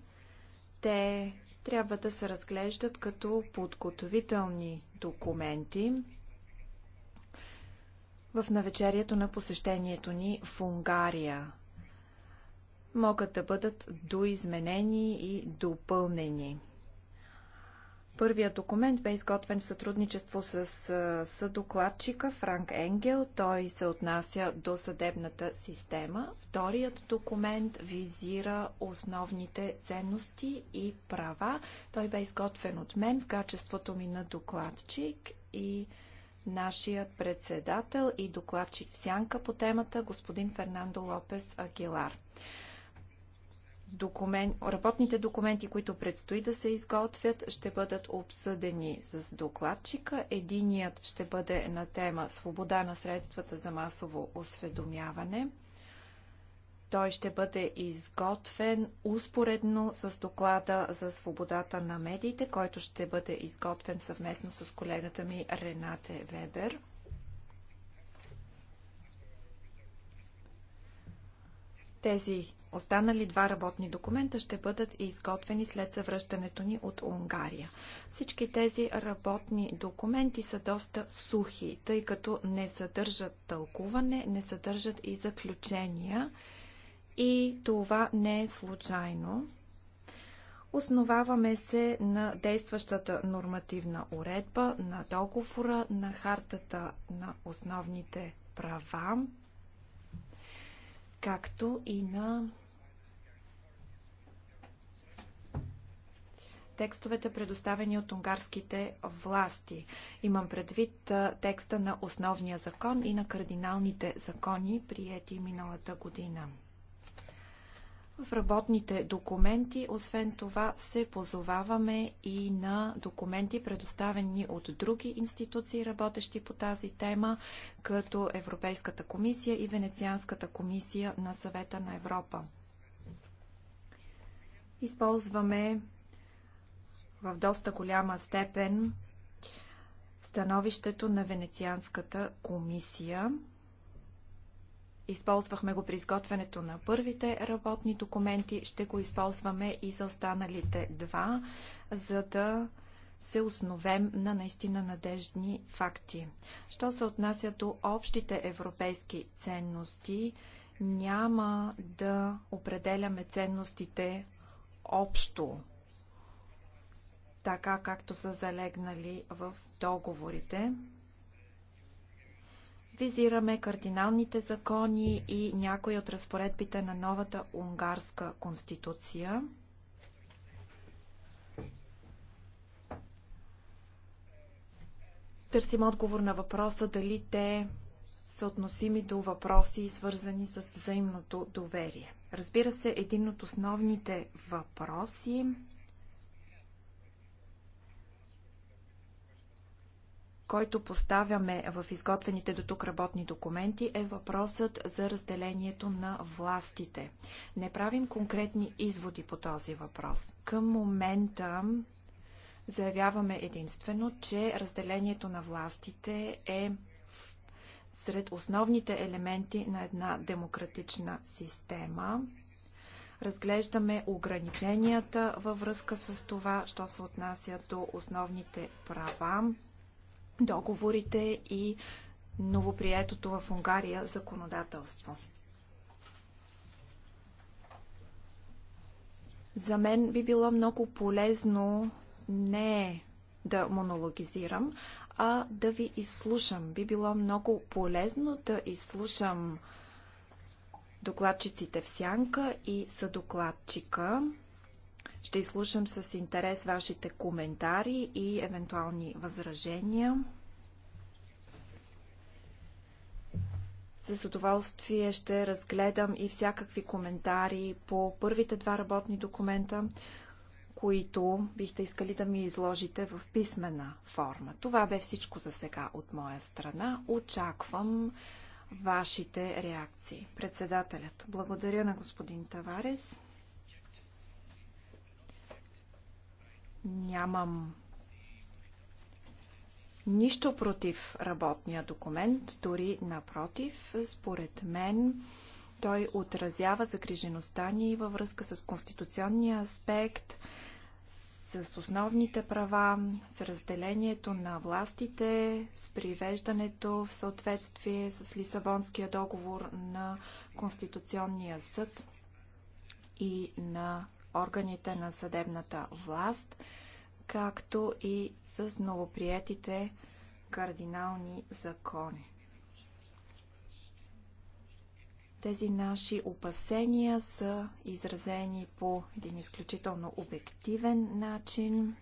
Те трябва да се разглеждат като подготовителни документи в навечерието на посещението ни в Унгария. Могат да бъдат доизменени и допълнени. Първият документ бе изготвен в сътрудничество с съдокладчика Франк Енгел. Той се отнася до съдебната система. Вторият документ визира основните ценности и права. Той бе изготвен от мен в качеството ми на докладчик и нашият председател и докладчик в сянка по темата господин Фернандо Лопес Агилар документ, работните документи, които предстои да се изготвят, ще бъдат обсъдени с докладчика. Единият ще бъде на тема Свобода на средствата за масово осведомяване. Той ще бъде изготвен успоредно с доклада за свободата на медиите, който ще бъде изготвен съвместно с колегата ми Ренате Вебер. Тези останали два работни документа ще бъдат изготвени след завръщането ни от Унгария. Всички тези работни документи са доста сухи, тъй като не съдържат тълкуване, не съдържат и заключения. И това не е случайно. Основаваме се на действащата нормативна уредба, на договора, на хартата на основните права, както и на текстовете, предоставени от унгарските власти. Имам предвид текста на основния закон и на кардиналните закони, приети миналата година. В работните документи, освен това, се позоваваме и на документи, предоставени от други институции, работещи по тази тема, като Европейската комисия и Венецианската комисия на Съвета на Европа. Използваме в доста голяма степен становището на Венецианската комисия. Използвахме го при изготвянето на първите работни документи. Ще го използваме и за останалите два, за да се основем на наистина надеждни факти. Що се отнася до общите европейски ценности, няма да определяме ценностите общо, така както са залегнали в договорите. Визираме кардиналните закони и някои от разпоредбите на новата унгарска конституция. Търсим отговор на въпроса дали те са относими до въпроси, свързани с взаимното доверие. Разбира се, един от основните въпроси който поставяме в изготвените до тук работни документи, е въпросът за разделението на властите. Не правим конкретни изводи по този въпрос. Към момента заявяваме единствено, че разделението на властите е сред основните елементи на една демократична система. Разглеждаме ограниченията във връзка с това, що се отнася до основните права, договорите и новоприетото в Унгария законодателство. За мен би било много полезно не да монологизирам, а да ви изслушам. Би било много полезно да изслушам докладчиците в сянка и съдокладчика. Ще изслушам с интерес вашите коментари и евентуални възражения. С удоволствие ще разгледам и всякакви коментари по първите два работни документа, които бихте искали да ми изложите в писмена форма. Това бе всичко за сега от моя страна. Очаквам вашите реакции. Председателят. Благодаря на господин Таварес. Нямам нищо против работния документ, дори напротив, според мен той отразява загрижеността ни във връзка с конституционния аспект, с основните права, с разделението на властите, с привеждането в съответствие с Лисабонския договор на Конституционния съд и на органите на съдебната власт, както и с новоприетите кардинални закони. Тези наши опасения са изразени по един изключително обективен начин.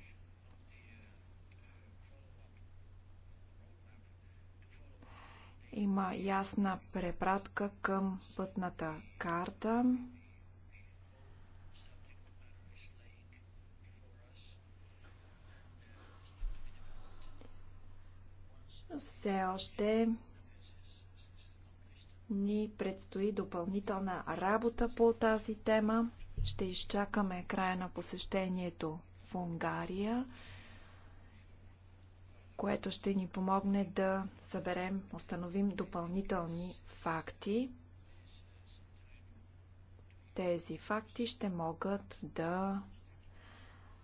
Има ясна препратка към пътната карта. все още ни предстои допълнителна работа по тази тема. Ще изчакаме края на посещението в Унгария, което ще ни помогне да съберем, установим допълнителни факти. Тези факти ще могат да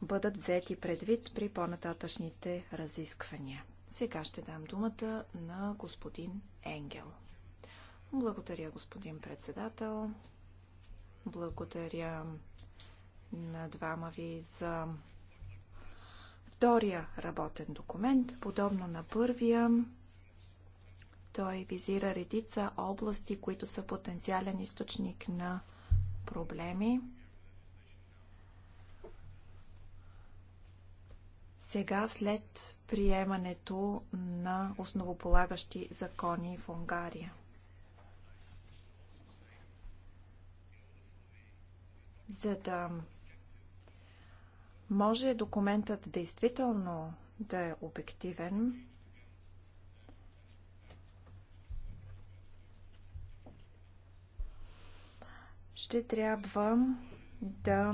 бъдат взети предвид при по-нататъчните разисквания. Сега ще дам думата на господин Енгел. Благодаря, господин председател. Благодаря на двама ви за втория работен документ, подобно на първия. Той визира редица области, които са потенциален източник на проблеми. Сега, след приемането на основополагащи закони в Унгария. За да може документът действително да е обективен, ще трябва да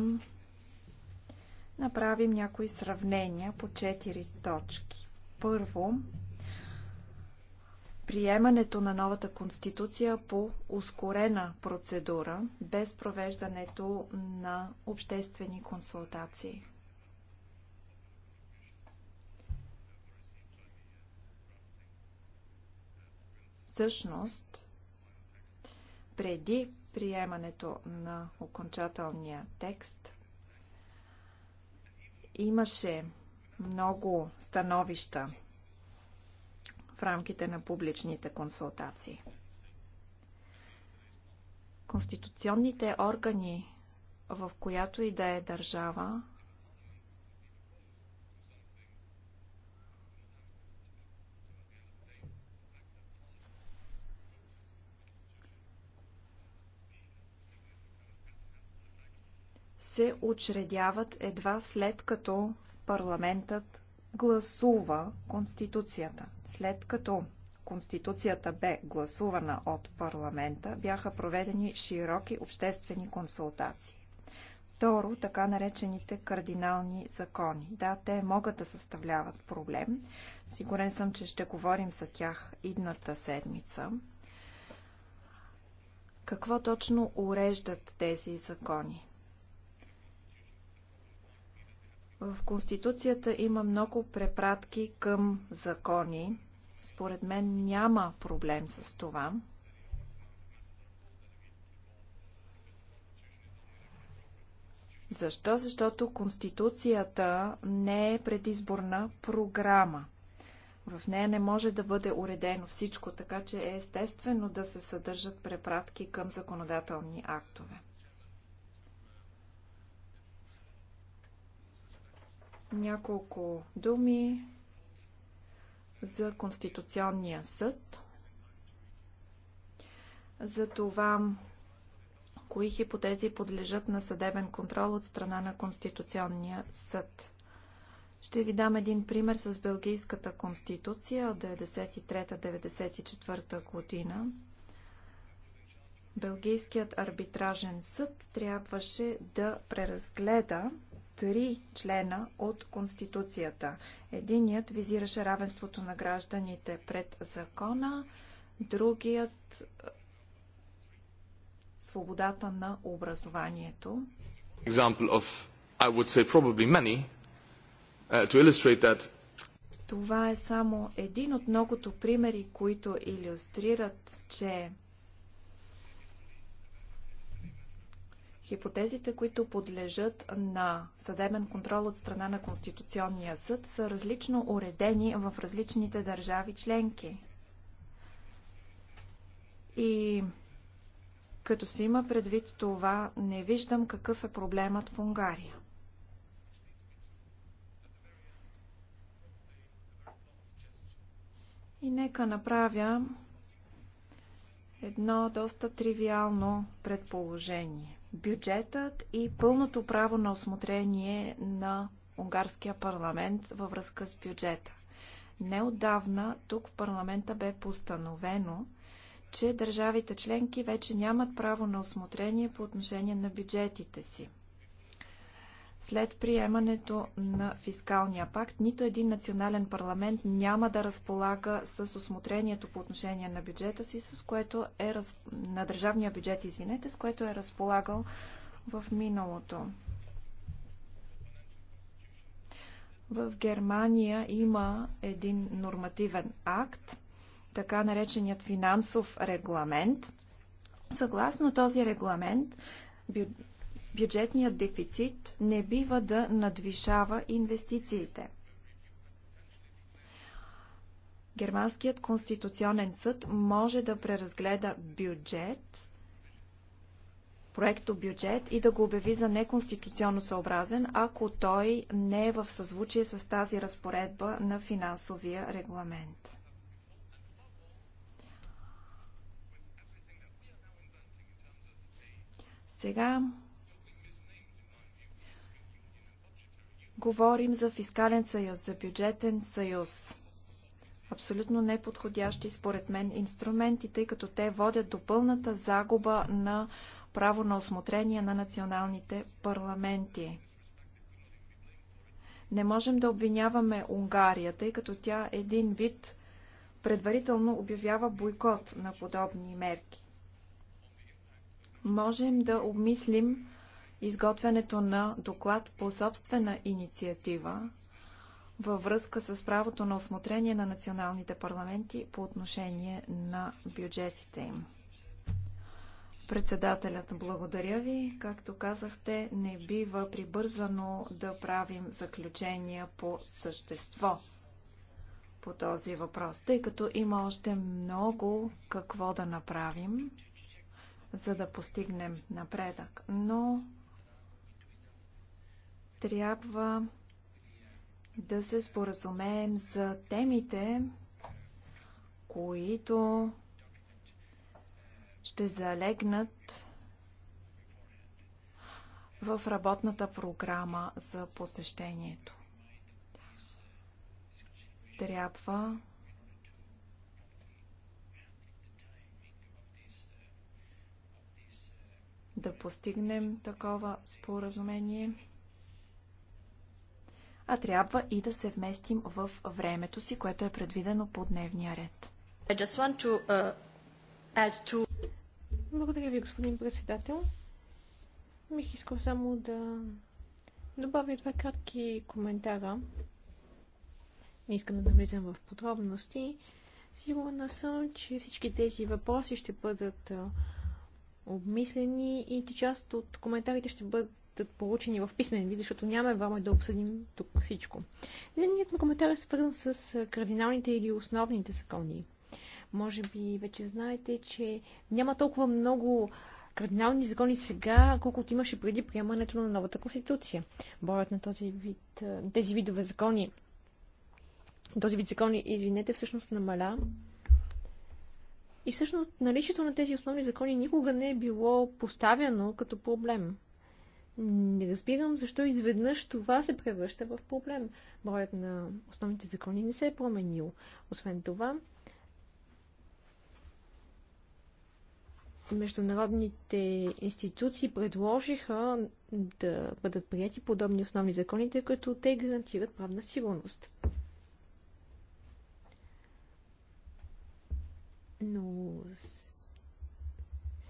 направим някои сравнения по четири точки. Първо, приемането на новата конституция по ускорена процедура, без провеждането на обществени консултации. Всъщност, преди приемането на окончателния текст, Имаше много становища в рамките на публичните консултации. Конституционните органи в която и да е държава се учредяват едва след като парламентът гласува Конституцията. След като Конституцията бе гласувана от парламента, бяха проведени широки обществени консултации. Второ, така наречените кардинални закони. Да, те могат да съставляват проблем. Сигурен съм, че ще говорим за тях идната седмица. Какво точно уреждат тези закони? В Конституцията има много препратки към закони. Според мен няма проблем с това. Защо? Защото Конституцията не е предизборна програма. В нея не може да бъде уредено всичко, така че е естествено да се съдържат препратки към законодателни актове. Няколко думи за Конституционния съд, за това кои хипотези подлежат на съдебен контрол от страна на Конституционния съд. Ще ви дам един пример с Белгийската конституция от 1993-1994 година. Белгийският арбитражен съд трябваше да преразгледа три члена от Конституцията. Единият визираше равенството на гражданите пред закона, другият е, свободата на образованието. Of, many, uh, that... Това е само един от многото примери, които иллюстрират, че Хипотезите, които подлежат на съдебен контрол от страна на Конституционния съд, са различно уредени в различните държави членки. И като се има предвид това, не виждам какъв е проблемът в Унгария. И нека направя едно доста тривиално предположение бюджетът и пълното право на осмотрение на унгарския парламент във връзка с бюджета. Неодавна тук в парламента бе постановено, че държавите членки вече нямат право на осмотрение по отношение на бюджетите си. След приемането на фискалния пакт, нито един национален парламент няма да разполага с осмотрението по отношение на бюджета си, с което е раз... на държавния бюджет, извинете, с което е разполагал в миналото. В Германия има един нормативен акт, така нареченият финансов регламент. Съгласно този регламент, бюджетният дефицит не бива да надвишава инвестициите. Германският конституционен съд може да преразгледа бюджет, проекто бюджет и да го обяви за неконституционно съобразен, ако той не е в съзвучие с тази разпоредба на финансовия регламент. Сега Говорим за фискален съюз, за бюджетен съюз. Абсолютно неподходящи според мен инструменти, тъй като те водят до пълната загуба на право на осмотрение на националните парламенти. Не можем да обвиняваме Унгария, тъй като тя един вид предварително обявява бойкот на подобни мерки. Можем да обмислим изготвянето на доклад по собствена инициатива във връзка с правото на осмотрение на националните парламенти по отношение на бюджетите им. Председателят, благодаря ви. Както казахте, не бива прибързано да правим заключения по същество по този въпрос, тъй като има още много какво да направим, за да постигнем напредък. Но трябва да се споразумеем за темите, които ще залегнат в работната програма за посещението. Трябва да постигнем такова споразумение а трябва и да се вместим в времето си, което е предвидено по дневния ред. To, uh, to... Благодаря ви, господин председател. мих искал само да добавя два кратки коментара. Не искам да навлизам в подробности. Сигурна съм, че всички тези въпроси ще бъдат обмислени и част от коментарите ще бъдат получени в писмен вид, защото нямаме време да обсъдим тук всичко. Единият му коментар е свързан с кардиналните или основните закони. Може би вече знаете, че няма толкова много кардинални закони сега, колкото имаше преди приемането на новата конституция. Борят на този вид, тези видове закони, този вид закони, извинете, всъщност намаля. И всъщност наличието на тези основни закони никога не е било поставяно като проблем. Не разбирам защо изведнъж това се превръща в проблем. Броят на основните закони не се е променил. Освен това, международните институции предложиха да бъдат прияти подобни основни закони, тъй като те гарантират правна сигурност. Но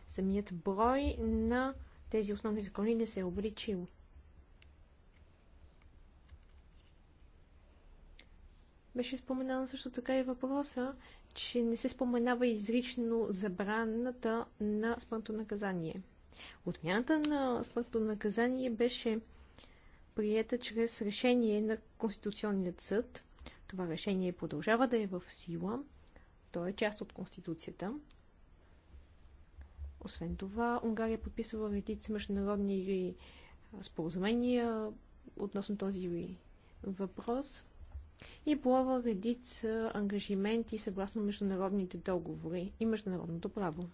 самият брой на тези основни закони не се е увеличил. Беше споменан също така и въпроса, че не се споменава изрично забраната на смъртно наказание. Отмяната на смъртно наказание беше приета чрез решение на Конституционният съд. Това решение продължава да е в сила. То е част от Конституцията. Освен това, Унгария е подписала международни споразумения относно този въпрос и полава редица ангажименти съгласно международните договори и международното право.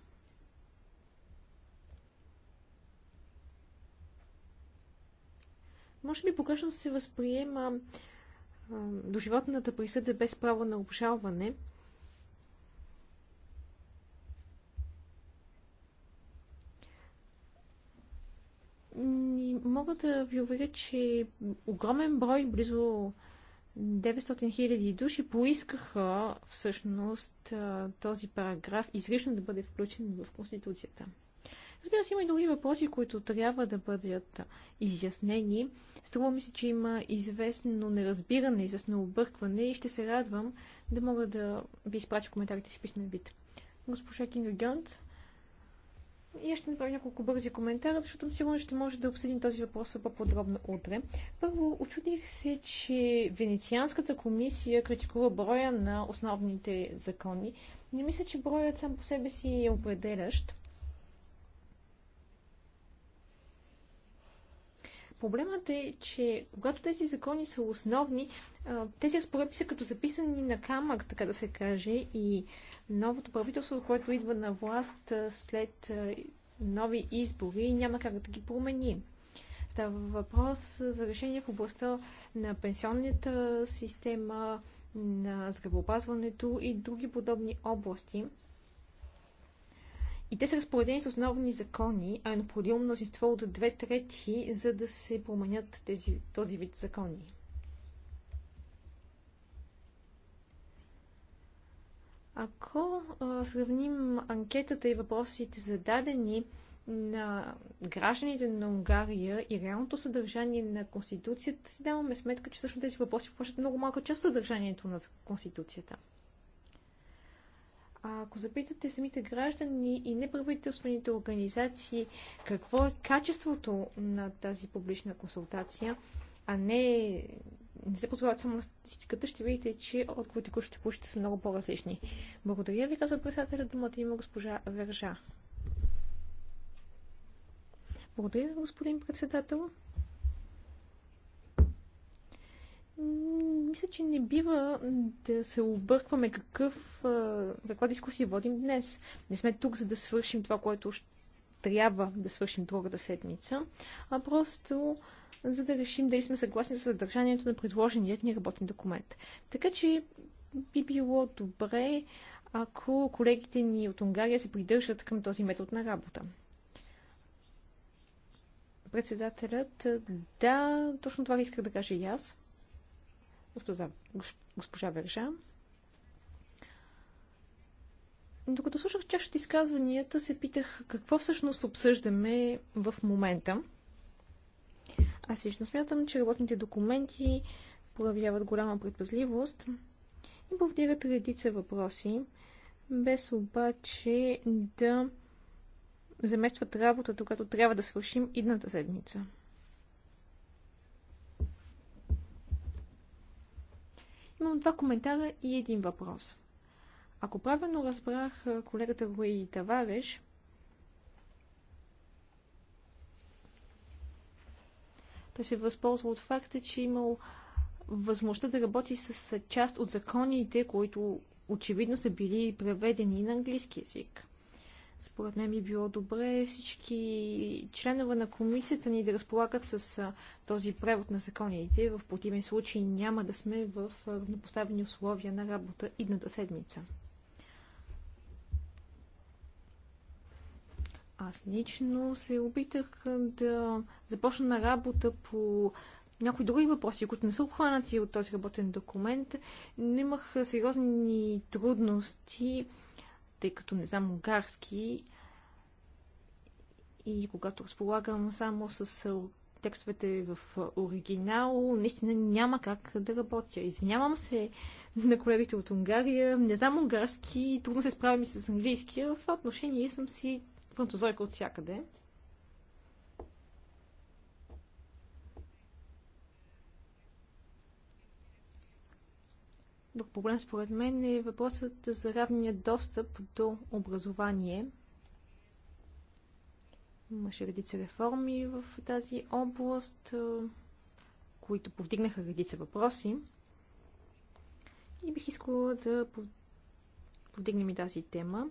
Може би погрешно се възприема доживотната присъда без право на обжалване – мога да ви уверя, че огромен брой, близо 900 хиляди души поискаха всъщност този параграф изрично да бъде включен в Конституцията. Разбира се, има и други въпроси, които трябва да бъдат изяснени. Струва ми се, че има известно неразбиране, известно объркване и ще се радвам да мога да ви изпратя коментарите си в писмен вид. Госпожа Кинга Гьонц, и ще направя няколко бързи коментара, защото сигурно ще може да обсъдим този въпрос по-подробно утре. Първо, очудих се, че Венецианската комисия критикува броя на основните закони. Не мисля, че броят сам по себе си е определящ. Проблемът е, че когато тези закони са основни, тези разпоредби са като записани на камък, така да се каже, и новото правителство, което идва на власт след нови избори, няма как да ги промени. Става въпрос за решение в областта на пенсионната система, на здравеопазването и други подобни области. И те са разпоредени с основни закони, а е необходимо мнозинство от две трети, за да се променят тези, този вид закони. Ако а, сравним анкетата и въпросите зададени на гражданите на Унгария и реалното съдържание на Конституцията, си даваме сметка, че всъщност тези въпроси плащат много малка част от съдържанието на Конституцията. А ако запитате самите граждани и неправителствените организации какво е качеството на тази публична консултация, а не не се позволяват само на статистиката, ще видите, че отговорите, които ще получите, са много по-различни. Благодаря ви, каза председателя. Думата има госпожа Вержа. Благодаря ви, господин председател. Мисля, че не бива да се объркваме какъв, каква дискусия водим днес. Не сме тук, за да свършим това, което трябва да свършим другата седмица, а просто за да решим дали сме съгласни с съдържанието на предложеният ни работен документ. Така че би било добре, ако колегите ни от Унгария се придържат към този метод на работа. Председателят, да, точно това исках да кажа и аз. Госпожа, госпожа Вержа. Докато слушах чашата изказванията, се питах какво всъщност обсъждаме в момента. Аз лично смятам, че работните документи проявяват голяма предпазливост и повдигат редица въпроси, без обаче да заместват работата, която трябва да свършим идната седмица. Имам два коментара и един въпрос. Ако правилно разбрах колегата Руи Тавареш, Той се възползва от факта, че е имал възможността да работи с част от законите, които очевидно са били преведени на английски язик. Според мен би било добре всички членове на комисията ни да разполагат с този превод на законите. В противен случай няма да сме в равнопоставени условия на работа идната седмица. Аз лично се опитах да започна на работа по някои други въпроси, които не са обхванати от този работен документ, но имах сериозни трудности, тъй като не знам унгарски и когато разполагам само с текстовете в оригинал, наистина няма как да работя. Извинявам се на колегите от Унгария, не знам унгарски, трудно се справям и с английския в това отношение съм си фантазойка от всякъде. Друг проблем според мен е въпросът за равния достъп до образование. Имаше редица реформи в тази област, които повдигнаха редица въпроси. И бих искала да повдигнем и тази тема.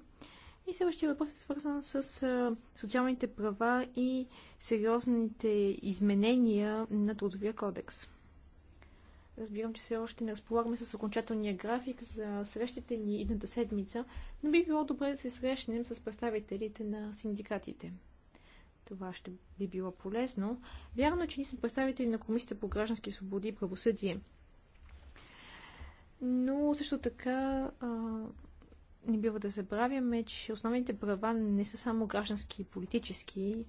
И следващия въпрос е свързан с социалните права и сериозните изменения на Трудовия кодекс. Разбирам, че все още не разполагаме с окончателния график за срещите ни идната седмица, но би било добре да се срещнем с представителите на синдикатите. Това ще би било полезно. Вярно, е, че ние сме представители на Комисията по граждански свободи и правосъдие. Но също така не бива да забравяме, че основните права не са само граждански и политически,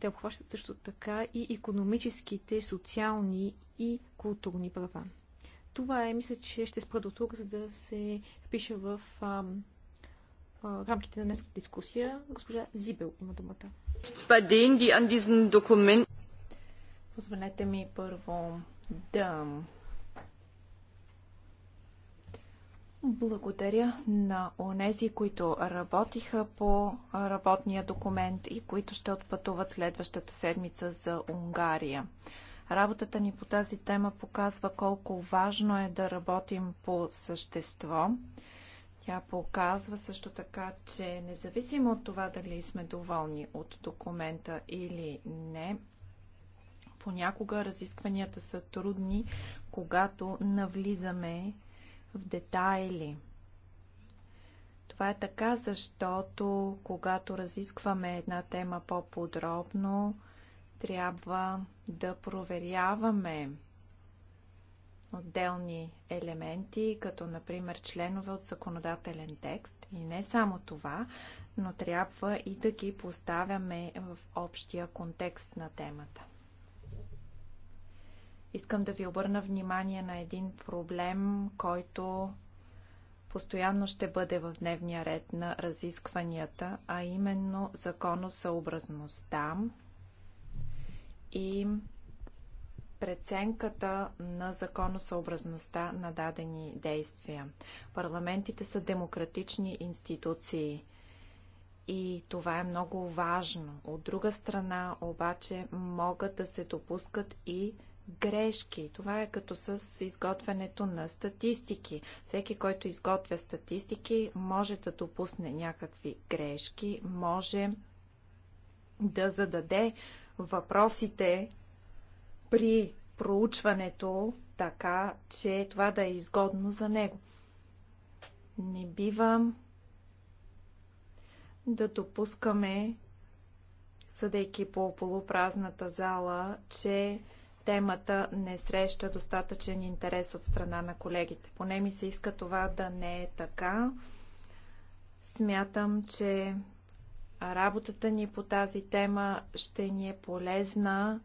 те обхващат също така и економическите, социални и културни права. Това е, мисля, че ще спра до тук, за да се впиша в а, а, рамките на днеската дискусия. Госпожа Зибел има думата. Позволете ми първо да Благодаря на онези, които работиха по работния документ и които ще отпътуват следващата седмица за Унгария. Работата ни по тази тема показва колко важно е да работим по същество. Тя показва също така, че независимо от това дали сме доволни от документа или не, понякога разискванията са трудни, когато навлизаме в детайли. Това е така, защото когато разискваме една тема по-подробно, трябва да проверяваме отделни елементи, като например членове от законодателен текст. И не само това, но трябва и да ги поставяме в общия контекст на темата. Искам да ви обърна внимание на един проблем, който постоянно ще бъде в дневния ред на разискванията, а именно законосъобразността и преценката на законосъобразността на дадени действия. Парламентите са демократични институции и това е много важно. От друга страна обаче могат да се допускат и грешки. Това е като с изготвянето на статистики. Всеки, който изготвя статистики, може да допусне някакви грешки, може да зададе въпросите при проучването така, че това да е изгодно за него. Не бивам да допускаме, съдейки по полупразната зала, че темата не среща достатъчен интерес от страна на колегите. Поне ми се иска това да не е така. Смятам, че работата ни по тази тема ще ни е полезна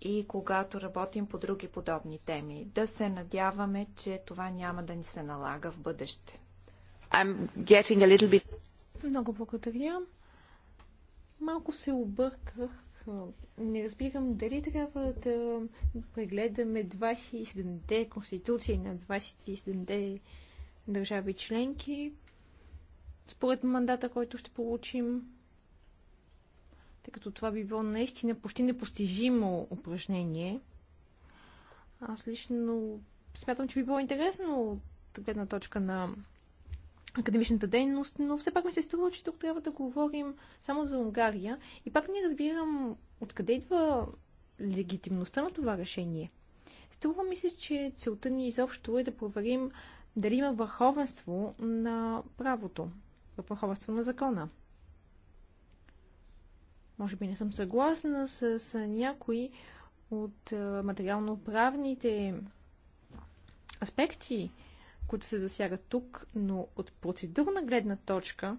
и когато работим по други подобни теми. Да се надяваме, че това няма да ни се налага в бъдеще. I'm getting a little bit... Много благодаря. Малко се обърках не разбирам дали трябва да прегледаме 27-те конституции на 27-те държави членки, според мандата, който ще получим, тъй като това би било наистина почти непостижимо упражнение. Аз лично смятам, че би било интересно от гледна точка на академичната дейност, но все пак ми се струва, че тук трябва да говорим само за Унгария и пак не разбирам откъде идва легитимността на това решение. Струва ми се, че целта ни изобщо е да проверим дали има върховенство на правото, върховенство на закона. Може би не съм съгласна с, с някои от материално-правните аспекти които се засягат тук, но от процедурна гледна точка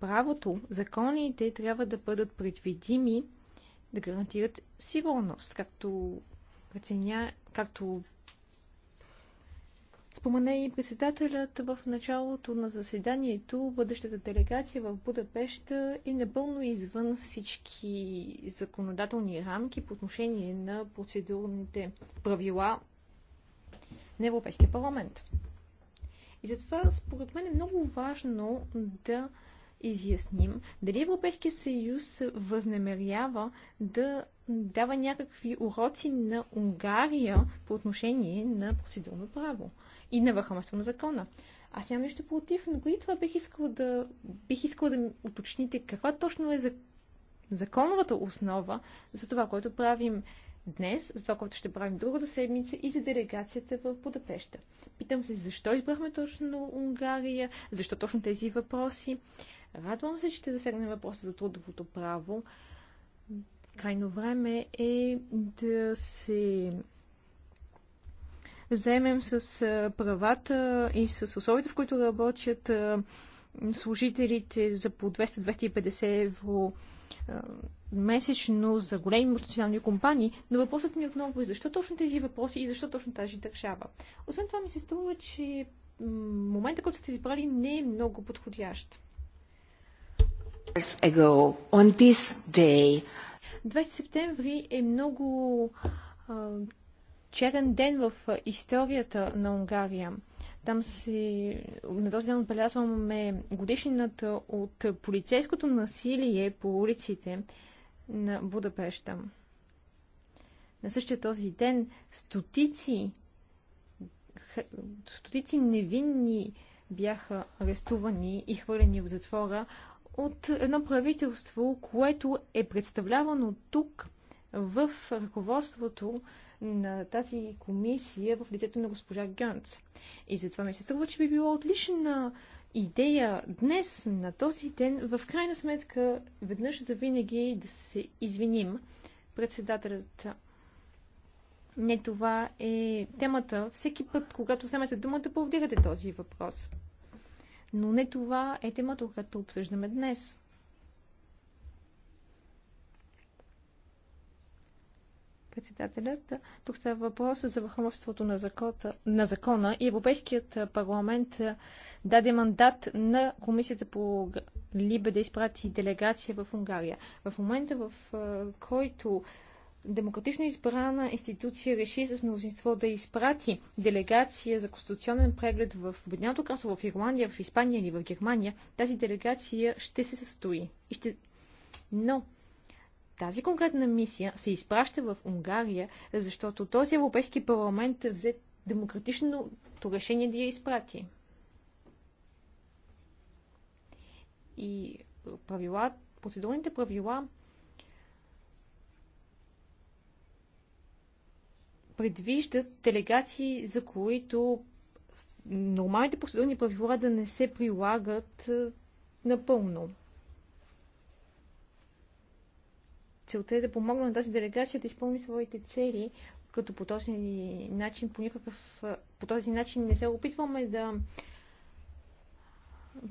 правото, законите трябва да бъдат предвидими, да гарантират сигурност, както преценя, както спомене и председателят в началото на заседанието, бъдещата делегация в Будапешта е напълно извън всички законодателни рамки по отношение на процедурните правила на Европейския парламент. И затова, според мен, е много важно да изясним дали Европейския съюз възнамерява да дава някакви уроци на Унгария по отношение на процедурно право и на върховенство на закона. Аз нямам нищо против, но и това бих искала да, бих искала да ми уточните каква точно е за, законовата основа за това, което правим днес, за това, което ще правим другата седмица и за делегацията в Будапеща. Питам се защо избрахме точно Унгария, защо точно тези въпроси. Радвам се, че ще засегнем въпроса за трудовото право. Крайно време е да се заемем с правата и с условията, в които работят служителите за по 200-250 евро месечно за големи мултинационални компании, но въпросът ми е отново е защо точно тези въпроси и защо точно тази държава. Освен това ми се струва, че момента, който сте избрали, не е много подходящ. 20 септември е много а, черен ден в историята на Унгария. Там си на този ден отбелязваме годишнината от полицейското насилие по улиците на Будапешта. На същия този ден стотици, стотици невинни бяха арестувани и хвърлени в затвора от едно правителство, което е представлявано тук в ръководството на тази комисия в лицето на госпожа Гьонц. И затова ми се струва, че би било отлична идея днес, на този ден, в крайна сметка, веднъж за винаги да се извиним. Председателят не това е темата. Всеки път, когато вземете думата, повдигате този въпрос. Но не това е темата, която обсъждаме днес. председателят. Тук става въпрос за върховенството на, закона, на закона и Европейският парламент е, даде мандат на комисията по Либе да изпрати делегация в Унгария. В момента, в е, който демократично избрана институция реши с мнозинство да изпрати делегация за конституционен преглед в Обединеното кралство, в Ирландия, в Испания или в Германия, тази делегация ще се състои. И ще... Но тази конкретна мисия се изпраща в Унгария, защото този Европейски парламент взе демократичното решение да я изпрати. И правила, процедурните правила предвиждат делегации, за които нормалните процедурни правила да не се прилагат е, напълно. Целта е да помогна на тази делегация да изпълни своите цели, като по този начин, по никакъв, по този начин не се опитваме да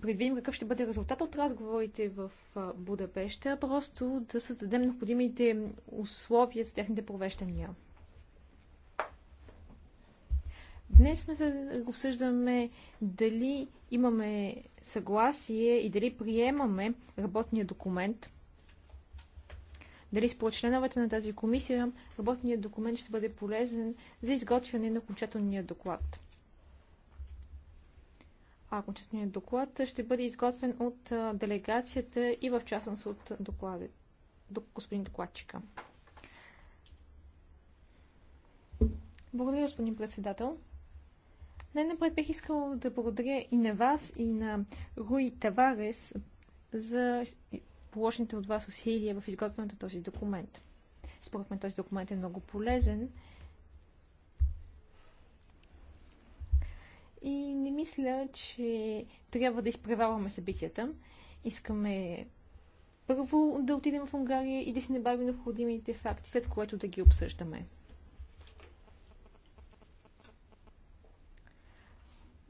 предвидим какъв ще бъде резултат от разговорите в Будапеща, просто да създадем необходимите условия за техните провеждания. Днес сме се обсъждаме дали имаме съгласие и дали приемаме работния документ дали според членовете на тази комисия работният документ ще бъде полезен за изготвяне на окончателния доклад. А окончателният доклад ще бъде изготвен от делегацията и в частност от доклада, до господин докладчика. Благодаря, господин председател. Най-напред бих искал да благодаря и на вас, и на Руи Таварес за положените от вас усилия в изготвянето на този документ. Според мен този документ е много полезен и не мисля, че трябва да изпреварваме събитията. Искаме първо да отидем в Унгария и да си набавим необходимите факти, след което да ги обсъждаме.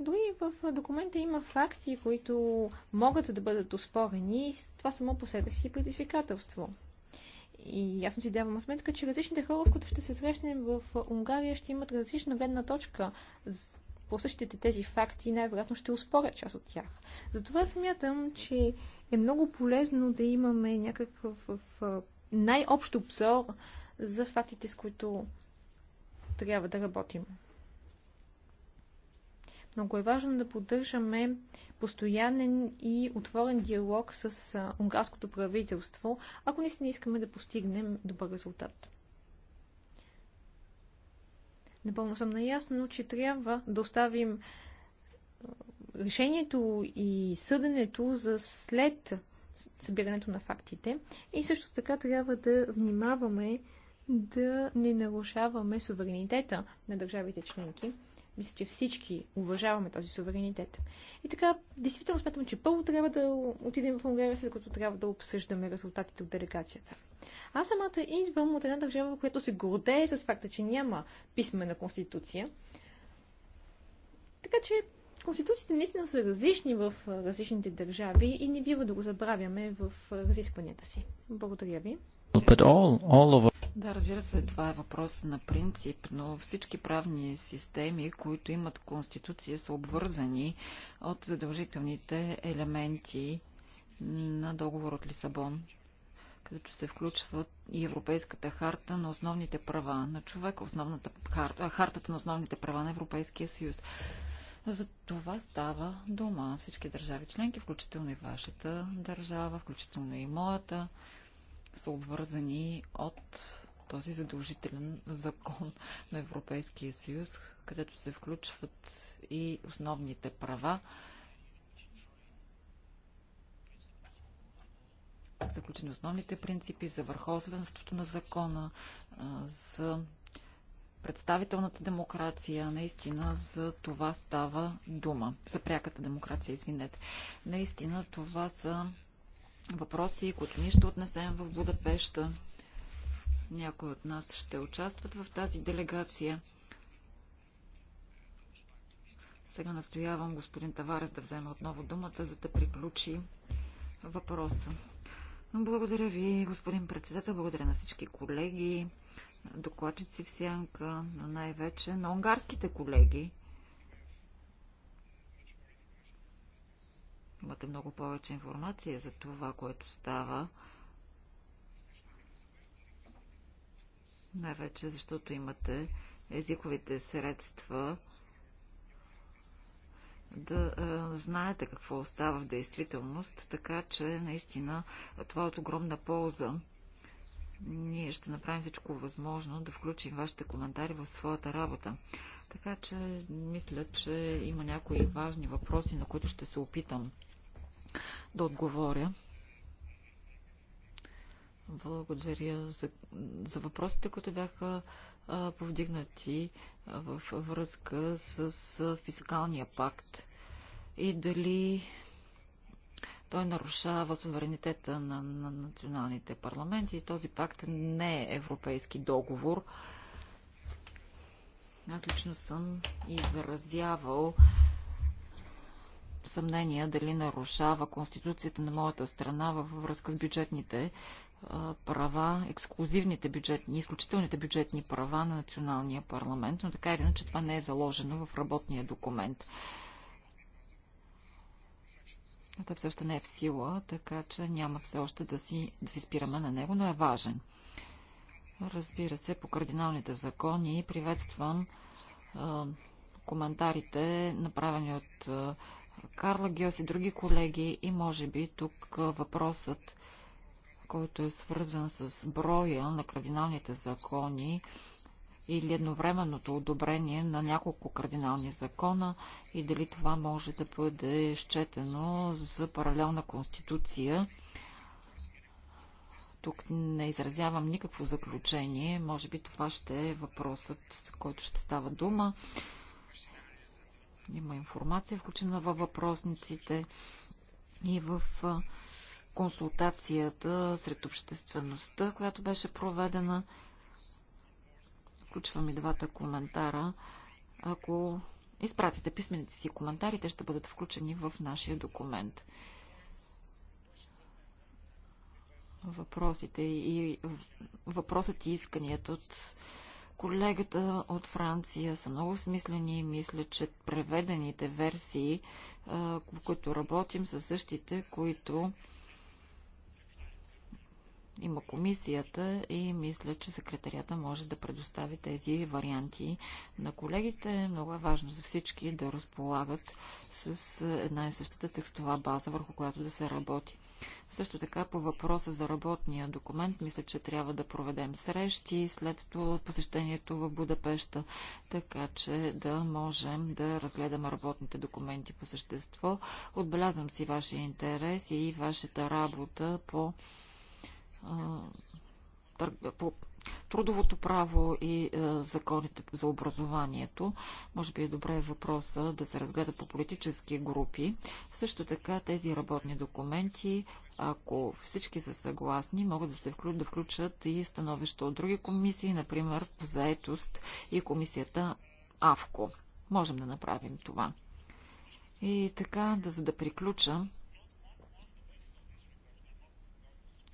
Дори в документа има факти, които могат да бъдат оспорени. Това само по себе си е предизвикателство. И ясно си давам сметка, че различните хора, с които ще се срещнем в Унгария, ще имат различна гледна точка по същите тези факти и най-вероятно ще успорят част от тях. Затова смятам, че е много полезно да имаме някакъв най-общ обзор за фактите, с които трябва да работим. Много е важно да поддържаме постоянен и отворен диалог с унгарското правителство, ако наистина искаме да постигнем добър резултат. Напълно съм наясно, че трябва да оставим решението и съденето за след събирането на фактите. И също така трябва да внимаваме да не нарушаваме суверенитета на държавите членки, мисля, че всички уважаваме този суверенитет. И така, действително смятам, че първо трябва да отидем в Унгария, след като трябва да обсъждаме резултатите от делегацията. Аз самата идвам от една държава, която се гордее с факта, че няма писмена конституция. Така че конституциите наистина са различни в различните държави и не бива да го забравяме в разискванията си. Благодаря ви да, разбира се, това е въпрос на принцип, но всички правни системи, които имат конституция, са обвързани от задължителните елементи на договор от Лисабон, където се включва и Европейската харта на основните права на човека, основната харта, хартата на основните права на Европейския съюз. За това става дума. Всички държави членки, включително и вашата държава, включително и моята, са обвързани от този задължителен закон на Европейския съюз, където се включват и основните права. Заключени основните принципи за върховенството на закона, за представителната демокрация, наистина за това става дума. За пряката демокрация, извинете. Наистина това са въпроси, които ние ще отнесем в Будапешта. Някои от нас ще участват в тази делегация. Сега настоявам господин Таварес да вземе отново думата, за да приключи въпроса. Благодаря ви, господин председател. Благодаря на всички колеги, докладчици в сянка, но най-вече на унгарските колеги, Имате много повече информация за това, което става. Най-вече защото имате езиковите средства да е, знаете какво става в действителност, така че наистина това е от огромна полза. Ние ще направим всичко възможно да включим вашите коментари в своята работа. Така че мисля, че има някои важни въпроси, на които ще се опитам да отговоря. Благодаря за, за въпросите, които бяха а, повдигнати а, в връзка с, а, фискалния пакт и дали той нарушава суверенитета на, на националните парламенти. Този пакт не е европейски договор. Аз лично съм изразявал съмнения дали нарушава конституцията на моята страна във връзка с бюджетните права, ексклюзивните бюджетни, изключителните бюджетни права на националния парламент, но така или иначе това не е заложено в работния документ. Това все още не е в сила, така че няма все още да си, да си спираме на него, но е важен. Разбира се, по кардиналните закони приветствам е, коментарите, направени от е, Карла Геос и други колеги и може би тук въпросът, който е свързан с броя на кардиналните закони или едновременното одобрение на няколко кардинални закона и дали това може да бъде изчетено за паралелна конституция. Тук не изразявам никакво заключение. Може би това ще е въпросът, за който ще става дума. Има информация, включена във въпросниците и в консултацията сред обществеността, която беше проведена. Включвам и двата коментара. Ако изпратите писмените си коментари, те ще бъдат включени в нашия документ. Въпросите и въпросът и исканията от колегата от Франция са много смислени и мисля, че преведените версии, по които работим, са същите, които има комисията и мисля, че секретарията може да предостави тези варианти на колегите. Много е важно за всички да разполагат с една и същата текстова база, върху която да се работи. Също така по въпроса за работния документ, мисля, че трябва да проведем срещи след посещението в Будапешта, така че да можем да разгледаме работните документи по същество. Отбелязвам си вашия интерес и вашата работа по по трудовото право и е, законите за образованието. Може би е добре въпроса да се разгледа по политически групи. Също така тези работни документи, ако всички са съгласни, могат да се вклю... да включат и становища от други комисии, например по заетост и комисията АВКО. Можем да направим това. И така, да, за да приключа,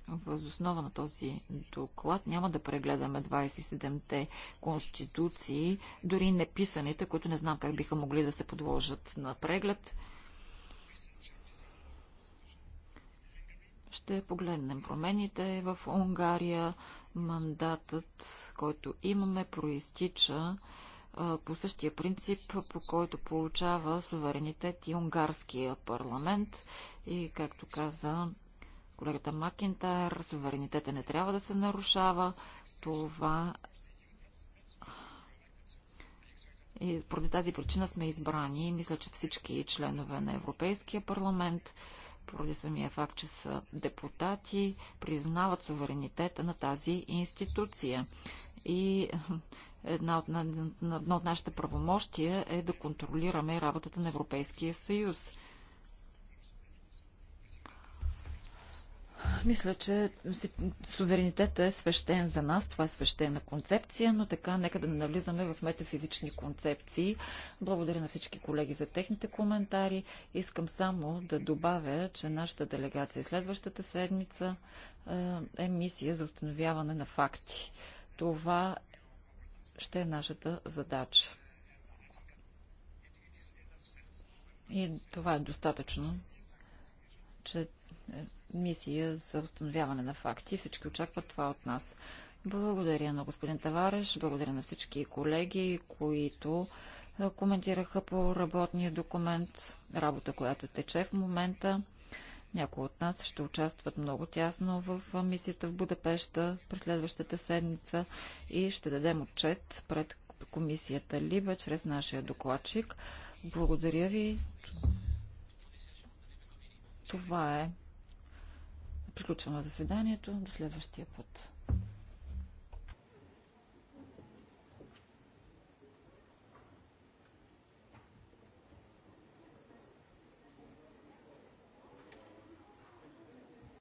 Възоснова на този доклад няма да прегледаме 27-те конституции, дори неписаните, които не знам как биха могли да се подложат на преглед. Ще погледнем промените в Унгария. Мандатът, който имаме, проистича по същия принцип, по който получава суверенитет и унгарския парламент. И, както каза колегата Макентайр, суверенитета не трябва да се нарушава. Това и поради тази причина сме избрани. Мисля, че всички членове на Европейския парламент, поради самия факт, че са депутати, признават суверенитета на тази институция. И една от, на, едно от нашите правомощия е да контролираме работата на Европейския съюз. Мисля, че суверенитетът е свещен за нас, това е свещена концепция, но така нека да не навлизаме в метафизични концепции. Благодаря на всички колеги за техните коментари. Искам само да добавя, че нашата делегация следващата седмица е, е мисия за установяване на факти. Това ще е нашата задача. И това е достатъчно, че е, мисия за установяване на факти. Всички очакват това от нас. Благодаря на господин Тавареш, благодаря на всички колеги, които е, коментираха по работния документ, работа, която тече в момента. Някои от нас ще участват много тясно в е, мисията в Будапешта през следващата седмица и ще дадем отчет пред комисията Либа чрез нашия докладчик. Благодаря ви. Това е Приключвам заседанието. До следващия път.